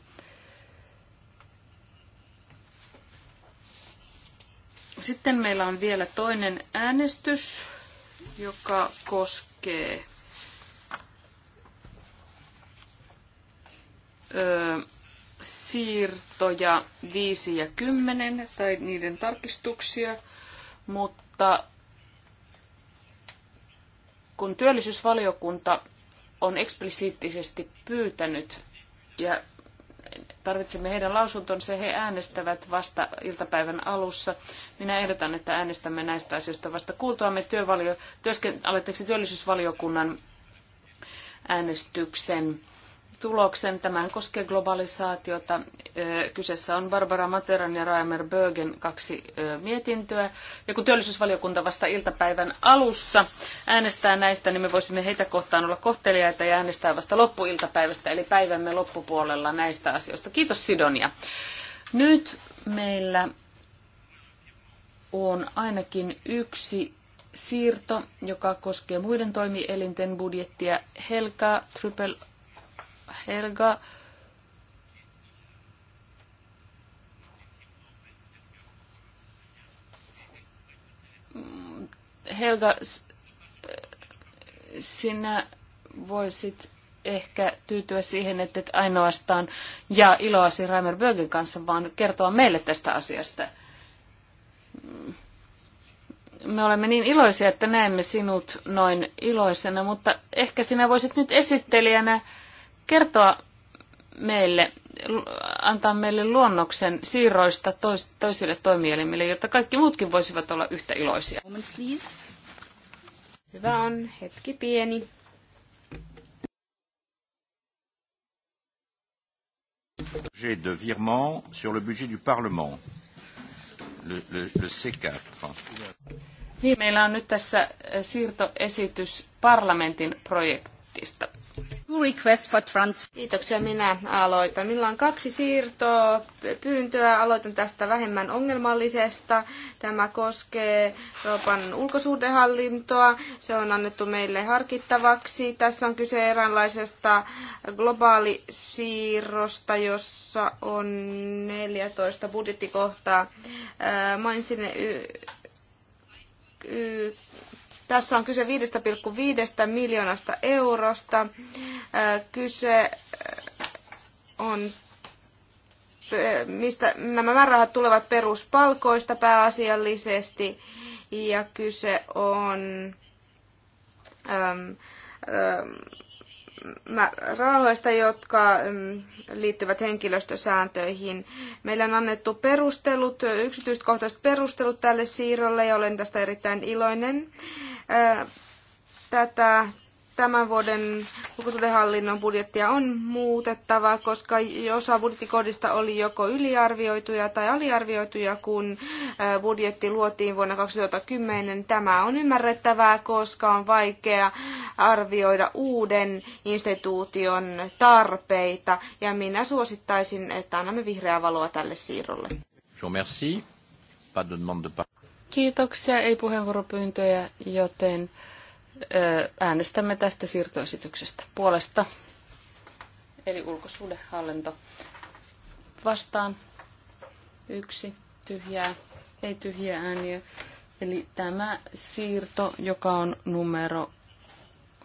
A: Sitten meillä on vielä toinen äänestys, joka koskee öö, siirtoja 5 ja 10 tai niiden tarkistuksia, mutta kun työllisyysvaliokunta on eksplisiittisesti pyytänyt ja tarvitsemme heidän lausuntonsa se he äänestävät vasta iltapäivän alussa. Minä ehdotan, että äänestämme näistä asioista vasta kuultuamme työvalio, työsken, työllisyysvaliokunnan äänestyksen tuloksen. Tämän koskee globalisaatiota. Kyseessä on Barbara Materan ja Raimer Bögen kaksi mietintöä. Ja kun työllisyysvaliokunta vasta iltapäivän alussa äänestää näistä, niin me voisimme heitä kohtaan olla kohteliaita ja äänestää vasta loppuiltapäivästä, eli päivämme loppupuolella näistä asioista. Kiitos Sidonia. Nyt meillä on ainakin yksi siirto, joka koskee muiden toimielinten budjettia. Helka Trypel Helga. Helga, sinä voisit ehkä tyytyä siihen, että et ainoastaan ja iloasi Raimer Bögen kanssa, vaan kertoa meille tästä asiasta. Me olemme niin iloisia, että näemme sinut noin iloisena, mutta ehkä sinä voisit nyt esittelijänä kertoa meille, antaa meille luonnoksen siirroista tois, toisille toimielimille, jotta kaikki muutkin voisivat olla
D: yhtä iloisia. Moment, please. Hyvä on, hetki pieni.
B: de virement sur le budget du Parlement, le, le, le C4.
A: Niin, meillä on nyt tässä siirtoesitys parlamentin projekti. Budjetista.
D: Request for transfer. Kiitoksia, minä aloitan. Minulla on kaksi siirtoa pyyntöä. Aloitan tästä vähemmän ongelmallisesta. Tämä koskee Euroopan ulkosuhdehallintoa. Se on annettu meille harkittavaksi. Tässä on kyse eräänlaisesta globaalisiirrosta, jossa on 14 budjettikohtaa. Mainitsin y- y- tässä on kyse 5,5 miljoonasta eurosta. Kyse on mistä nämä määrärahat tulevat peruspalkoista pääasiallisesti ja kyse on äm, äm, rahoista, jotka mm, liittyvät henkilöstösääntöihin. Meillä on annettu perustelut, yksityiskohtaiset perustelut tälle siirrolle ja olen tästä erittäin iloinen. Tätä tämän vuoden ulkosuhdehallinnon budjettia on muutettava, koska osa budjettikohdista oli joko yliarvioituja tai aliarvioituja, kun budjetti luotiin vuonna 2010. Tämä on ymmärrettävää, koska on vaikea arvioida uuden instituution tarpeita, ja minä suosittaisin, että annamme vihreää valoa tälle siirrolle.
A: Kiitoksia, ei puheenvuoropyyntöjä, joten äänestämme tästä siirtoesityksestä puolesta, eli ulkosuhdehallinto vastaan. Yksi tyhjää, ei tyhjää ääniä. Eli tämä siirto, joka on numero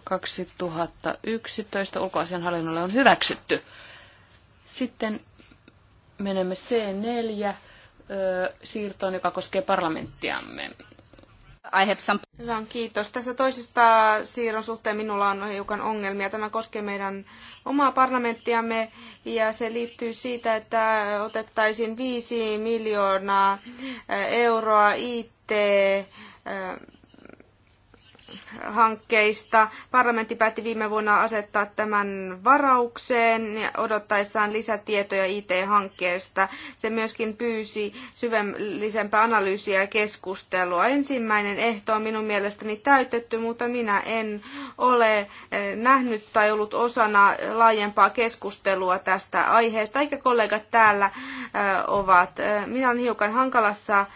A: 2011 ulkoasianhallinnolle on hyväksytty. Sitten menemme C4 siirtoon, joka koskee parlamenttiamme.
D: I have some... Hyvä, kiitos. Tässä toisesta siirron suhteen minulla on hiukan ongelmia. Tämä koskee meidän omaa parlamenttiamme ja se liittyy siitä, että otettaisiin 5 miljoonaa euroa IT hankkeista. Parlamentti päätti viime vuonna asettaa tämän varaukseen odottaessaan lisätietoja IT-hankkeesta. Se myöskin pyysi syvällisempää analyysiä ja keskustelua. Ensimmäinen ehto on minun mielestäni täytetty, mutta minä en ole eh, nähnyt tai ollut osana laajempaa keskustelua tästä aiheesta, eikä kollegat täällä eh, ovat. Eh, minä olen hiukan hankalassa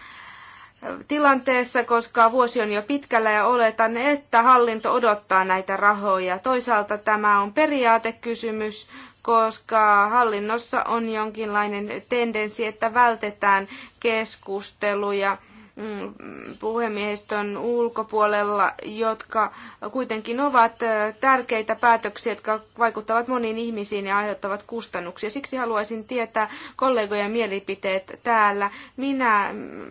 D: tilanteessa, koska vuosi on jo pitkällä ja oletan, että hallinto odottaa näitä rahoja. Toisaalta tämä on periaatekysymys, koska hallinnossa on jonkinlainen tendenssi, että vältetään keskusteluja mm, puhemiehistön ulkopuolella, jotka kuitenkin ovat tärkeitä päätöksiä, jotka vaikuttavat moniin ihmisiin ja aiheuttavat kustannuksia. Siksi haluaisin tietää kollegojen mielipiteet täällä. Minä mm,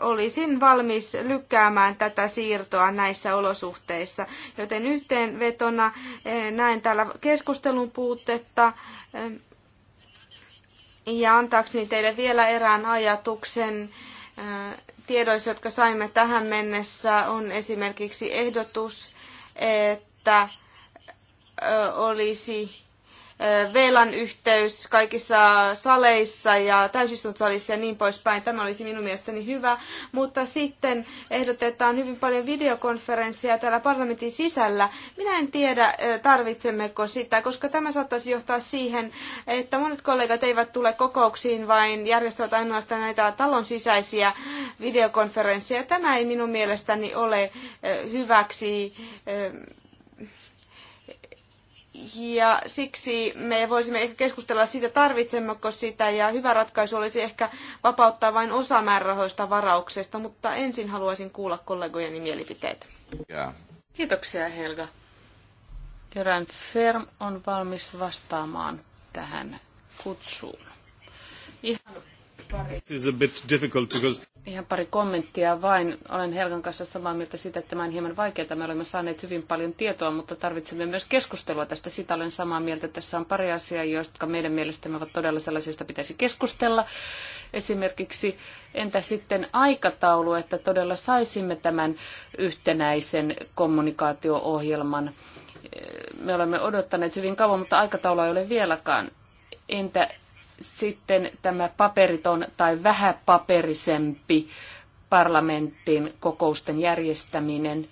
D: olisin valmis lykkäämään tätä siirtoa näissä olosuhteissa. Joten yhteenvetona eh, näen täällä keskustelun puutetta. Eh, ja antaakseni teille vielä erään ajatuksen eh, tiedoissa, jotka saimme tähän mennessä, on esimerkiksi ehdotus, että olisi velan yhteys kaikissa saleissa ja täysistuntosalissa ja niin poispäin. Tämä olisi minun mielestäni hyvä, mutta sitten ehdotetaan hyvin paljon videokonferenssia täällä parlamentin sisällä. Minä en tiedä, tarvitsemmeko sitä, koska tämä saattaisi johtaa siihen, että monet kollegat eivät tule kokouksiin, vain järjestävät ainoastaan näitä talon sisäisiä videokonferensseja. Tämä ei minun mielestäni ole hyväksi ja siksi me voisimme ehkä keskustella siitä, tarvitsemmeko sitä, ja hyvä ratkaisu olisi ehkä vapauttaa vain osa määrärahoista varauksesta, mutta ensin haluaisin kuulla kollegojeni mielipiteet. Yeah. Kiitoksia Helga.
A: Kerran Ferm on valmis vastaamaan tähän kutsuun. Ihan Ihan pari kommenttia vain. Olen Helgan kanssa samaa mieltä siitä, että tämä on hieman vaikeaa. Me olemme saaneet hyvin paljon tietoa, mutta tarvitsemme myös keskustelua tästä. Sitä olen samaa mieltä. Tässä on pari asiaa, jotka meidän mielestämme ovat todella sellaisia, joista pitäisi keskustella. Esimerkiksi entä sitten aikataulu, että todella saisimme tämän yhtenäisen kommunikaatio-ohjelman. Me olemme odottaneet hyvin kauan, mutta aikataulu ei ole vieläkään entä sitten tämä paperiton tai vähäpaperisempi parlamentin kokousten järjestäminen –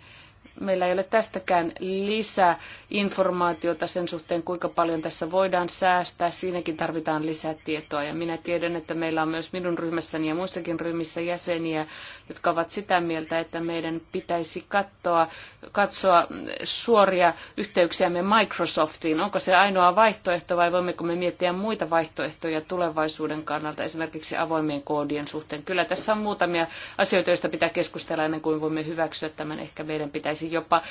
A: meillä ei ole tästäkään lisää informaatiota sen suhteen, kuinka paljon tässä voidaan säästää. Siinäkin tarvitaan lisää tietoa. Ja minä tiedän, että meillä on myös minun ryhmässäni ja muissakin ryhmissä jäseniä, jotka ovat sitä mieltä, että meidän pitäisi katsoa, katsoa suoria yhteyksiämme Microsoftiin. Onko se ainoa vaihtoehto vai voimmeko me miettiä muita vaihtoehtoja tulevaisuuden kannalta, esimerkiksi avoimien koodien suhteen? Kyllä tässä on muutamia asioita, joista pitää keskustella ennen kuin voimme hyväksyä tämän. Ehkä meidän pitäisi pitäisi jopa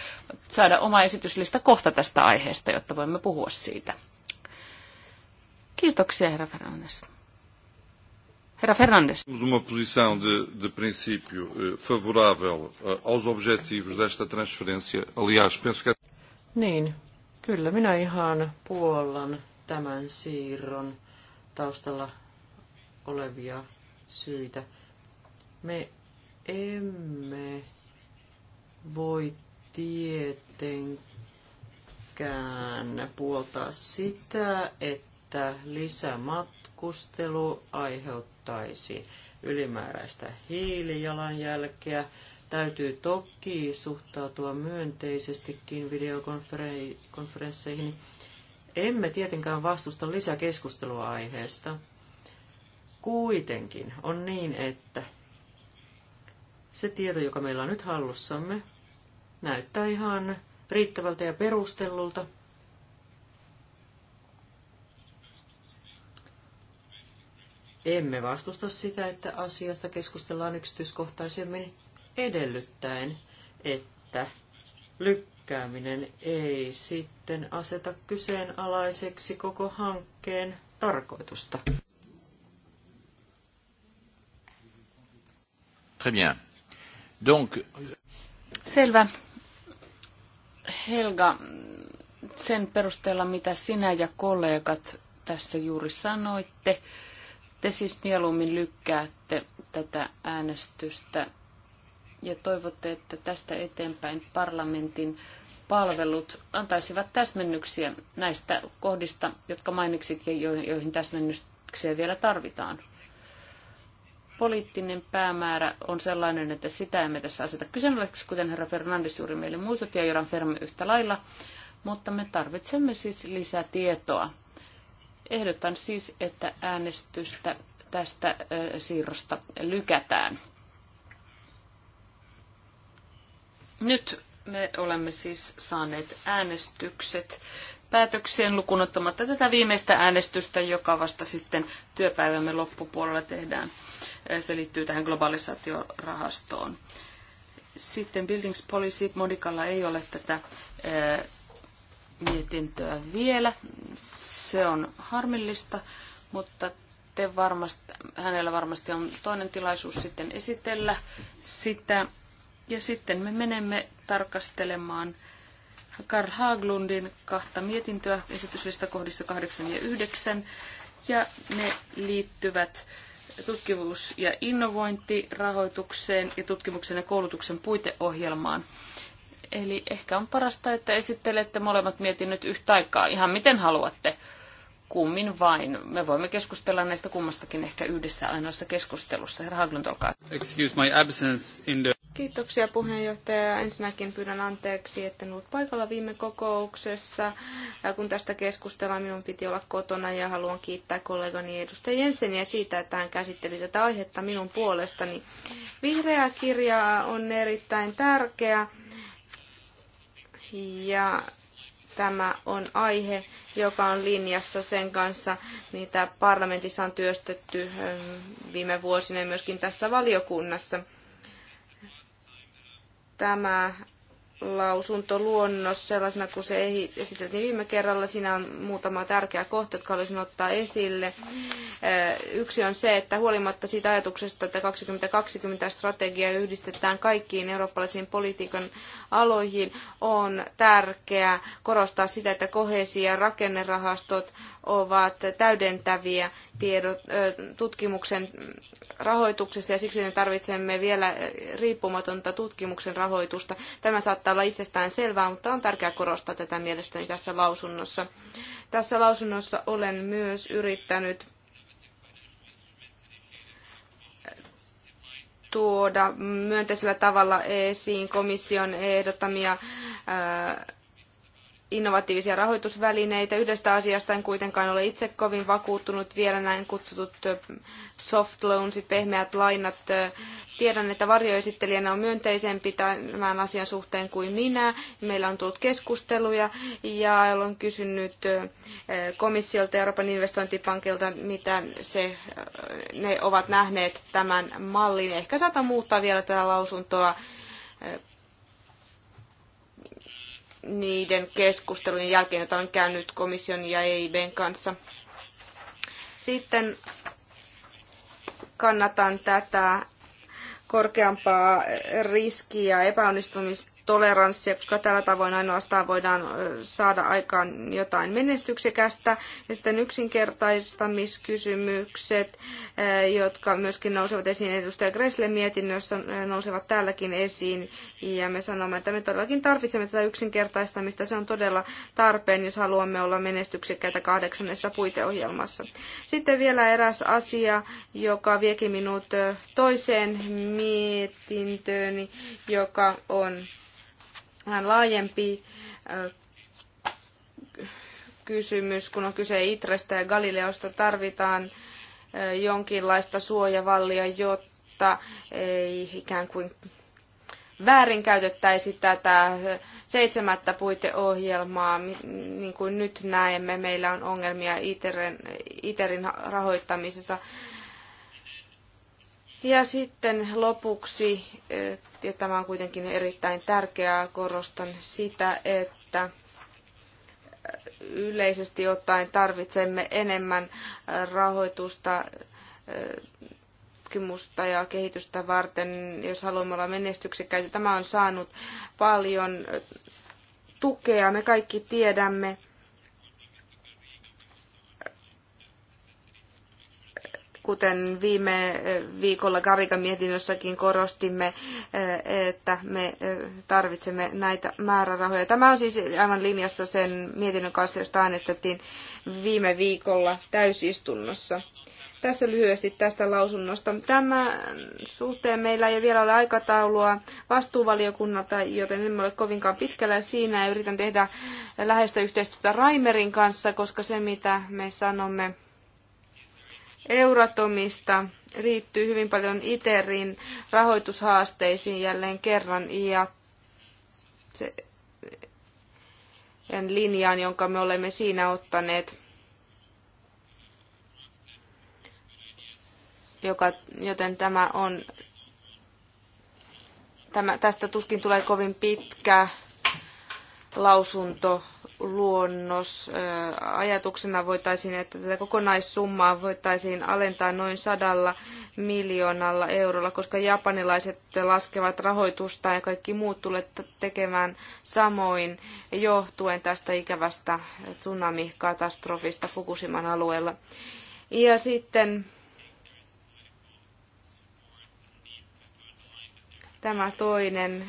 A: saada oma esityslista kohta tästä aiheesta, jotta voimme puhua siitä. Kiitoksia, herra Fernandes.
B: Herra Fernandes. uma posição de, de princípio eh, favorável eh, aos objetivos desta transferência. Aliás, penso que...
C: Niin, kyllä minä ihan puollan tämän siirron taustalla olevia syitä. Me emme voi tietenkään puoltaa sitä, että lisämatkustelu aiheuttaisi ylimääräistä hiilijalanjälkeä. Täytyy toki suhtautua myönteisestikin videokonferensseihin. Emme tietenkään vastusta lisäkeskustelua aiheesta. Kuitenkin on niin, että se tieto, joka meillä on nyt hallussamme, näyttää ihan riittävältä ja perustellulta. Emme vastusta sitä, että asiasta keskustellaan yksityiskohtaisemmin edellyttäen, että lykkääminen ei sitten aseta kyseenalaiseksi koko hankkeen tarkoitusta.
B: Très bien. Donc...
A: Selvä. Helga, sen perusteella mitä sinä ja kollegat tässä juuri sanoitte, te siis mieluummin lykkäätte tätä äänestystä ja toivotte, että tästä eteenpäin parlamentin palvelut antaisivat täsmennyksiä näistä kohdista, jotka mainitsit ja joihin täsmennyksiä vielä tarvitaan poliittinen päämäärä on sellainen, että sitä emme tässä aseta kyseenalaiseksi, kuten herra Fernandes juuri meille muistutti ja Joran Fermi yhtä lailla, mutta me tarvitsemme siis lisää tietoa. Ehdotan siis, että äänestystä tästä siirrosta lykätään. Nyt me olemme siis saaneet äänestykset päätökseen lukunottamatta tätä viimeistä äänestystä, joka vasta sitten työpäivämme loppupuolella tehdään. Se liittyy tähän globalisaatiorahastoon. Sitten Buildings Policy. Monikalla ei ole tätä mietintöä vielä. Se on harmillista, mutta te varmasti, hänellä varmasti on toinen tilaisuus sitten esitellä sitä. Ja sitten me menemme tarkastelemaan Karl Haglundin kahta mietintöä esityslistakohdissa 8 ja 9. Ja ne liittyvät tutkimus- ja innovointirahoitukseen ja tutkimuksen ja koulutuksen puiteohjelmaan. Eli ehkä on parasta, että esittelette molemmat mietinnöt yhtä aikaa, ihan miten haluatte kummin vain. Me voimme keskustella näistä kummastakin ehkä yhdessä ainoassa keskustelussa. Herra Haglund, olkaa. Excuse my absence in the...
D: Kiitoksia puheenjohtaja. Ensinnäkin pyydän anteeksi, että en ollut paikalla viime kokouksessa. Kun tästä keskustellaan, minun piti olla kotona ja haluan kiittää kollegani edustaja Jenseniä siitä, että hän käsitteli tätä aihetta minun puolestani. Vihreä kirja on erittäin tärkeä ja tämä on aihe, joka on linjassa sen kanssa, mitä parlamentissa on työstetty viime vuosina ja myöskin tässä valiokunnassa. Tämä lausuntoluonnos sellaisena kuin se esiteltiin viime kerralla. Siinä on muutama tärkeä kohta, jotka haluaisin ottaa esille. Yksi on se, että huolimatta siitä ajatuksesta, että 2020 strategia yhdistetään kaikkiin eurooppalaisiin politiikan aloihin, on tärkeää korostaa sitä, että kohesi- ja rakennerahastot ovat täydentäviä tiedot, tutkimuksen rahoituksesta ja siksi me tarvitsemme vielä riippumatonta tutkimuksen rahoitusta. Tämä saattaa olla itsestään selvää, mutta on tärkeää korostaa tätä mielestäni tässä lausunnossa. Tässä lausunnossa olen myös yrittänyt tuoda myönteisellä tavalla esiin komission ehdottamia ää, innovatiivisia rahoitusvälineitä. Yhdestä asiasta en kuitenkaan ole itse kovin vakuuttunut vielä näin kutsutut soft loansit, pehmeät lainat. Tiedän, että varjoesittelijänä on myönteisempi tämän asian suhteen kuin minä. Meillä on tullut keskusteluja ja olen kysynyt komissiolta ja Euroopan investointipankilta, mitä se, ne ovat nähneet tämän mallin. Ehkä saatan muuttaa vielä tätä lausuntoa niiden keskustelujen jälkeen, joita on käynyt komission ja EIBn kanssa. Sitten kannatan tätä korkeampaa riskiä epäonnistumista toleranssia, koska tällä tavoin ainoastaan voidaan saada aikaan jotain menestyksekästä. Ja sitten yksinkertaistamiskysymykset, jotka myöskin nousevat esiin edustaja Gressle mietinnössä, nousevat täälläkin esiin. Ja me sanomme, että me todellakin tarvitsemme tätä yksinkertaistamista. Se on todella tarpeen, jos haluamme olla menestyksekkäitä kahdeksannessa puiteohjelmassa. Sitten vielä eräs asia, joka viekin minut toiseen mietintööni, joka on vähän laajempi kysymys, kun on kyse Itrestä ja Galileosta, tarvitaan jonkinlaista suojavallia, jotta ei ikään kuin väärinkäytettäisi tätä seitsemättä puiteohjelmaa, niin kuin nyt näemme, meillä on ongelmia ITERin, ITERin rahoittamisesta. Ja sitten lopuksi, eh, ja tämä on kuitenkin erittäin tärkeää, korostan sitä, että eh, yleisesti ottaen tarvitsemme enemmän eh, rahoitusta tutkimusta ja kehitystä varten, jos haluamme olla menestyksekkäitä. Tämä on saanut paljon tukea. Me kaikki tiedämme, Kuten viime eh, viikolla Karikan mietinnössäkin korostimme, eh, että me eh, tarvitsemme näitä määrärahoja. Tämä on siis aivan linjassa sen mietinnön kanssa, josta äänestettiin viime viikolla täysistunnossa tässä lyhyesti tästä lausunnosta. Tämän suhteen meillä ei vielä ole aikataulua vastuuvaliokunnalta, joten emme ole kovinkaan pitkällä siinä. Yritän tehdä läheistä yhteistyötä Raimerin kanssa, koska se mitä me sanomme Euratomista liittyy hyvin paljon ITERin rahoitushaasteisiin jälleen kerran ja sen linjaan, jonka me olemme siinä ottaneet, joka, joten tämä on, tämä, tästä tuskin tulee kovin pitkä lausunto luonnos. Ajatuksena voitaisiin, että tätä kokonaissummaa voitaisiin alentaa noin sadalla miljoonalla eurolla, koska japanilaiset laskevat rahoitusta ja kaikki muut tulevat tekemään samoin johtuen tästä ikävästä tsunamikatastrofista Fukushiman alueella. Ja sitten tämä toinen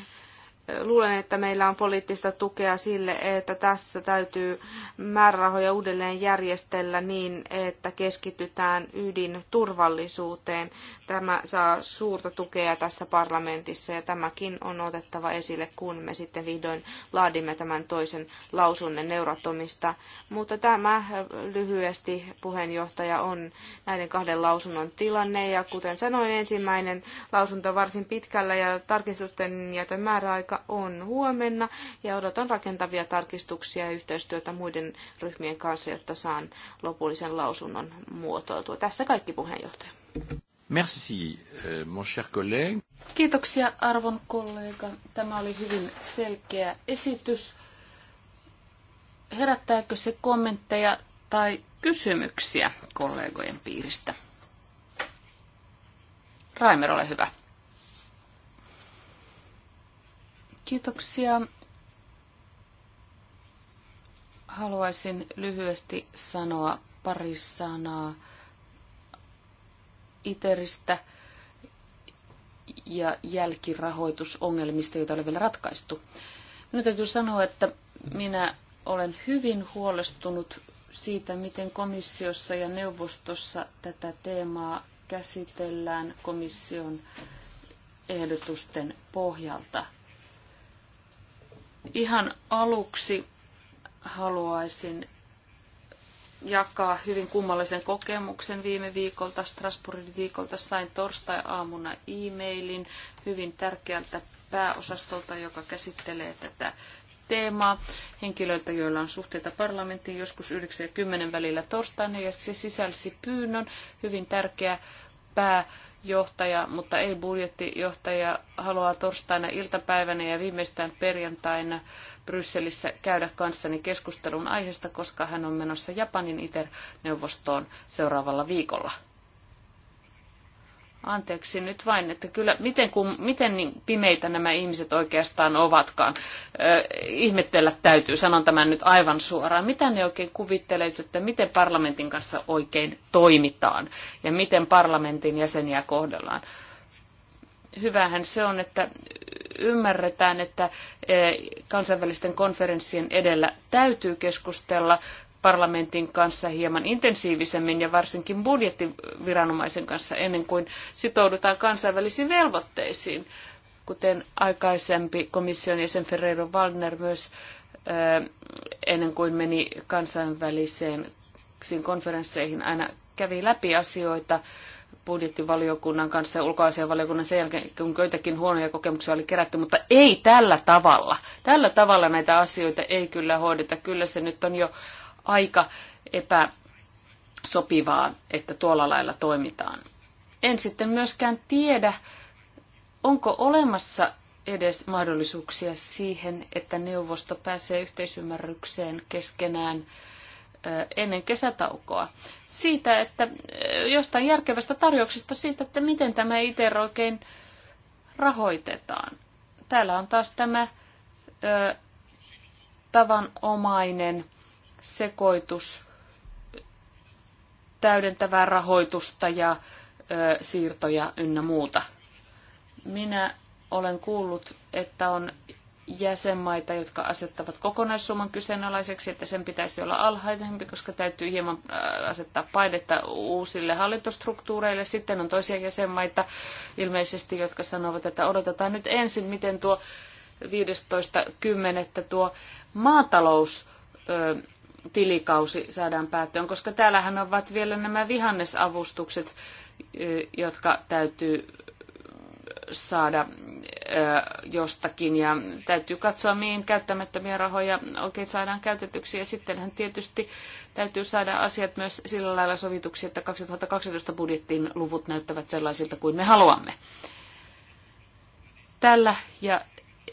D: luulen, että meillä on poliittista tukea sille, että tässä täytyy määrärahoja uudelleen järjestellä niin, että keskitytään ydinturvallisuuteen. Tämä saa suurta tukea tässä parlamentissa ja tämäkin on otettava esille, kun me sitten vihdoin laadimme tämän toisen lausunnon Euratomista. Mutta tämä lyhyesti puheenjohtaja on näiden kahden lausunnon tilanne ja kuten sanoin, ensimmäinen lausunto varsin pitkällä ja tarkistusten jätön määräaika Määräaika on huomenna ja odotan rakentavia tarkistuksia ja yhteistyötä muiden ryhmien kanssa, jotta saan lopullisen lausunnon muotoiltua. Tässä kaikki puheenjohtaja.
B: Merci, euh, mon cher collègue.
D: Kiitoksia arvon
A: kollega. Tämä oli hyvin selkeä esitys. Herättääkö se kommentteja tai kysymyksiä kollegojen piiristä? Raimer, ole hyvä. Kiitoksia. Haluaisin lyhyesti sanoa pari sanaa ITERistä ja jälkirahoitusongelmista, joita ole vielä ratkaistu. Minun täytyy sanoa, että minä olen hyvin huolestunut siitä, miten komissiossa ja neuvostossa tätä teemaa käsitellään komission ehdotusten pohjalta. Ihan aluksi haluaisin jakaa hyvin kummallisen kokemuksen viime viikolta. Strasbourgin viikolta sain torstai-aamuna e-mailin hyvin tärkeältä pääosastolta, joka käsittelee tätä teemaa henkilöiltä, joilla on suhteita parlamenttiin joskus 9 ja 10 välillä torstaina, ja se sisälsi pyynnön, hyvin tärkeä pääjohtaja, mutta ei budjettijohtaja, haluaa torstaina iltapäivänä ja viimeistään perjantaina Brysselissä käydä kanssani keskustelun aiheesta, koska hän on menossa Japanin ITER-neuvostoon seuraavalla viikolla. Anteeksi nyt vain, että kyllä miten, kun, miten niin pimeitä nämä ihmiset oikeastaan ovatkaan. Ö, ihmettellä täytyy, sanon tämän nyt aivan suoraan. Mitä ne oikein kuvittelevat, että miten parlamentin kanssa oikein toimitaan ja miten parlamentin jäseniä kohdellaan? Hyvähän se on, että ymmärretään, että kansainvälisten konferenssien edellä täytyy keskustella parlamentin kanssa hieman intensiivisemmin ja varsinkin budjettiviranomaisen kanssa ennen kuin sitoudutaan kansainvälisiin velvoitteisiin. Kuten aikaisempi komission jäsen Ferrero Waldner myös ennen kuin meni kansainväliseen konferensseihin aina kävi läpi asioita budjettivaliokunnan kanssa ja ulkoasianvaliokunnan sen jälkeen, kun joitakin huonoja kokemuksia oli kerätty, mutta ei tällä tavalla. Tällä tavalla näitä asioita ei kyllä hoideta. Kyllä se nyt on jo aika epäsopivaa, että tuolla lailla toimitaan. En sitten myöskään tiedä, onko olemassa edes mahdollisuuksia siihen, että neuvosto pääsee yhteisymmärrykseen keskenään ennen kesätaukoa. Siitä, että jostain järkevästä tarjouksesta siitä, että miten tämä ITER oikein rahoitetaan. Täällä on taas tämä ö, tavanomainen sekoitus täydentävää rahoitusta ja ö, siirtoja ynnä muuta. Minä olen kuullut, että on jäsenmaita, jotka asettavat kokonaissumman kyseenalaiseksi, että sen pitäisi olla alhaisempi, koska täytyy hieman asettaa painetta uusille hallintostruktuureille. Sitten on toisia jäsenmaita ilmeisesti, jotka sanovat, että odotetaan nyt ensin, miten tuo 15.10. tuo maatalous tilikausi saadaan päättöön, koska täällähän ovat vielä nämä vihannesavustukset, jotka täytyy saada jostakin ja täytyy katsoa, mihin käyttämättömiä rahoja oikein saadaan käytetyksi ja sittenhän tietysti täytyy saada asiat myös sillä lailla sovituksi, että 2012 budjettiin luvut näyttävät sellaisilta kuin me haluamme. Tällä ja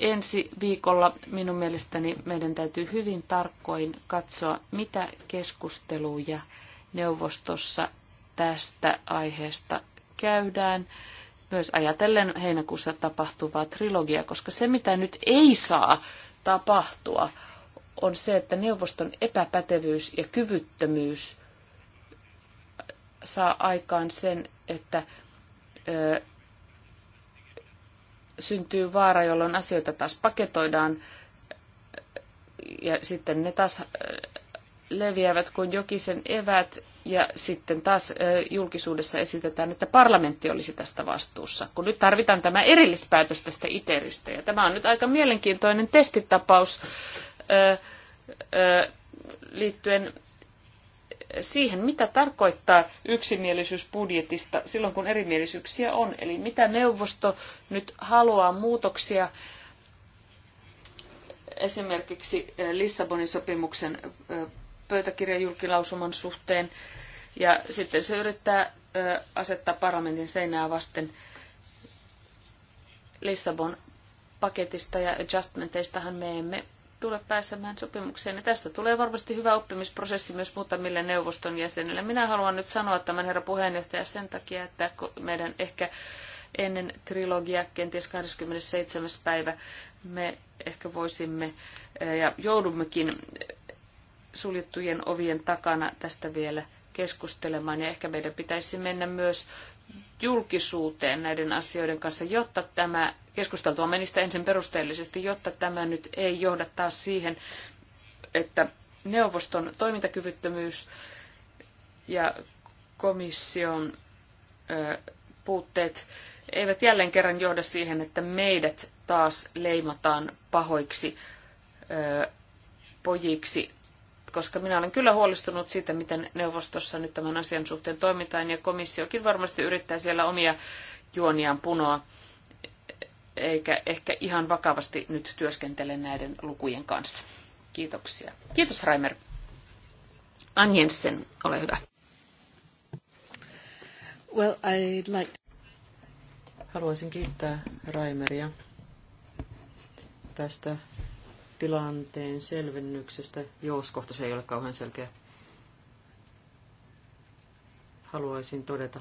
A: ensi viikolla minun mielestäni meidän täytyy hyvin tarkkoin katsoa, mitä keskusteluja neuvostossa tästä aiheesta käydään. Myös ajatellen heinäkuussa tapahtuvaa trilogiaa, koska se mitä nyt ei saa tapahtua, on se, että neuvoston epäpätevyys ja kyvyttömyys saa aikaan sen, että syntyy vaara, jolloin asioita taas paketoidaan ja sitten ne taas äh, leviävät kuin jokisen evät ja sitten taas äh, julkisuudessa esitetään, että parlamentti olisi tästä vastuussa, kun nyt tarvitaan tämä erillispäätös tästä ITERistä. Ja tämä on nyt aika mielenkiintoinen testitapaus äh, liittyen siihen, mitä tarkoittaa yksimielisyys budjetista silloin, kun erimielisyyksiä on. Eli mitä neuvosto nyt haluaa muutoksia esimerkiksi eh, Lissabonin sopimuksen eh, pöytäkirjajulkilausuman suhteen. Ja sitten se yrittää eh, asettaa parlamentin seinää vasten Lissabon paketista ja adjustmenteistahan me emme tule pääsemään sopimukseen. Ja tästä tulee varmasti hyvä oppimisprosessi myös muutamille neuvoston jäsenille. Minä haluan nyt sanoa tämän herra puheenjohtaja sen takia, että meidän ehkä ennen trilogia, kenties 27. päivä, me ehkä voisimme eh, ja joudummekin suljettujen ovien takana tästä vielä keskustelemaan. Ja ehkä meidän pitäisi mennä myös julkisuuteen näiden asioiden kanssa, jotta tämä, keskusteltua menistä ensin perusteellisesti, jotta tämä nyt ei johda taas siihen, että neuvoston toimintakyvyttömyys ja komission puutteet eivät jälleen kerran johda siihen, että meidät taas leimataan pahoiksi pojiksi koska minä olen kyllä huolestunut siitä, miten neuvostossa nyt tämän asian suhteen toimitaan, ja komissiokin varmasti yrittää siellä omia juoniaan punoa, eikä ehkä ihan vakavasti nyt työskentele näiden lukujen kanssa. Kiitoksia. Kiitos Raimer. Anjensen, ole hyvä.
C: Well, I'd like... Haluaisin kiittää Raimeria tästä tilanteen selvennyksestä. Jos kohta se ei ole kauhean selkeä. Haluaisin todeta,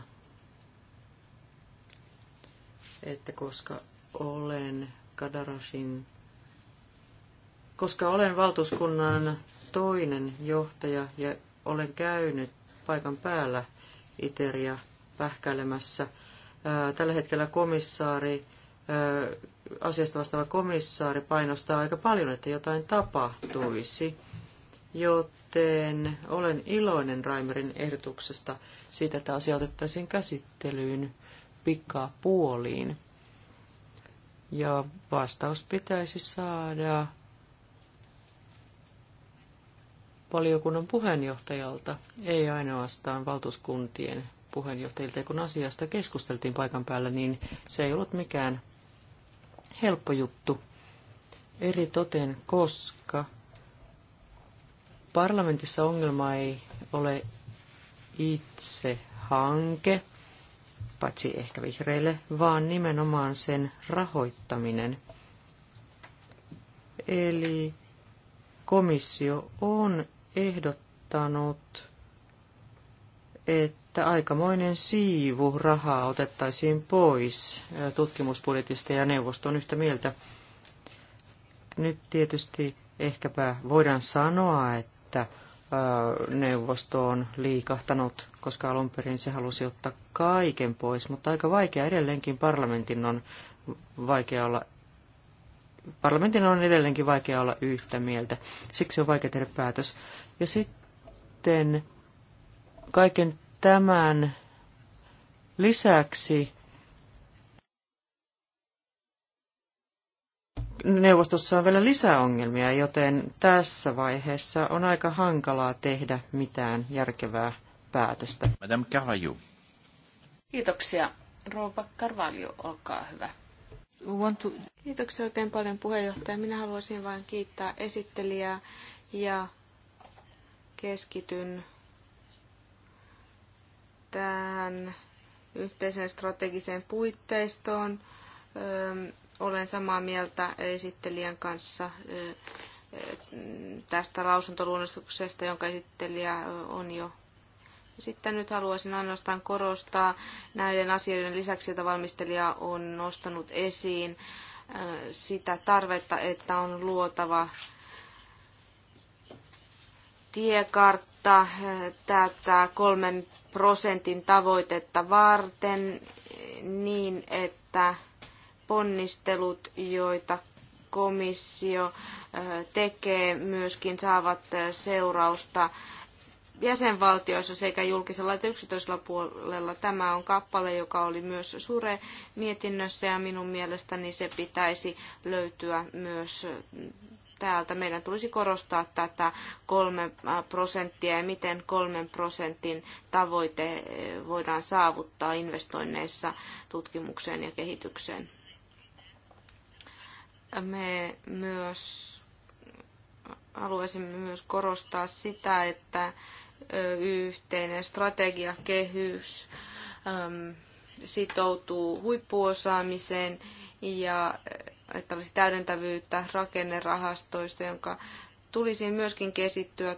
C: että koska olen Kadarashin, koska olen valtuuskunnan toinen johtaja ja olen käynyt paikan päällä Iteria pähkäilemässä. Tällä hetkellä komissaari asiasta vastaava komissaari painostaa aika paljon, että jotain tapahtuisi. Joten olen iloinen Raimerin ehdotuksesta siitä, että asia otettaisiin käsittelyyn pikapuoliin. Ja vastaus pitäisi saada valiokunnan puheenjohtajalta, ei ainoastaan valtuuskuntien puheenjohtajilta. Ja kun asiasta keskusteltiin paikan päällä, niin se ei ollut mikään helppo juttu. Eri toten, koska parlamentissa ongelma ei ole itse hanke, paitsi ehkä vihreille, vaan nimenomaan sen rahoittaminen. Eli komissio on ehdottanut että aikamoinen siivu rahaa otettaisiin pois tutkimusbudjetista ja neuvosto on yhtä mieltä. Nyt tietysti ehkäpä voidaan sanoa, että neuvosto on liikahtanut, koska alun perin se halusi ottaa kaiken pois, mutta aika vaikea edelleenkin parlamentin on vaikea olla parlamentin on edelleenkin vaikea olla yhtä mieltä. Siksi on vaikea tehdä päätös. Ja sitten kaiken tämän lisäksi neuvostossa on vielä lisäongelmia, joten tässä vaiheessa on aika hankalaa tehdä mitään järkevää päätöstä. Madame Carvalho.
A: Kiitoksia. Rouva Carvalho, olkaa hyvä.
D: Kiitoksia oikein paljon puheenjohtaja. Minä haluaisin vain kiittää esittelijää ja keskityn tähän yhteiseen strategiseen puitteistoon. Olen samaa mieltä esittelijän kanssa tästä lausuntoluonnostuksesta, jonka esittelijä on jo sitten nyt haluaisin ainoastaan korostaa näiden asioiden lisäksi, joita valmistelija on nostanut esiin, sitä tarvetta, että on luotava tiekartta tätä kolmen prosentin tavoitetta varten niin, että ponnistelut, joita komissio tekee, myöskin saavat seurausta jäsenvaltioissa sekä julkisella että yksityisellä puolella. Tämä on kappale, joka oli myös sure mietinnössä ja minun mielestäni se pitäisi löytyä myös täältä. Meidän tulisi korostaa tätä kolme prosenttia ja miten kolmen prosentin tavoite voidaan saavuttaa investoinneissa tutkimukseen ja kehitykseen. Me myös haluaisimme myös korostaa sitä, että yhteinen strategiakehys sitoutuu huippuosaamiseen ja että olisi täydentävyyttä rakennerahastoista, jonka tulisi myöskin kesittyä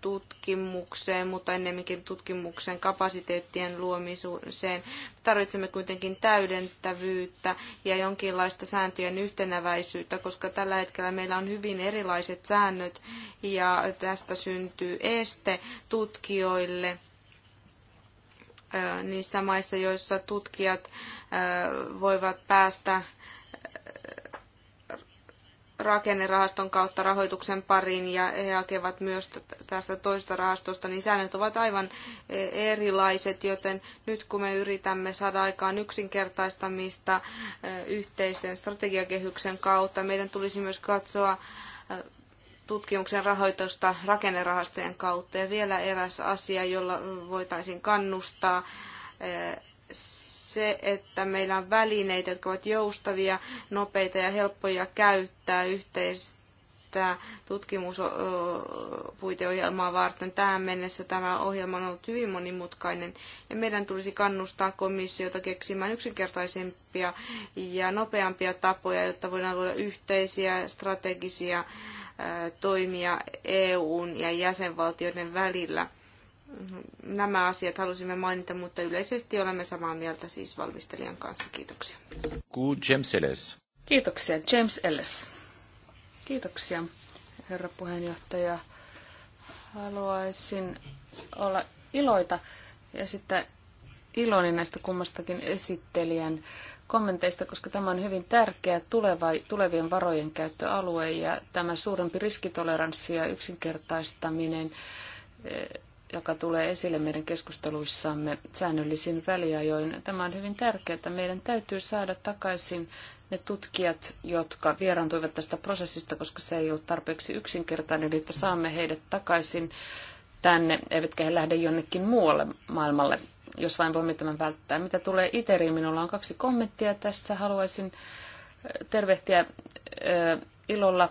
D: tutkimukseen, mutta ennemminkin tutkimuksen kapasiteettien luomiseen. Tarvitsemme kuitenkin täydentävyyttä ja jonkinlaista sääntöjen yhtenäväisyyttä, koska tällä hetkellä meillä on hyvin erilaiset säännöt ja tästä syntyy este tutkijoille niissä maissa, joissa tutkijat voivat päästä rakennerahaston kautta rahoituksen pariin ja he hakevat myös tästä toista rahastosta, niin säännöt ovat aivan e, erilaiset, joten nyt kun me yritämme saada aikaan yksinkertaistamista e, yhteisen strategiakehyksen kautta, meidän tulisi myös katsoa e, tutkimuksen rahoitusta rakennerahastojen kautta. Ja vielä eräs asia, jolla voitaisiin kannustaa se, että meillä on välineitä, jotka ovat joustavia, nopeita ja helppoja käyttää yhteistä tutkimuspuiteohjelmaa varten. Tähän mennessä tämä ohjelma on ollut hyvin monimutkainen ja meidän tulisi kannustaa komissiota keksimään yksinkertaisempia ja nopeampia tapoja, jotta voidaan luoda yhteisiä strategisia toimia EUn ja jäsenvaltioiden välillä – nämä asiat halusimme mainita, mutta yleisesti olemme samaa mieltä siis valmistelijan kanssa. Kiitoksia.
B: James Ellis.
D: Kiitoksia,
A: James Ellis. Kiitoksia, herra puheenjohtaja. Haluaisin olla iloita ja sitten iloinen näistä kummastakin esittelijän kommenteista, koska tämä on hyvin tärkeä tuleva, tulevien varojen käyttöalue ja tämä suurempi riskitoleranssi ja yksinkertaistaminen eh, joka tulee esille meidän keskusteluissamme säännöllisin väliajoin. Tämä on hyvin tärkeää. että Meidän täytyy saada takaisin ne tutkijat, jotka vieraantuivat tästä prosessista, koska se ei ollut tarpeeksi yksinkertainen, eli että saamme heidät takaisin tänne, eivätkä he lähde jonnekin muualle maailmalle, jos vain voimme tämän välttää. Mitä tulee ITERiin, minulla on kaksi kommenttia tässä. Haluaisin äh, tervehtiä äh, ilolla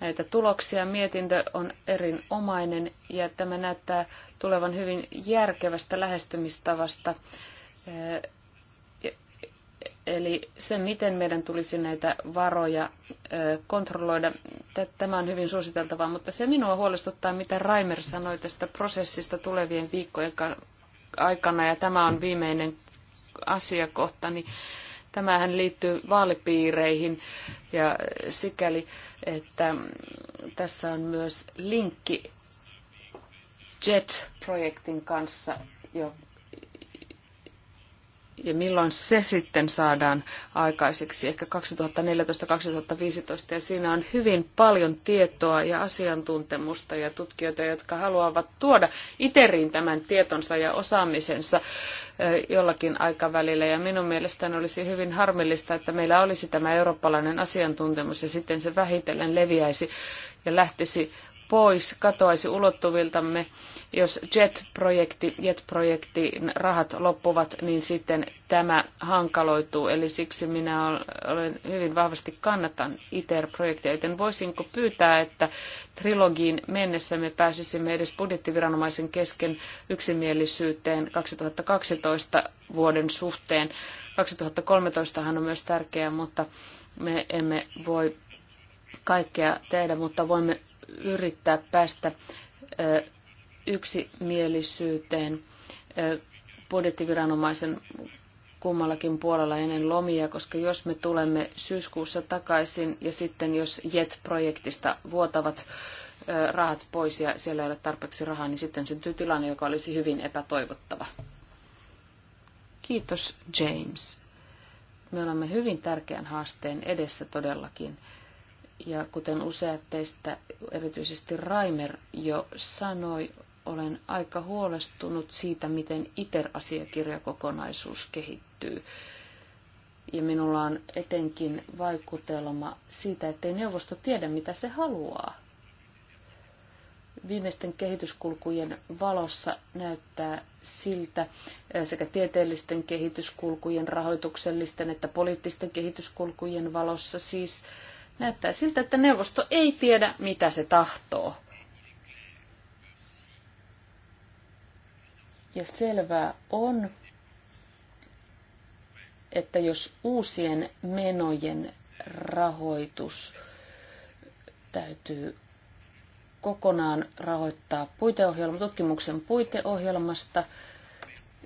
A: näitä tuloksia. Mietintö on erinomainen ja tämä näyttää tulevan hyvin järkevästä lähestymistavasta. Eh, eli se, miten meidän tulisi näitä varoja eh, kontrolloida, tämä on hyvin suositeltavaa, mutta se minua huolestuttaa, mitä Raimer sanoi tästä prosessista tulevien viikkojen aikana, ja tämä on viimeinen asiakohta, niin tämähän liittyy vaalipiireihin, ja sikäli että tässä on myös linkki JET-projektin kanssa, jo, ja milloin se sitten saadaan aikaiseksi, ehkä 2014-2015, ja siinä on hyvin paljon tietoa ja asiantuntemusta ja tutkijoita, jotka haluavat tuoda iteriin tämän tietonsa ja osaamisensa jollakin aikavälillä. Ja minun mielestäni olisi hyvin harmillista, että meillä olisi tämä eurooppalainen asiantuntemus ja sitten se vähitellen leviäisi ja lähtisi pois, katoaisi ulottuviltamme. Jos JET-projekti, JET-projektin rahat loppuvat, niin sitten tämä hankaloituu. Eli siksi minä olen hyvin vahvasti kannatan ITER-projektia. Joten voisinko pyytää, että trilogiin mennessä me pääsisimme edes budjettiviranomaisen kesken yksimielisyyteen 2012 vuoden suhteen. 2013han on myös tärkeää, mutta me emme voi kaikkea tehdä, mutta voimme yrittää päästä yksimielisyyteen budjettiviranomaisen kummallakin puolella ennen lomia, koska jos me tulemme syyskuussa takaisin ja sitten jos JET-projektista vuotavat rahat pois ja siellä ei ole tarpeeksi rahaa, niin sitten syntyy tilanne, joka olisi hyvin epätoivottava. Kiitos James. Me olemme hyvin tärkeän haasteen edessä todellakin. Ja kuten useat teistä, erityisesti Raimer jo sanoi, olen aika huolestunut siitä, miten ITER-asiakirjakokonaisuus kehittyy. Ja minulla on etenkin vaikutelma siitä, ettei neuvosto tiedä, mitä se haluaa. Viimeisten kehityskulkujen valossa näyttää siltä eh, sekä tieteellisten kehityskulkujen, rahoituksellisten että poliittisten kehityskulkujen valossa siis, Näyttää siltä, että neuvosto ei tiedä, mitä se tahtoo. Ja selvää on, että jos uusien menojen rahoitus täytyy kokonaan rahoittaa puiteohjelma, tutkimuksen puiteohjelmasta,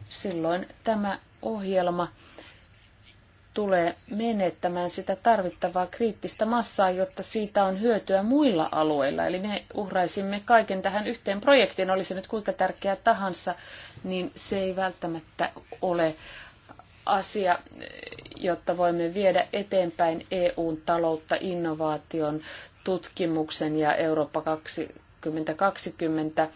A: silloin tämä ohjelma tulee menettämään sitä tarvittavaa kriittistä massaa, jotta siitä on hyötyä muilla alueilla. Eli me uhraisimme kaiken tähän yhteen projektiin, olisi nyt kuinka tärkeä tahansa, niin se ei välttämättä ole asia, jotta voimme viedä eteenpäin EUn taloutta innovaation, tutkimuksen ja Eurooppa 2020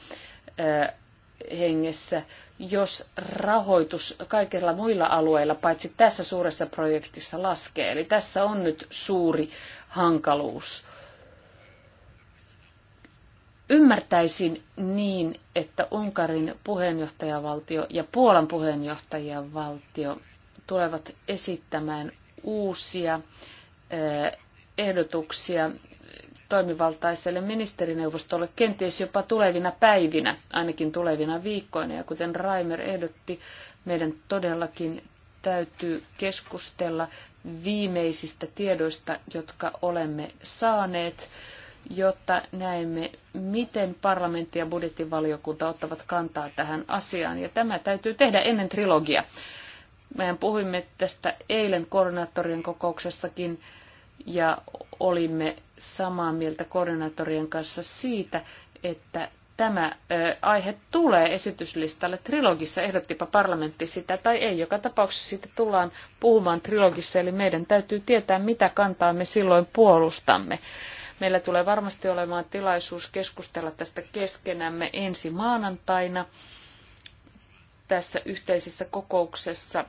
A: hengessä, jos rahoitus kaikilla muilla alueilla, paitsi tässä suuressa projektissa, laskee. Eli tässä on nyt suuri hankaluus. Ymmärtäisin niin, että Unkarin puheenjohtajavaltio ja Puolan puheenjohtajavaltio tulevat esittämään uusia eh, ehdotuksia toimivaltaiselle ministerineuvostolle kenties jopa tulevina päivinä, ainakin tulevina viikkoina. Ja kuten Raimer ehdotti, meidän todellakin täytyy keskustella viimeisistä tiedoista, jotka olemme saaneet, jotta näemme, miten parlamentti ja budjettivaliokunta ottavat kantaa tähän asiaan. Ja tämä täytyy tehdä ennen trilogia. Mehän puhuimme tästä eilen koordinaattorien kokouksessakin ja olimme samaa mieltä koordinaattorien kanssa siitä, että tämä ö, aihe tulee esityslistalle trilogissa, ehdottipa parlamentti sitä tai ei. Joka tapauksessa siitä tullaan puhumaan trilogissa, eli meidän täytyy tietää, mitä kantaa me silloin puolustamme. Meillä tulee varmasti olemaan tilaisuus keskustella tästä keskenämme ensi maanantaina tässä yhteisessä kokouksessa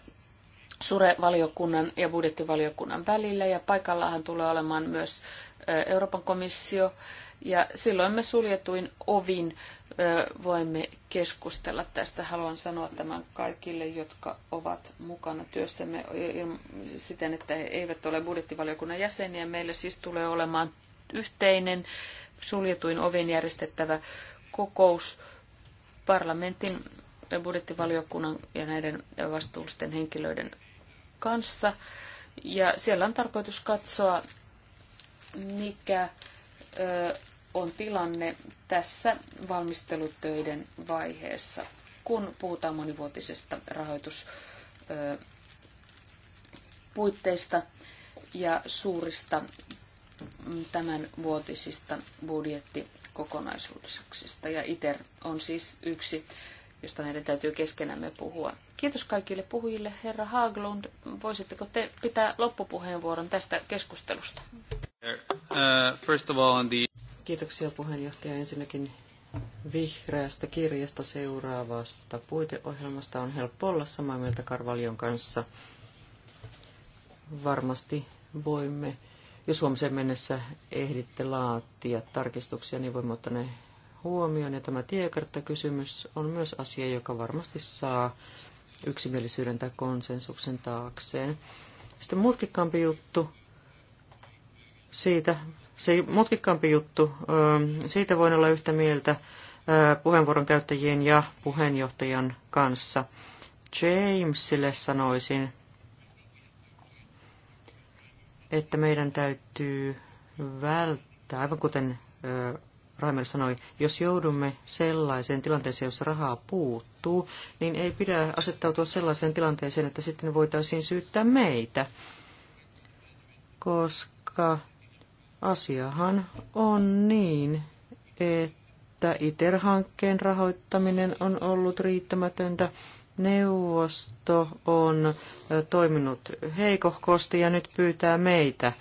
A: Sure-valiokunnan ja budjettivaliokunnan välillä ja paikallahan tulee olemaan myös Euroopan komissio ja silloin me suljetuin ovin voimme keskustella tästä. Haluan sanoa tämän kaikille, jotka ovat mukana työssämme siten, että he eivät ole budjettivaliokunnan jäseniä. Meillä siis tulee olemaan yhteinen suljetuin ovin järjestettävä kokous parlamentin budjettivaliokunnan ja näiden vastuullisten henkilöiden kanssa. Ja siellä on tarkoitus katsoa, mikä ö, on tilanne tässä valmistelutöiden vaiheessa, kun puhutaan monivuotisesta rahoituspuitteista ja suurista mm, tämän vuotisista budjettikokonaisuuksista. Ja ITER on siis yksi josta meidän täytyy keskenämme puhua. Kiitos kaikille puhujille. Herra Haglund, voisitteko te pitää loppupuheenvuoron tästä keskustelusta? Uh, first of all on the...
C: Kiitoksia puheenjohtaja ensinnäkin vihreästä kirjasta seuraavasta puiteohjelmasta on helppo olla samaa mieltä Karvalion kanssa. Varmasti voimme, jos huomiseen mennessä ehditte laatia tarkistuksia, niin voimme ottaa ne huomioon. Ja tämä tiekarttakysymys on myös asia, joka varmasti saa yksimielisyyden tai konsensuksen taakseen. Sitten mutkikkaampi juttu siitä, se mutkikkaampi juttu, siitä voin olla yhtä mieltä puheenvuoron käyttäjien ja puheenjohtajan kanssa. Jamesille sanoisin, että meidän täytyy välttää, aivan kuten Raimer sanoi, jos joudumme sellaiseen tilanteeseen, jossa rahaa puuttuu, niin ei pidä asettautua sellaiseen tilanteeseen, että sitten voitaisiin syyttää meitä, koska asiahan on niin, että ITER-hankkeen rahoittaminen on ollut riittämätöntä. Neuvosto on toiminut heikohkosti ja nyt pyytää meitä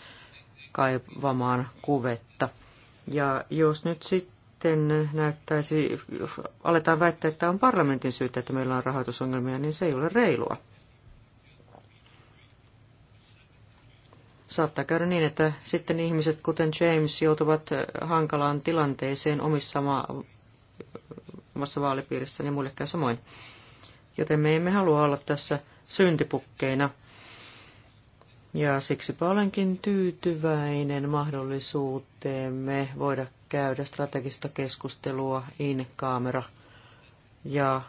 C: kaivamaan kuvetta. Ja jos nyt sitten näyttäisi, aletaan väittää, että on parlamentin syytä, että meillä on rahoitusongelmia, niin se ei ole reilua. Saattaa käydä niin, että sitten ihmiset, kuten James, joutuvat hankalaan tilanteeseen omissa ma- omassa vaalipiirissä, niin muille käy samoin. Joten me emme halua olla tässä syntipukkeina – ja siksi olenkin tyytyväinen mahdollisuuteemme voida käydä strategista keskustelua in camera. Ja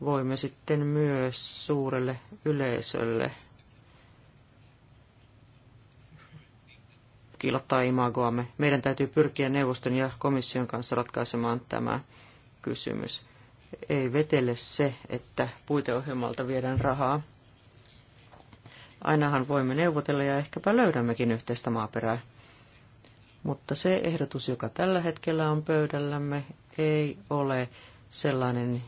C: voimme sitten myös suurelle yleisölle kilottaa imagoamme. Meidän täytyy pyrkiä neuvoston ja komission kanssa ratkaisemaan tämä kysymys. Ei vetele se, että puiteohjelmalta viedään rahaa. Ainahan voimme neuvotella ja ehkäpä löydämmekin yhteistä maaperää. Mutta se ehdotus, joka tällä hetkellä on pöydällämme, ei ole sellainen,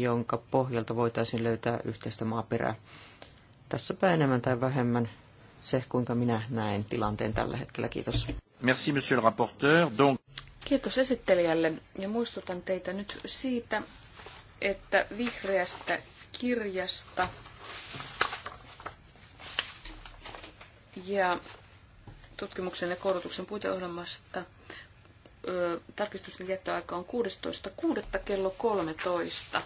C: jonka pohjalta voitaisiin löytää yhteistä maaperää. Tässäpä enemmän tai vähemmän se, kuinka minä näen tilanteen tällä hetkellä. Kiitos.
B: Merci, monsieur le rapporteur. Donc...
A: Kiitos esittelijälle ja muistutan teitä nyt siitä, että vihreästä kirjasta Ja tutkimuksen ja koulutuksen puiteohjelmasta tarkistusten jättöaika on 16.6. kello 13.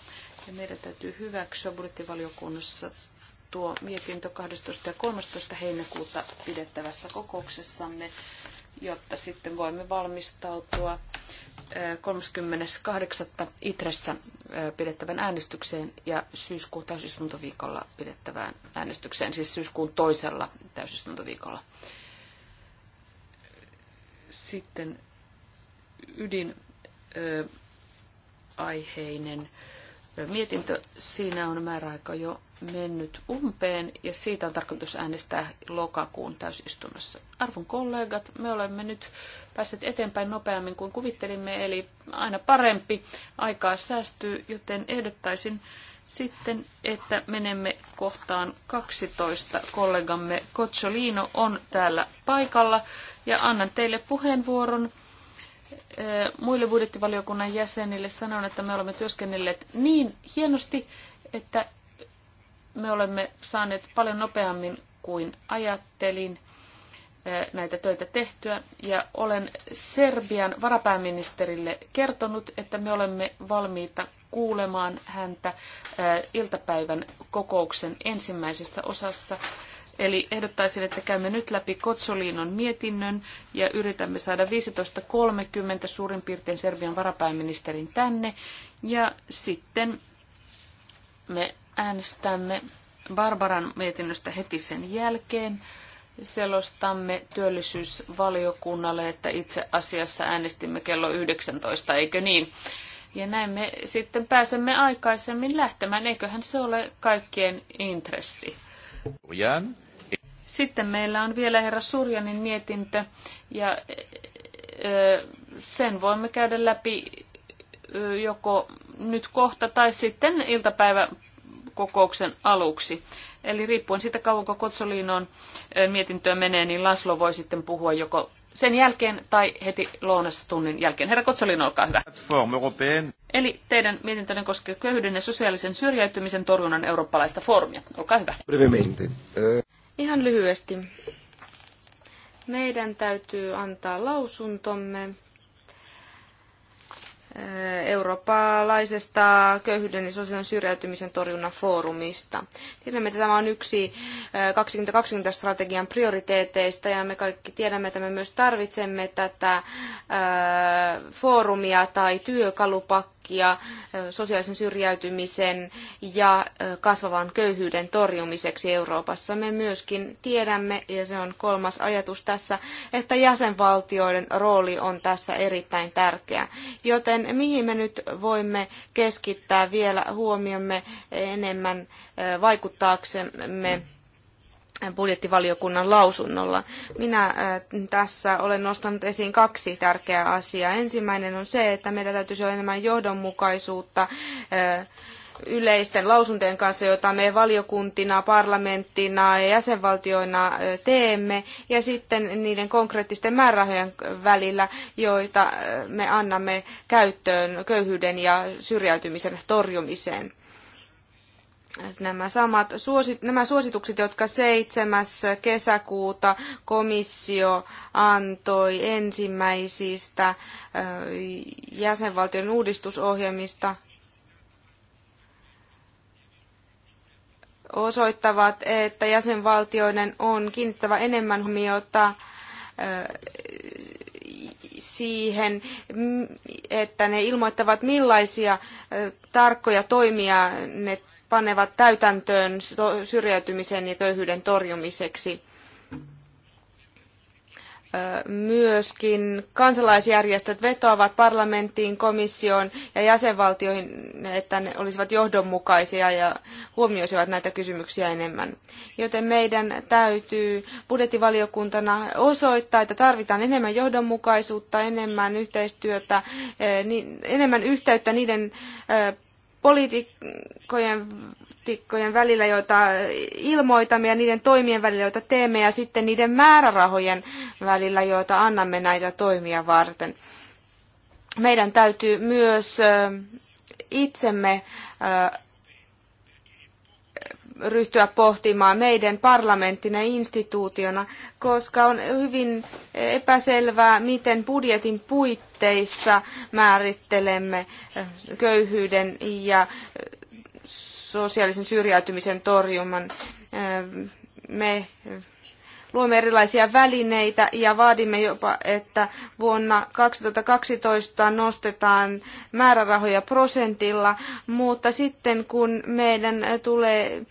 A: Ja meidän täytyy hyväksyä budjettivaliokunnassa tuo mietintö 12. ja 13. heinäkuuta pidettävässä kokouksessamme jotta sitten voimme valmistautua 38. Itressä pidettävän äänestykseen ja syyskuun täysistuntoviikolla pidettävään äänestykseen, siis syyskuun toisella täysistuntoviikolla. Sitten ydinaiheinen aiheinen mietintö. Siinä on määräaika jo mennyt umpeen ja siitä on tarkoitus äänestää lokakuun täysistunnossa. Arvon kollegat, me olemme nyt päässeet eteenpäin nopeammin kuin kuvittelimme, eli aina parempi. Aikaa säästyy, joten ehdottaisin sitten, että menemme kohtaan 12. Kollegamme Kotsoliino on täällä paikalla ja annan teille puheenvuoron muille budjettivaliokunnan jäsenille sanon, että me olemme työskennelleet niin hienosti, että me olemme saaneet paljon nopeammin kuin ajattelin näitä töitä tehtyä. Ja olen Serbian varapääministerille kertonut, että me olemme valmiita kuulemaan häntä iltapäivän kokouksen ensimmäisessä osassa Eli ehdottaisin, että käymme nyt läpi Kotsoliinon mietinnön ja yritämme saada 15.30 suurin piirtein Serbian varapääministerin tänne. Ja sitten me äänestämme Barbaran mietinnöstä heti sen jälkeen. Selostamme työllisyysvaliokunnalle, että itse asiassa äänestimme kello 19, eikö niin? Ja näin me sitten pääsemme aikaisemmin lähtemään, eiköhän se ole kaikkien intressi. Jan. Sitten meillä on vielä herra Surjanin mietintö ja sen voimme käydä läpi joko nyt kohta tai sitten iltapäivän kokouksen aluksi. Eli riippuen siitä kauanko Kotsoliinon mietintöä menee, niin Laslo voi sitten puhua joko sen jälkeen tai heti lounastunnin jälkeen. Herra Kotsolin, olkaa hyvä. Eli teidän mietintönne koskee köyhyyden ja sosiaalisen syrjäytymisen torjunnan eurooppalaista foorumia. Olkaa hyvä.
D: Ihan lyhyesti. Meidän täytyy antaa lausuntomme eh, eurooppalaisesta köyhyyden ja sosiaalisen syrjäytymisen torjunnan foorumista. Tiedämme, että tämä on yksi 2020-strategian eh, prioriteeteista ja me kaikki tiedämme, että me myös tarvitsemme tätä eh, foorumia tai työkalupakkoa takia sosiaalisen syrjäytymisen ja kasvavan köyhyyden torjumiseksi Euroopassa. Me myöskin tiedämme, ja se on kolmas ajatus tässä, että jäsenvaltioiden rooli on tässä erittäin tärkeä. Joten mihin me nyt voimme keskittää vielä huomiomme enemmän vaikuttaaksemme budjettivaliokunnan lausunnolla. Minä tässä olen nostanut esiin kaksi tärkeää asiaa. Ensimmäinen on se, että meillä täytyisi olla enemmän johdonmukaisuutta yleisten lausuntojen kanssa, joita me valiokuntina, parlamenttina ja jäsenvaltioina teemme, ja sitten niiden konkreettisten määrärahojen välillä, joita me annamme käyttöön köyhyyden ja syrjäytymisen torjumiseen nämä samat suosit, nämä suositukset, jotka 7. kesäkuuta komissio antoi ensimmäisistä jäsenvaltion uudistusohjelmista, osoittavat, että jäsenvaltioiden on kiinnittävä enemmän huomiota siihen, että ne ilmoittavat millaisia tarkkoja toimia ne panevat täytäntöön syrjäytymisen ja köyhyyden torjumiseksi. Myöskin kansalaisjärjestöt vetoavat parlamenttiin, komissioon ja jäsenvaltioihin, että ne olisivat johdonmukaisia ja huomioisivat näitä kysymyksiä enemmän. Joten meidän täytyy budjettivaliokuntana osoittaa, että tarvitaan enemmän johdonmukaisuutta, enemmän yhteistyötä, enemmän yhteyttä niiden poliitikkojen välillä, joita ilmoitamme ja niiden toimien välillä, joita teemme ja sitten niiden määrärahojen välillä, joita annamme näitä toimia varten. Meidän täytyy myös itsemme ryhtyä pohtimaan meidän parlamenttina instituutiona, koska on hyvin epäselvää, miten budjetin puitteissa määrittelemme eh, köyhyyden ja eh, sosiaalisen syrjäytymisen torjuman. Eh, me luomme erilaisia välineitä ja vaadimme jopa, että vuonna 2012 nostetaan määrärahoja prosentilla, mutta sitten kun meidän tulee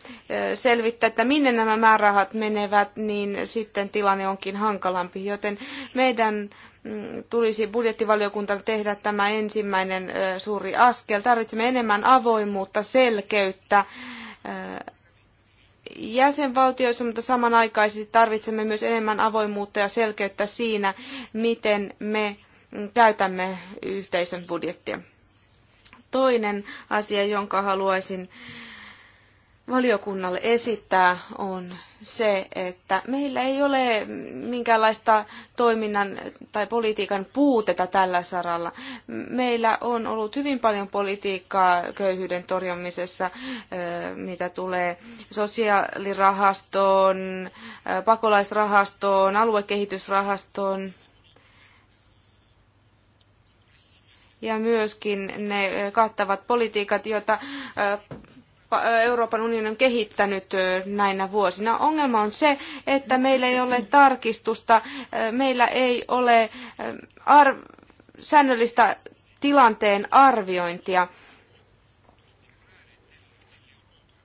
D: selvittää, että minne nämä määrärahat menevät, niin sitten tilanne onkin hankalampi, joten meidän mm, tulisi budjettivaliokunta tehdä tämä ensimmäinen suuri askel. Tarvitsemme enemmän avoimuutta, selkeyttä jäsenvaltioissa, mutta samanaikaisesti tarvitsemme myös enemmän avoimuutta ja selkeyttä siinä, miten me käytämme yhteisön budjettia. Toinen asia, jonka haluaisin valiokunnalle esittää, on se, että meillä ei ole minkäänlaista toiminnan tai politiikan puutetta tällä saralla. Meillä on ollut hyvin paljon politiikkaa köyhyyden torjumisessa, mitä tulee sosiaalirahastoon, pakolaisrahastoon, aluekehitysrahastoon. Ja myöskin ne kattavat politiikat, joita Euroopan unioni on kehittänyt näinä vuosina. Ongelma on se, että meillä ei ole tarkistusta, meillä ei ole ar- säännöllistä tilanteen arviointia.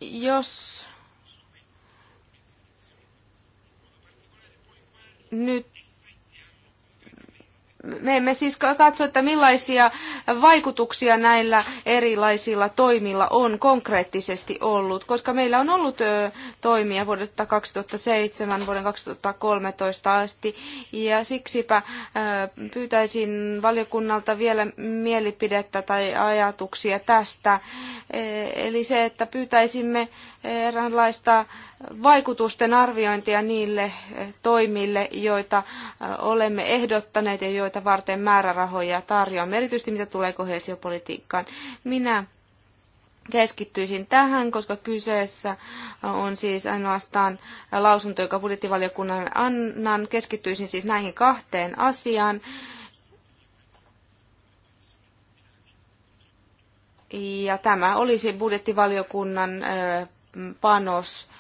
D: Jos nyt me emme siis katso, että millaisia vaikutuksia näillä erilaisilla toimilla on konkreettisesti ollut, koska meillä on ollut toimia vuodesta 2007 vuoden 2013 asti, ja siksipä pyytäisin valiokunnalta vielä mielipidettä tai ajatuksia tästä. E, eli se, että pyytäisimme eräänlaista vaikutusten arviointia niille toimille, joita olemme ehdottaneet ja joita varten määrärahoja tarjoamme, erityisesti mitä tulee kohesiopolitiikkaan. Minä keskittyisin tähän, koska kyseessä on siis ainoastaan lausunto, joka budjettivaliokunnalle annan. Keskittyisin siis näihin kahteen asiaan. Ja tämä olisi budjettivaliokunnan panos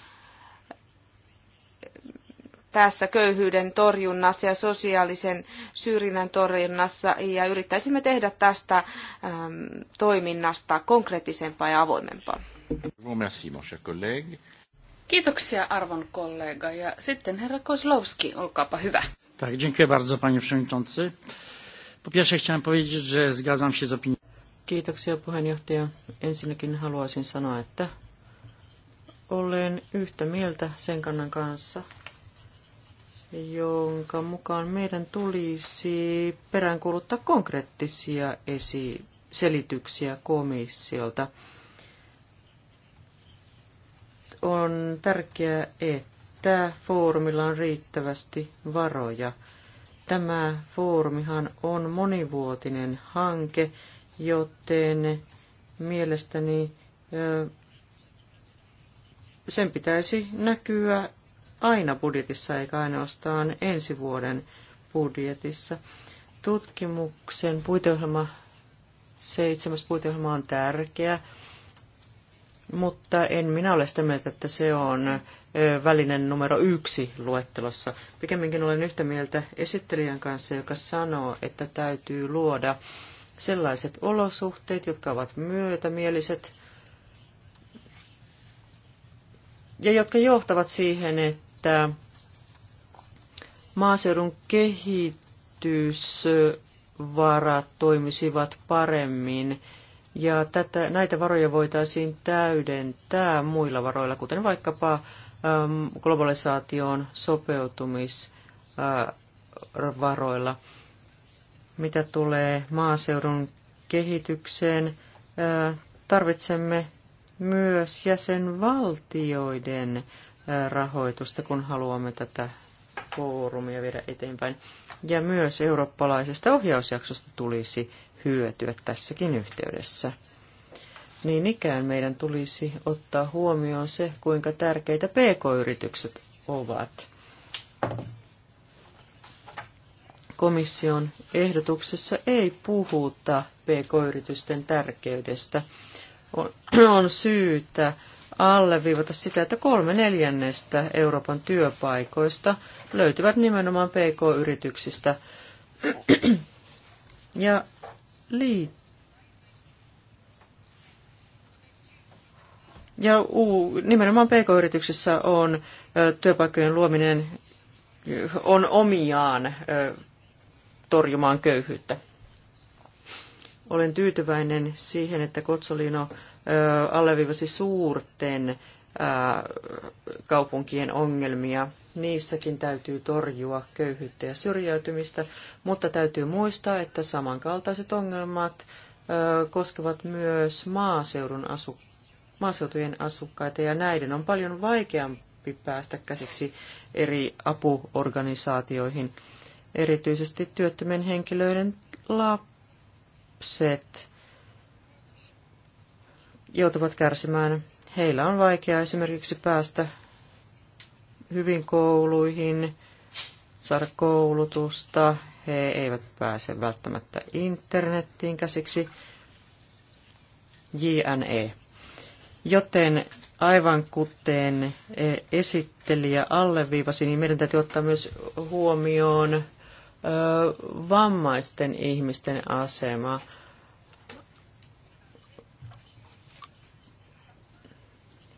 D: tässä köyhyyden torjunnassa ja sosiaalisen syrjinnän torjunnassa ja yrittäisimme tehdä tästä äm, toiminnasta konkreettisempaa ja avoimempaa. Kiitoksia
A: arvon kollega ja sitten herra Kozlowski, olkaapa hyvä.
B: Tak, dziękuję bardzo panie
C: przewodniczący. Po pierwsze chciałem powiedzieć, że zgadzam się z opinią. Kiitoksia puheenjohtaja. Ensinnäkin haluaisin sanoa, että olen yhtä mieltä sen kannan kanssa, jonka mukaan meidän tulisi peräänkuuluttaa konkreettisia esi- selityksiä komissiolta. On tärkeää, että foorumilla on riittävästi varoja. Tämä foorumihan on monivuotinen hanke, joten mielestäni sen pitäisi näkyä aina budjetissa eikä ainoastaan ensi vuoden budjetissa. Tutkimuksen puiteohjelma, seitsemäs puiteohjelma on tärkeä, mutta en minä ole sitä mieltä, että se on välinen numero yksi luettelossa. Pikemminkin olen yhtä mieltä esittelijän kanssa, joka sanoo, että täytyy luoda sellaiset olosuhteet, jotka ovat myötämieliset ja jotka johtavat siihen, että että maaseudun kehitysvarat toimisivat paremmin ja tätä, näitä varoja voitaisiin täydentää muilla varoilla, kuten vaikkapa äm, globalisaation sopeutumisvaroilla. Mitä tulee maaseudun kehitykseen, ää, tarvitsemme myös jäsenvaltioiden rahoitusta, kun haluamme tätä foorumia viedä eteenpäin. Ja myös eurooppalaisesta ohjausjaksosta tulisi hyötyä tässäkin yhteydessä. Niin ikään meidän tulisi ottaa huomioon se, kuinka tärkeitä pk-yritykset ovat. Komission ehdotuksessa ei puhuta pk-yritysten tärkeydestä. On, on syytä alleviivata sitä, että kolme neljännestä Euroopan työpaikoista löytyvät nimenomaan PK-yrityksistä. ja lii. Ja uu, nimenomaan PK-yrityksissä on ö, työpaikkojen luominen on omiaan ö, torjumaan köyhyyttä. Olen tyytyväinen siihen, että Kotsolino alleviivasi suurten kaupunkien ongelmia. Niissäkin täytyy torjua köyhyyttä ja syrjäytymistä, mutta täytyy muistaa, että samankaltaiset ongelmat koskevat myös maaseudun asu, maaseutujen asukkaita, ja näiden on paljon vaikeampi päästä käsiksi eri apuorganisaatioihin. Erityisesti työttömien henkilöiden lapset joutuvat kärsimään. Heillä on vaikeaa esimerkiksi päästä hyvin kouluihin, saada koulutusta, he eivät pääse välttämättä internettiin käsiksi, JNE. Joten aivan kuten e, esittelijä alleviivasi, niin meidän täytyy ottaa myös huomioon vammaisten ihmisten asema.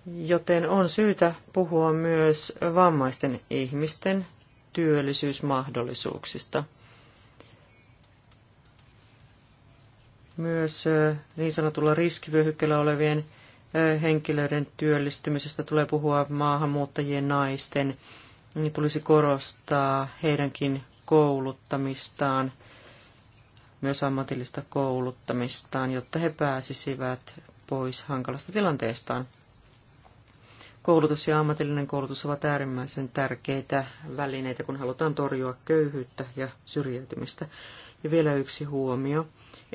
C: Joten on syytä puhua myös vammaisten ihmisten työllisyysmahdollisuuksista. Myös niin sanotulla riskivyöhykkeellä olevien henkilöiden työllistymisestä tulee puhua maahanmuuttajien naisten. Niin tulisi korostaa heidänkin kouluttamistaan, myös ammatillista kouluttamistaan, jotta he pääsisivät pois hankalasta tilanteestaan. Koulutus ja ammatillinen koulutus ovat äärimmäisen tärkeitä välineitä, kun halutaan torjua köyhyyttä ja syrjäytymistä. Ja vielä yksi huomio.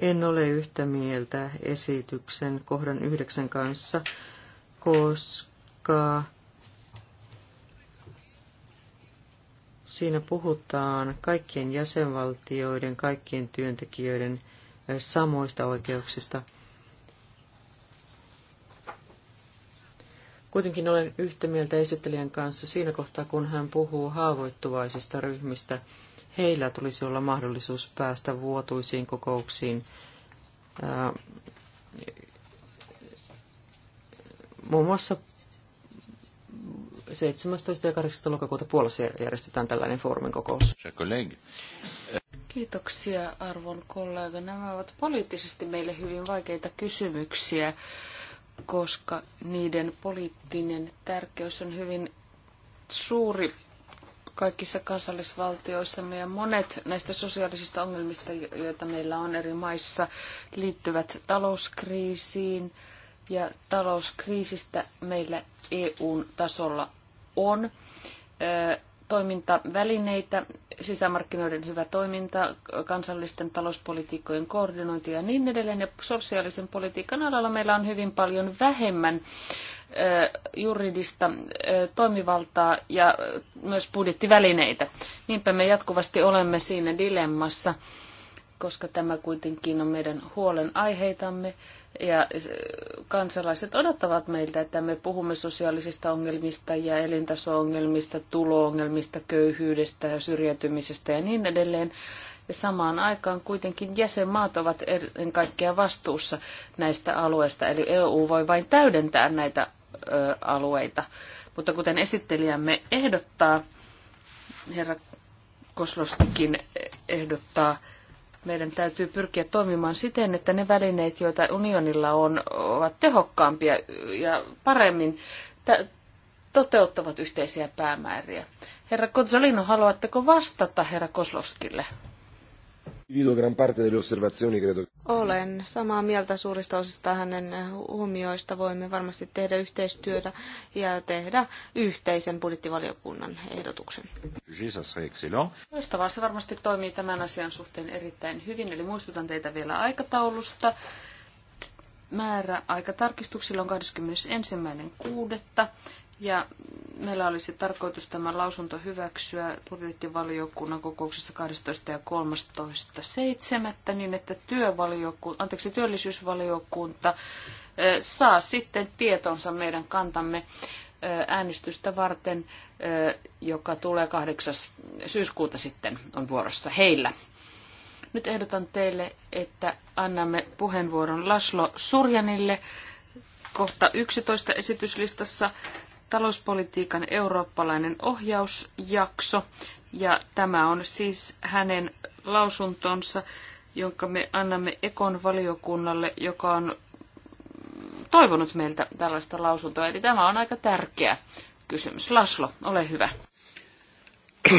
C: En ole yhtä mieltä esityksen kohdan yhdeksän kanssa, koska siinä puhutaan kaikkien jäsenvaltioiden, kaikkien työntekijöiden samoista oikeuksista – Kuitenkin olen yhtä mieltä esittelijän kanssa siinä kohtaa, kun hän puhuu haavoittuvaisista ryhmistä. Heillä tulisi olla mahdollisuus päästä vuotuisiin kokouksiin. Ää, muun muassa 17. ja 18. lokakuuta Puolassa järjestetään tällainen foorumin kokous.
A: Kiitoksia arvon kollega. Nämä ovat poliittisesti meille hyvin vaikeita kysymyksiä koska niiden poliittinen tärkeys on hyvin suuri kaikissa kansallisvaltioissamme ja monet näistä sosiaalisista ongelmista, joita meillä on eri maissa, liittyvät talouskriisiin ja talouskriisistä meillä EUn tasolla on toimintavälineitä, sisämarkkinoiden hyvä toiminta, kansallisten talouspolitiikkojen koordinointi ja niin edelleen. Ja sosiaalisen politiikan alalla meillä on hyvin paljon vähemmän juridista toimivaltaa ja myös budjettivälineitä. Niinpä me jatkuvasti olemme siinä dilemmassa, koska tämä kuitenkin on meidän huolen aiheitamme ja kansalaiset odottavat meiltä, että me puhumme sosiaalisista ongelmista ja elintaso-ongelmista, tulo-ongelmista, köyhyydestä ja syrjäytymisestä ja niin edelleen. Ja samaan aikaan kuitenkin jäsenmaat ovat ennen kaikkea vastuussa näistä alueista, eli EU voi vain täydentää näitä ö, alueita. Mutta kuten esittelijämme ehdottaa, herra Koslostikin ehdottaa, meidän täytyy pyrkiä toimimaan siten, että ne välineet, joita unionilla on, ovat tehokkaampia ja paremmin toteuttavat yhteisiä päämääriä. Herra Kozolino, haluatteko vastata herra Koslovskille?
D: Olen samaa mieltä suurista osista hänen huomioista. Voimme varmasti tehdä yhteistyötä ja tehdä yhteisen budjettivaliokunnan ehdotuksen.
B: Siis no?
D: Loistavaa, se varmasti toimii tämän asian
A: suhteen erittäin hyvin, eli muistutan teitä vielä aikataulusta. Määrä aikatarkistuksilla on 21.6. Ja meillä olisi tarkoitus tämä lausunto hyväksyä budjettivaliokunnan kokouksessa 12. ja 13.7. niin, että työvaliokunta, anteeksi, työllisyysvaliokunta saa sitten tietonsa meidän kantamme äänestystä varten, joka tulee 8. syyskuuta sitten on vuorossa heillä. Nyt ehdotan teille, että annamme puheenvuoron Laslo Surjanille kohta 11 esityslistassa talouspolitiikan eurooppalainen ohjausjakso. Ja tämä on siis hänen lausuntonsa, jonka me annamme Ekon valiokunnalle, joka on toivonut meiltä tällaista lausuntoa. Eli tämä on aika tärkeä kysymys. Laslo, ole hyvä.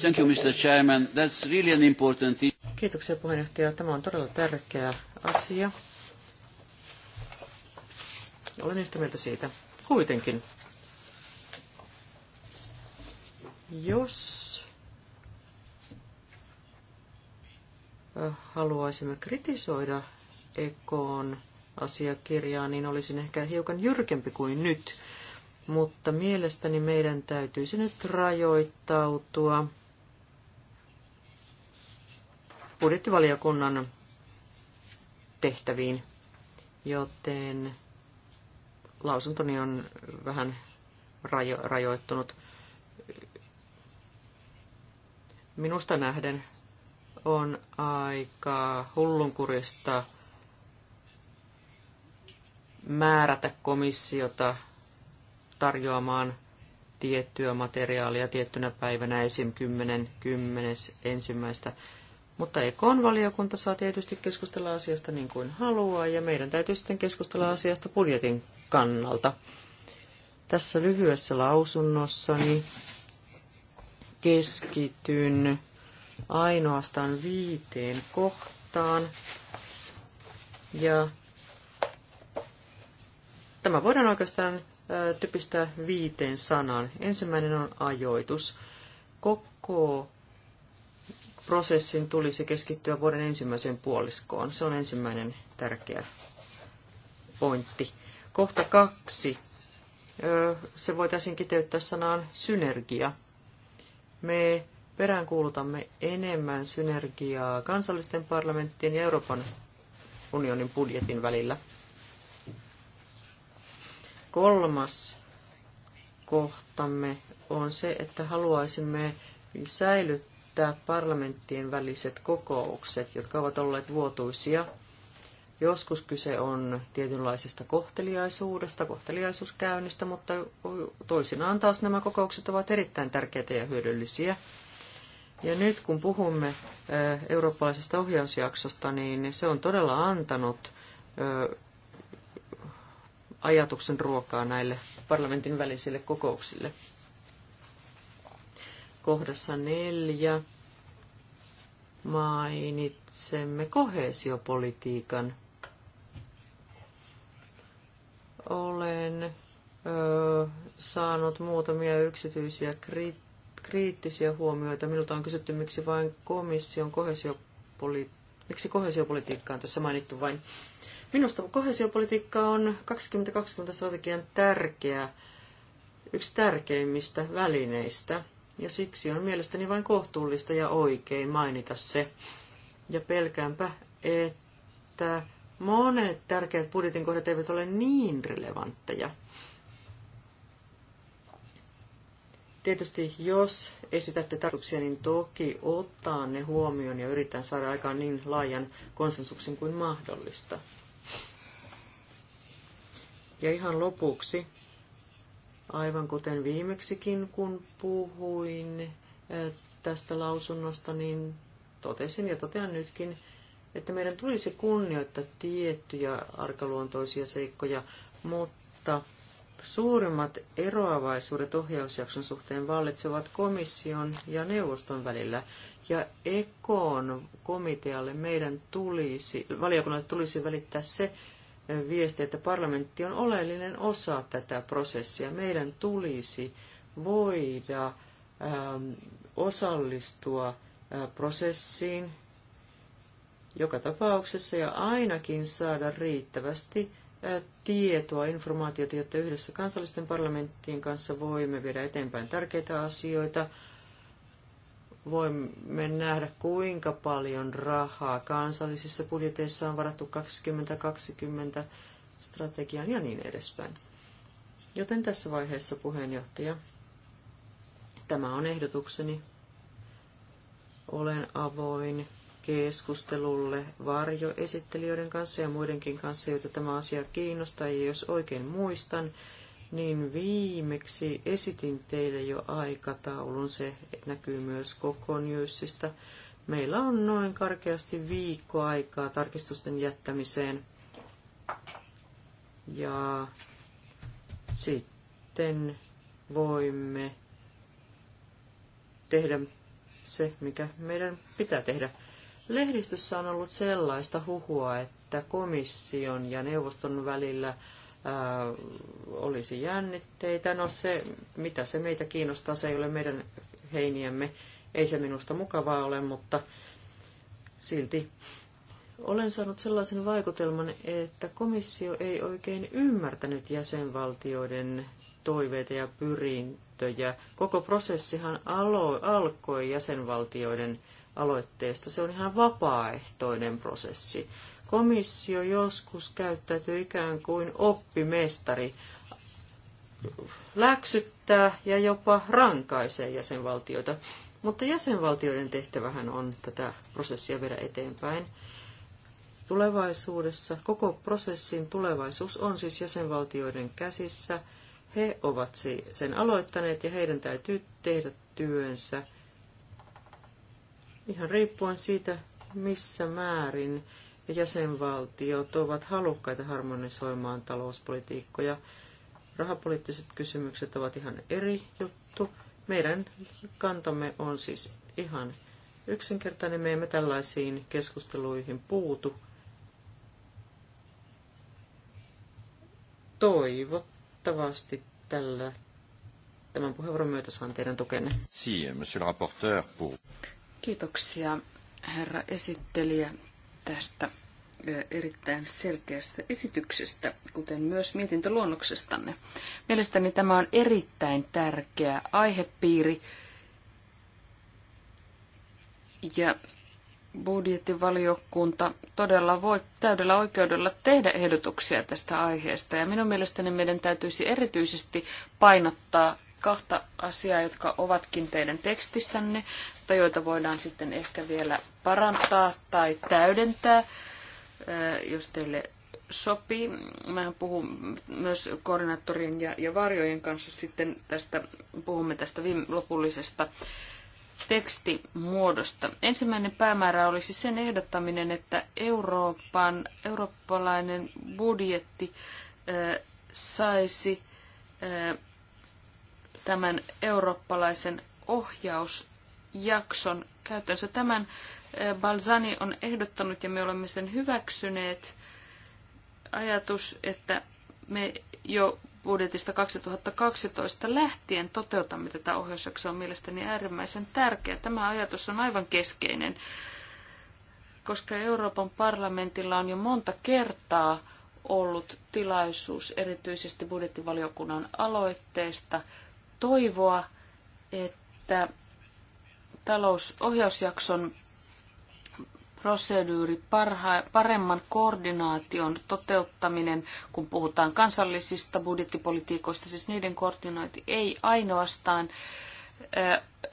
B: Thank you, Mr. Chairman. That's really an
A: important
C: Kiitoksia puheenjohtaja. Tämä on todella tärkeä asia. Olen yhtä mieltä siitä. Kuitenkin. Jos äh, haluaisimme kritisoida Ekoon asiakirjaa, niin olisin ehkä hiukan jyrkempi kuin nyt. Mutta mielestäni meidän täytyisi nyt rajoittautua budjettivaliokunnan tehtäviin, joten lausuntoni on vähän rajo, rajoittunut. Minusta nähden on aika hullunkurista määrätä komissiota tarjoamaan tiettyä materiaalia tiettynä päivänä, esim. 10, 10 ensimmäistä. Mutta Ekon valiokunta saa tietysti keskustella asiasta niin kuin haluaa, ja meidän täytyy sitten keskustella asiasta budjetin kannalta. Tässä lyhyessä lausunnossani keskityn ainoastaan viiteen kohtaan. Ja tämä voidaan oikeastaan typistää viiteen sanan Ensimmäinen on ajoitus. Koko prosessin tulisi keskittyä vuoden ensimmäiseen puoliskoon. Se on ensimmäinen tärkeä pointti. Kohta kaksi. Se voitaisiin kiteyttää sanaan synergia. Me peräänkuulutamme enemmän synergiaa kansallisten parlamenttien ja Euroopan unionin budjetin välillä. Kolmas kohtamme on se, että haluaisimme säilyttää parlamenttien väliset kokoukset, jotka ovat olleet vuotuisia – Joskus kyse on tietynlaisesta kohteliaisuudesta, kohteliaisuuskäynnistä, mutta toisinaan taas nämä kokoukset ovat erittäin tärkeitä ja hyödyllisiä. Ja nyt kun puhumme eurooppalaisesta ohjausjaksosta, niin se on todella antanut ajatuksen ruokaa näille parlamentin välisille kokouksille. Kohdassa neljä mainitsemme kohesiopolitiikan olen ö, saanut muutamia yksityisiä kri, kriittisiä huomioita. Minulta on kysytty, miksi vain komission kohesiopoli, miksi kohesiopolitiikka on tässä mainittu vain. Minusta kohesiopolitiikka on 2020-strategian tärkeä, yksi tärkeimmistä välineistä, ja siksi on mielestäni vain kohtuullista ja oikein mainita se. Ja pelkäänpä, että monet tärkeät budjetin kohdat eivät ole niin relevantteja. Tietysti jos esitätte tarkoituksia, niin toki ottaa ne huomioon ja yritän saada aikaan niin laajan konsensuksen kuin mahdollista. Ja ihan lopuksi, aivan kuten viimeksikin, kun puhuin eh, tästä lausunnosta, niin totesin ja totean nytkin, että meidän tulisi kunnioittaa tiettyjä arkaluontoisia seikkoja, mutta suurimmat eroavaisuudet ohjausjakson suhteen vallitsevat komission ja neuvoston välillä, ja Ekon komitealle meidän tulisi, valiokunnalle tulisi välittää se viesti, että parlamentti on oleellinen osa tätä prosessia. Meidän tulisi voida ähm, osallistua äh, prosessiin joka tapauksessa ja ainakin saada riittävästi tietoa, informaatiota, jotta yhdessä kansallisten parlamenttien kanssa voimme viedä eteenpäin tärkeitä asioita. Voimme nähdä, kuinka paljon rahaa kansallisissa budjeteissa on varattu 2020 strategian ja niin edespäin. Joten tässä vaiheessa puheenjohtaja, tämä on ehdotukseni. Olen avoin keskustelulle varjoesittelijöiden kanssa ja muidenkin kanssa, joita tämä asia kiinnostaa. Ja jos oikein muistan, niin viimeksi esitin teille jo aikataulun, se näkyy myös koko Newsista. Meillä on noin karkeasti viikko aikaa tarkistusten jättämiseen. Ja sitten voimme tehdä se, mikä meidän pitää tehdä. Lehdistössä on ollut sellaista huhua, että komission ja neuvoston välillä ää, äh, olisi jännitteitä. No se, mitä se meitä kiinnostaa, se ei ole meidän heiniämme. Ei se minusta mukavaa ole, mutta silti olen saanut sellaisen vaikutelman, että komissio ei oikein ymmärtänyt jäsenvaltioiden toiveita ja pyrintöjä. Koko prosessihan alo- alkoi jäsenvaltioiden aloitteesta. Se on ihan vapaaehtoinen prosessi. Komissio joskus käyttäytyy ikään kuin oppimestari, läksyttää ja jopa rankaisee jäsenvaltioita. Mutta jäsenvaltioiden tehtävähän on tätä prosessia viedä eteenpäin. Tulevaisuudessa koko prosessin tulevaisuus on siis jäsenvaltioiden käsissä. He ovat sen aloittaneet ja heidän täytyy tehdä työnsä – ihan riippuen siitä, missä määrin jäsenvaltiot ovat halukkaita harmonisoimaan talouspolitiikkoja. Rahapoliittiset kysymykset ovat ihan eri juttu. Meidän kantamme on siis ihan yksinkertainen. Me emme tällaisiin keskusteluihin puutu. Toivottavasti tällä, tämän puheenvuoron
A: myötä saan teidän tukenne.
B: Si, monsieur le rapporteur, pour...
A: Kiitoksia herra esittelijä tästä erittäin selkeästä esityksestä, kuten myös mietintöluonnoksestanne. Mielestäni tämä on erittäin tärkeä aihepiiri ja budjettivaliokunta todella voi täydellä oikeudella tehdä ehdotuksia tästä aiheesta. Ja minun mielestäni meidän täytyisi erityisesti painottaa kahta asiaa, jotka ovatkin teidän tekstissänne, mutta joita voidaan sitten ehkä vielä parantaa tai täydentää, eh, jos teille sopii. Mä puhun myös koordinaattorien ja, ja varjojen kanssa sitten tästä, puhumme tästä viime, lopullisesta tekstimuodosta. Ensimmäinen päämäärä olisi sen ehdottaminen, että Euroopan, eurooppalainen budjetti ö, eh, saisi ö, eh, tämän eurooppalaisen ohjausjakson käytönsä. Tämän eh, Balzani on ehdottanut ja me olemme sen hyväksyneet. Ajatus, että me jo budjetista 2012 lähtien toteutamme tätä ohjausjaksoa on mielestäni äärimmäisen tärkeä. Tämä ajatus on aivan keskeinen, koska Euroopan parlamentilla on jo monta kertaa ollut tilaisuus erityisesti budjettivaliokunnan aloitteesta – toivoa, että talousohjausjakson proseduuri, parha, paremman koordinaation toteuttaminen, kun puhutaan kansallisista budjettipolitiikoista, siis niiden koordinointi ei ainoastaan äh,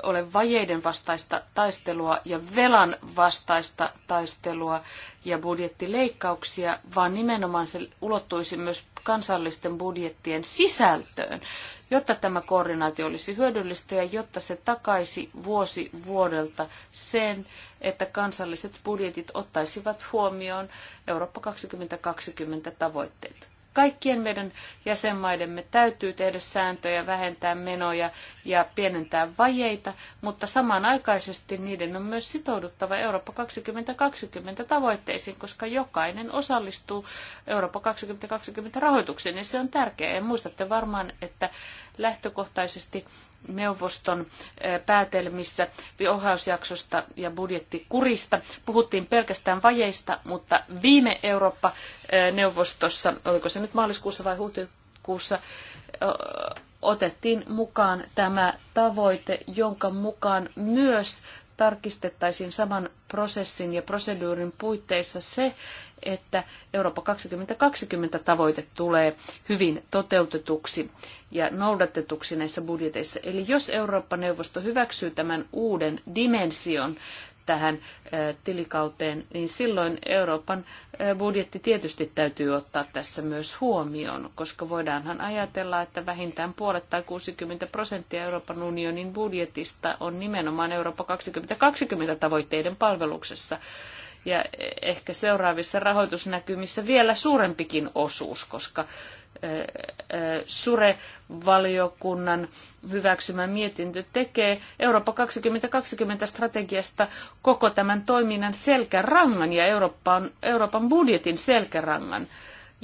A: ole vajeiden vastaista taistelua ja velan vastaista taistelua ja budjettileikkauksia, vaan nimenomaan se ulottuisi myös kansallisten budjettien sisältöön, jotta tämä koordinaatio olisi hyödyllistä ja jotta se takaisi vuosi vuodelta sen, että kansalliset budjetit ottaisivat huomioon Eurooppa 2020 tavoitteet. Kaikkien meidän jäsenmaidemme täytyy tehdä sääntöjä, vähentää menoja ja pienentää vajeita, mutta samanaikaisesti niiden on myös sitouduttava Eurooppa 2020 tavoitteisiin, koska jokainen osallistuu Eurooppa 2020 rahoitukseen, niin se on tärkeää. Ja muistatte varmaan, että lähtökohtaisesti neuvoston eh, päätelmissä ohjausjaksosta ja budjettikurista. Puhuttiin pelkästään vajeista, mutta viime Eurooppa-neuvostossa, eh, oliko se nyt maaliskuussa vai huhtikuussa, eh, otettiin mukaan tämä tavoite, jonka mukaan myös tarkistettaisiin saman prosessin ja proseduurin puitteissa se, että Eurooppa 2020 tavoite tulee hyvin toteutetuksi ja noudatetuksi näissä budjeteissa. Eli jos Eurooppa-neuvosto hyväksyy tämän uuden dimension tähän tilikauteen, niin silloin Euroopan budjetti tietysti täytyy ottaa tässä myös huomioon, koska voidaanhan ajatella, että vähintään puolet tai 60 prosenttia Euroopan unionin budjetista on nimenomaan Eurooppa 2020 tavoitteiden palveluksessa. Ja e, ehkä seuraavissa rahoitusnäkymissä vielä suurempikin osuus, koska Sure-valiokunnan hyväksymä mietintö tekee Eurooppa 2020 strategiasta koko tämän toiminnan selkärangan ja Euroopan, Euroopan budjetin selkärangan.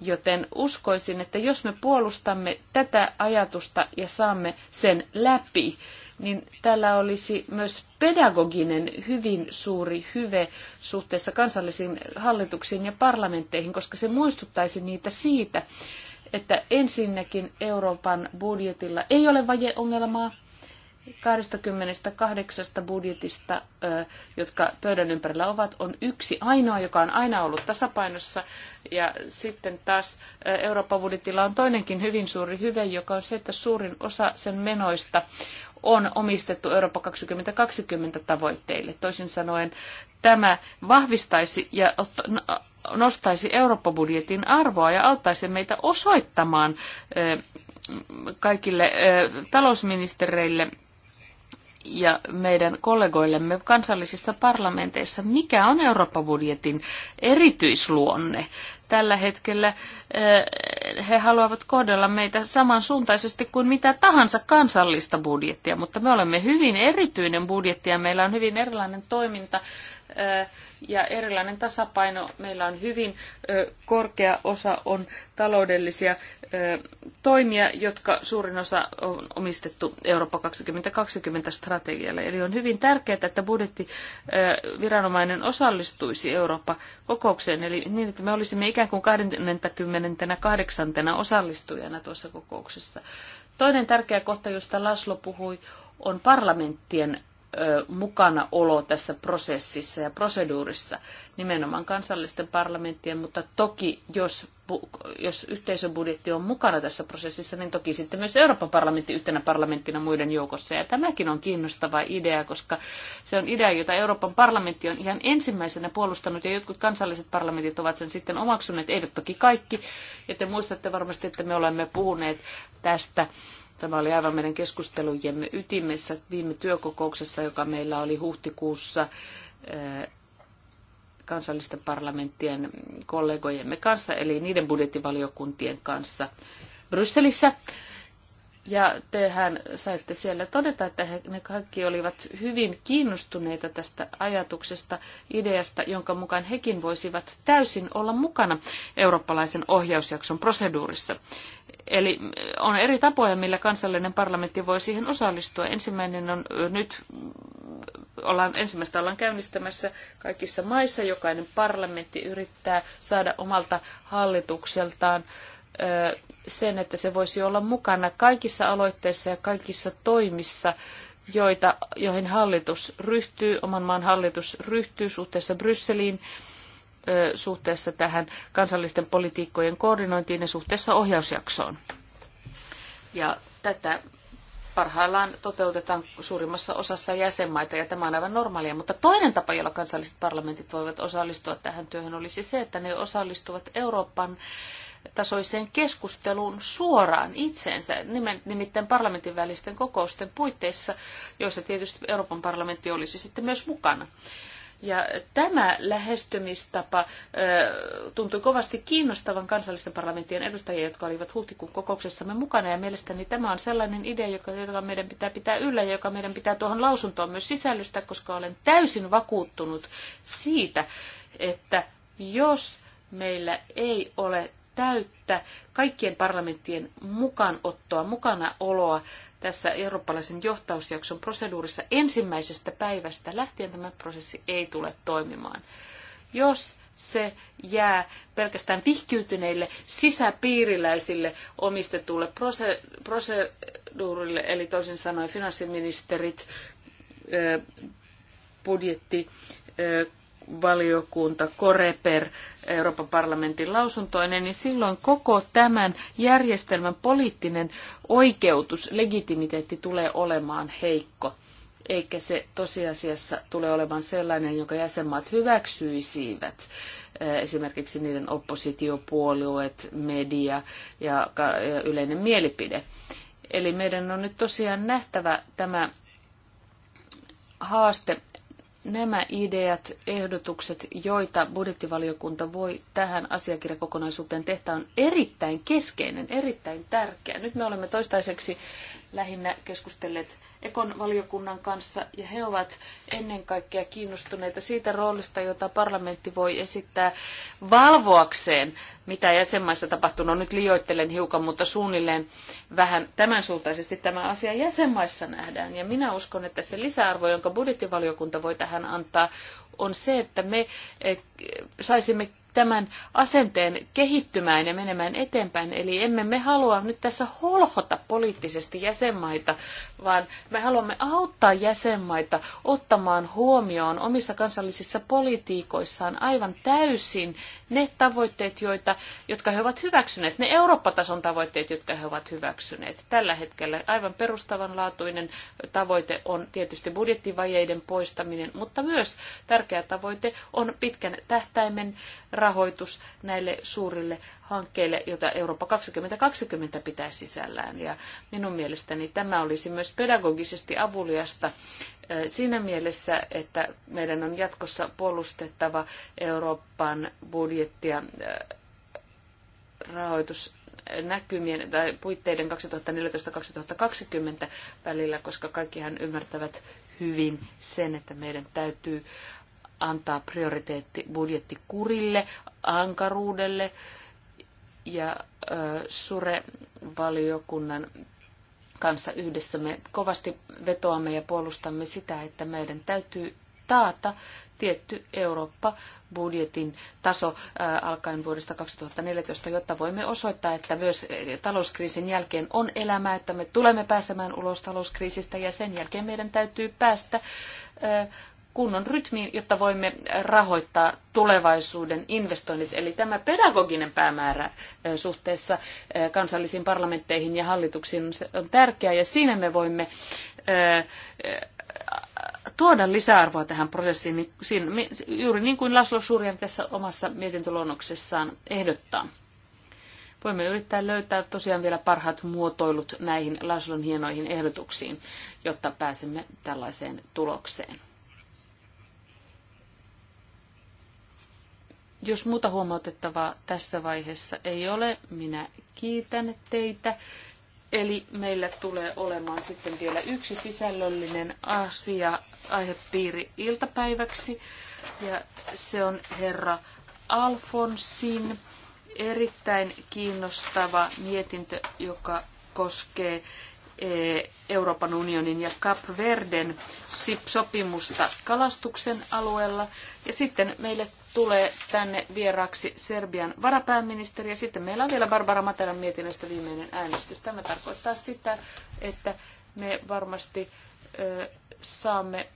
A: Joten uskoisin, että jos me puolustamme tätä ajatusta ja saamme sen läpi, niin tällä olisi myös pedagoginen hyvin suuri hyve suhteessa kansallisiin hallituksiin ja parlamentteihin, koska se muistuttaisi niitä siitä, että ensinnäkin Euroopan budjetilla ei ole vajeongelmaa. 28 budjetista, jotka pöydän ympärillä ovat, on yksi ainoa, joka on aina ollut tasapainossa. Ja sitten taas Euroopan budjetilla on toinenkin hyvin suuri hyve, joka on se, että suurin osa sen menoista on omistettu Eurooppa 2020 tavoitteille. Toisin sanoen tämä vahvistaisi ja nostaisi Eurooppa-budjetin arvoa ja auttaisi meitä osoittamaan kaikille talousministereille – ja meidän kollegoillemme kansallisissa parlamenteissa, mikä on Euroopan budjetin erityisluonne. Tällä hetkellä eh, he haluavat kohdella meitä samansuuntaisesti kuin mitä tahansa kansallista budjettia, mutta me olemme hyvin erityinen budjetti ja meillä on hyvin erilainen toiminta eh, ja erilainen tasapaino. Meillä on hyvin korkea osa on taloudellisia toimia, jotka suurin osa on omistettu Eurooppa 2020 strategialle. Eli on hyvin tärkeää, että budjettiviranomainen osallistuisi Eurooppa-kokoukseen, eli niin, että me olisimme ikään kuin 28. osallistujana tuossa kokouksessa. Toinen tärkeä kohta, josta Laslo puhui, on parlamenttien mukanaolo tässä prosessissa ja proseduurissa, nimenomaan kansallisten parlamenttien, mutta toki jos, jos yhteisöbudjetti on mukana tässä prosessissa, niin toki sitten myös Euroopan parlamentti yhtenä parlamenttina muiden joukossa. Ja tämäkin on kiinnostava idea, koska se on idea, jota Euroopan parlamentti on ihan ensimmäisenä puolustanut, ja jotkut kansalliset parlamentit ovat sen sitten omaksuneet, eivät toki kaikki. Ja te muistatte varmasti, että me olemme puhuneet tästä Tämä oli aivan meidän keskustelujemme ytimessä viime työkokouksessa, joka meillä oli huhtikuussa eh, kansallisten parlamenttien kollegojemme kanssa, eli niiden budjettivaliokuntien kanssa Brysselissä. Ja tehän saitte siellä todeta, että he, ne kaikki olivat hyvin kiinnostuneita tästä ajatuksesta, ideasta, jonka mukaan hekin voisivat täysin olla mukana eurooppalaisen ohjausjakson proseduurissa. Eli äh, on eri tapoja, millä kansallinen parlamentti voi siihen osallistua. Ensimmäinen on nyt, äh, ollaan, ensimmäistä ollaan käynnistämässä kaikissa maissa. Jokainen parlamentti yrittää saada omalta hallitukseltaan äh, sen, että se voisi olla mukana kaikissa aloitteissa ja kaikissa toimissa, joita, joihin hallitus ryhtyy, oman maan hallitus ryhtyy suhteessa Brysseliin suhteessa tähän kansallisten politiikkojen koordinointiin ja suhteessa ohjausjaksoon. Ja tätä parhaillaan toteutetaan suurimmassa osassa jäsenmaita, ja tämä on aivan normaalia. Mutta toinen tapa, jolla kansalliset parlamentit voivat osallistua tähän työhön, olisi se, että ne osallistuvat Euroopan tasoiseen keskusteluun suoraan itseensä, nimittäin parlamentin välisten kokousten puitteissa, joissa tietysti Euroopan parlamentti olisi sitten myös mukana. Ja tämä lähestymistapa tuntui kovasti kiinnostavan kansallisten parlamenttien edustajia, jotka olivat huhtikuun kokouksessamme mukana. Ja mielestäni tämä on sellainen idea, joka, meidän pitää pitää yllä ja joka meidän pitää tuohon lausuntoon myös sisällystä, koska olen täysin vakuuttunut siitä, että jos meillä ei ole täyttä kaikkien parlamenttien mukaanottoa, mukana oloa tässä eurooppalaisen johtausjakson proseduurissa ensimmäisestä päivästä lähtien tämä prosessi ei tule toimimaan. Jos se jää pelkästään vihkiytyneille sisäpiiriläisille omistetulle prose- proseduurille, eli toisin sanoen finanssiministerit, budjetti, valiokunta Koreper Euroopan parlamentin lausuntoinen, niin silloin koko tämän järjestelmän poliittinen oikeutus, legitimiteetti tulee olemaan heikko. Eikä se tosiasiassa tule olemaan sellainen, jonka jäsenmaat hyväksyisivät. Äh, esimerkiksi niiden oppositiopuolueet, media ja yleinen mielipide. Eli meidän on nyt tosiaan nähtävä tämä haaste nämä ideat, ehdotukset, joita budjettivaliokunta voi tähän asiakirjakokonaisuuteen tehdä, on erittäin keskeinen, erittäin tärkeä. Nyt me olemme toistaiseksi lähinnä keskustelleet Ekon valiokunnan kanssa ja he ovat ennen kaikkea kiinnostuneita siitä roolista, jota parlamentti voi esittää valvoakseen, mitä jäsenmaissa tapahtuu. No nyt liioittelen hiukan, mutta suunnilleen vähän tämän suuntaisesti tämä asia jäsenmaissa nähdään. Ja minä uskon, että se lisäarvo, jonka budjettivaliokunta voi tähän antaa, on se, että me eh, saisimme tämän asenteen kehittymään ja menemään eteenpäin. Eli emme me halua nyt tässä holhota poliittisesti jäsenmaita, vaan me haluamme auttaa jäsenmaita ottamaan huomioon omissa kansallisissa politiikoissaan aivan täysin ne tavoitteet, joita, jotka he ovat hyväksyneet, ne Eurooppa-tason tavoitteet, jotka he ovat hyväksyneet. Tällä hetkellä aivan perustavanlaatuinen tavoite on tietysti budjettivajeiden poistaminen, mutta myös tärkeä tavoite on pitkän tähtäimen ra- rahoitus näille suurille hankkeille, joita Eurooppa 2020 pitää sisällään. Ja minun mielestäni tämä olisi myös pedagogisesti avuliasta eh, siinä mielessä, että meidän on jatkossa puolustettava Euroopan budjettia eh, rahoitus näkymien tai puitteiden 2014-2020 välillä, koska kaikkihan ymmärtävät hyvin sen, että meidän täytyy antaa prioriteetti budjettikurille, ankaruudelle ja Sure-valiokunnan kanssa yhdessä me kovasti vetoamme ja puolustamme sitä, että meidän täytyy taata tietty Eurooppa-budjetin taso alkaen vuodesta 2014, jotta voimme osoittaa, että myös talouskriisin jälkeen on elämää, että me tulemme pääsemään ulos talouskriisistä ja sen jälkeen meidän täytyy päästä kunnon rytmiin, jotta voimme rahoittaa tulevaisuuden investoinnit. Eli tämä pedagoginen päämäärä suhteessa kansallisiin parlamentteihin ja hallituksiin on tärkeää ja siinä me voimme tuoda lisäarvoa tähän prosessiin, niin siinä, juuri niin kuin Laslo Surjan tässä omassa mietintöluonnoksessaan ehdottaa. Voimme yrittää löytää tosiaan vielä parhaat muotoilut näihin Laslon hienoihin ehdotuksiin, jotta pääsemme tällaiseen tulokseen. Jos muuta huomautettavaa tässä vaiheessa ei ole, minä kiitän teitä. Eli meillä tulee olemaan sitten vielä yksi sisällöllinen asia, aihepiiri iltapäiväksi. Ja se on herra Alfonsin erittäin kiinnostava mietintö, joka koskee eh, Euroopan unionin ja Verden sopimusta kalastuksen alueella. Ja sitten meille tulee tänne vieraksi Serbian varapääministeri. Ja sitten meillä on vielä Barbara Materan mietinnöstä viimeinen äänestys. Tämä tarkoittaa sitä, että me varmasti ö, saamme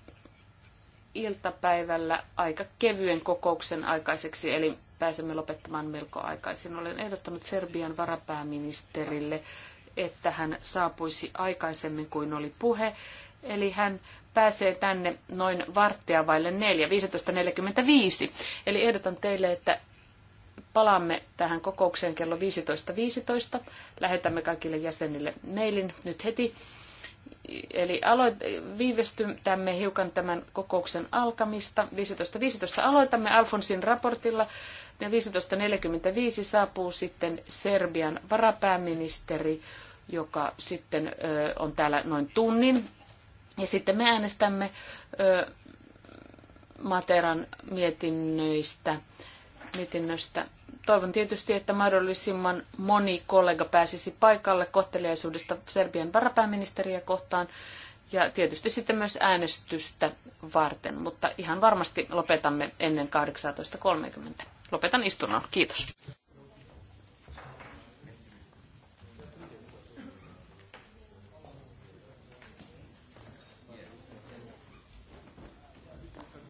A: iltapäivällä aika kevyen kokouksen aikaiseksi, eli pääsemme lopettamaan melko aikaisin. Olen ehdottanut Serbian varapääministerille, että hän saapuisi aikaisemmin kuin oli puhe, eli hän pääsee tänne noin varttia vaille 4, 15.45. Eli ehdotan teille, että palaamme tähän kokoukseen kello 15.15. 15. Lähetämme kaikille jäsenille mailin nyt heti. Eli aloit- viivästymme hiukan tämän kokouksen alkamista. 15.15 15. aloitamme Alfonsin raportilla ja 15.45 saapuu sitten Serbian varapääministeri, joka sitten on täällä noin tunnin ja sitten me äänestämme ö, Materan mietinnöistä, mietinnöistä. Toivon tietysti, että mahdollisimman moni kollega pääsisi paikalle kohteliaisuudesta Serbian varapääministeriä kohtaan ja tietysti sitten myös äänestystä varten, mutta ihan varmasti lopetamme ennen 18.30. Lopetan istunnon. Kiitos.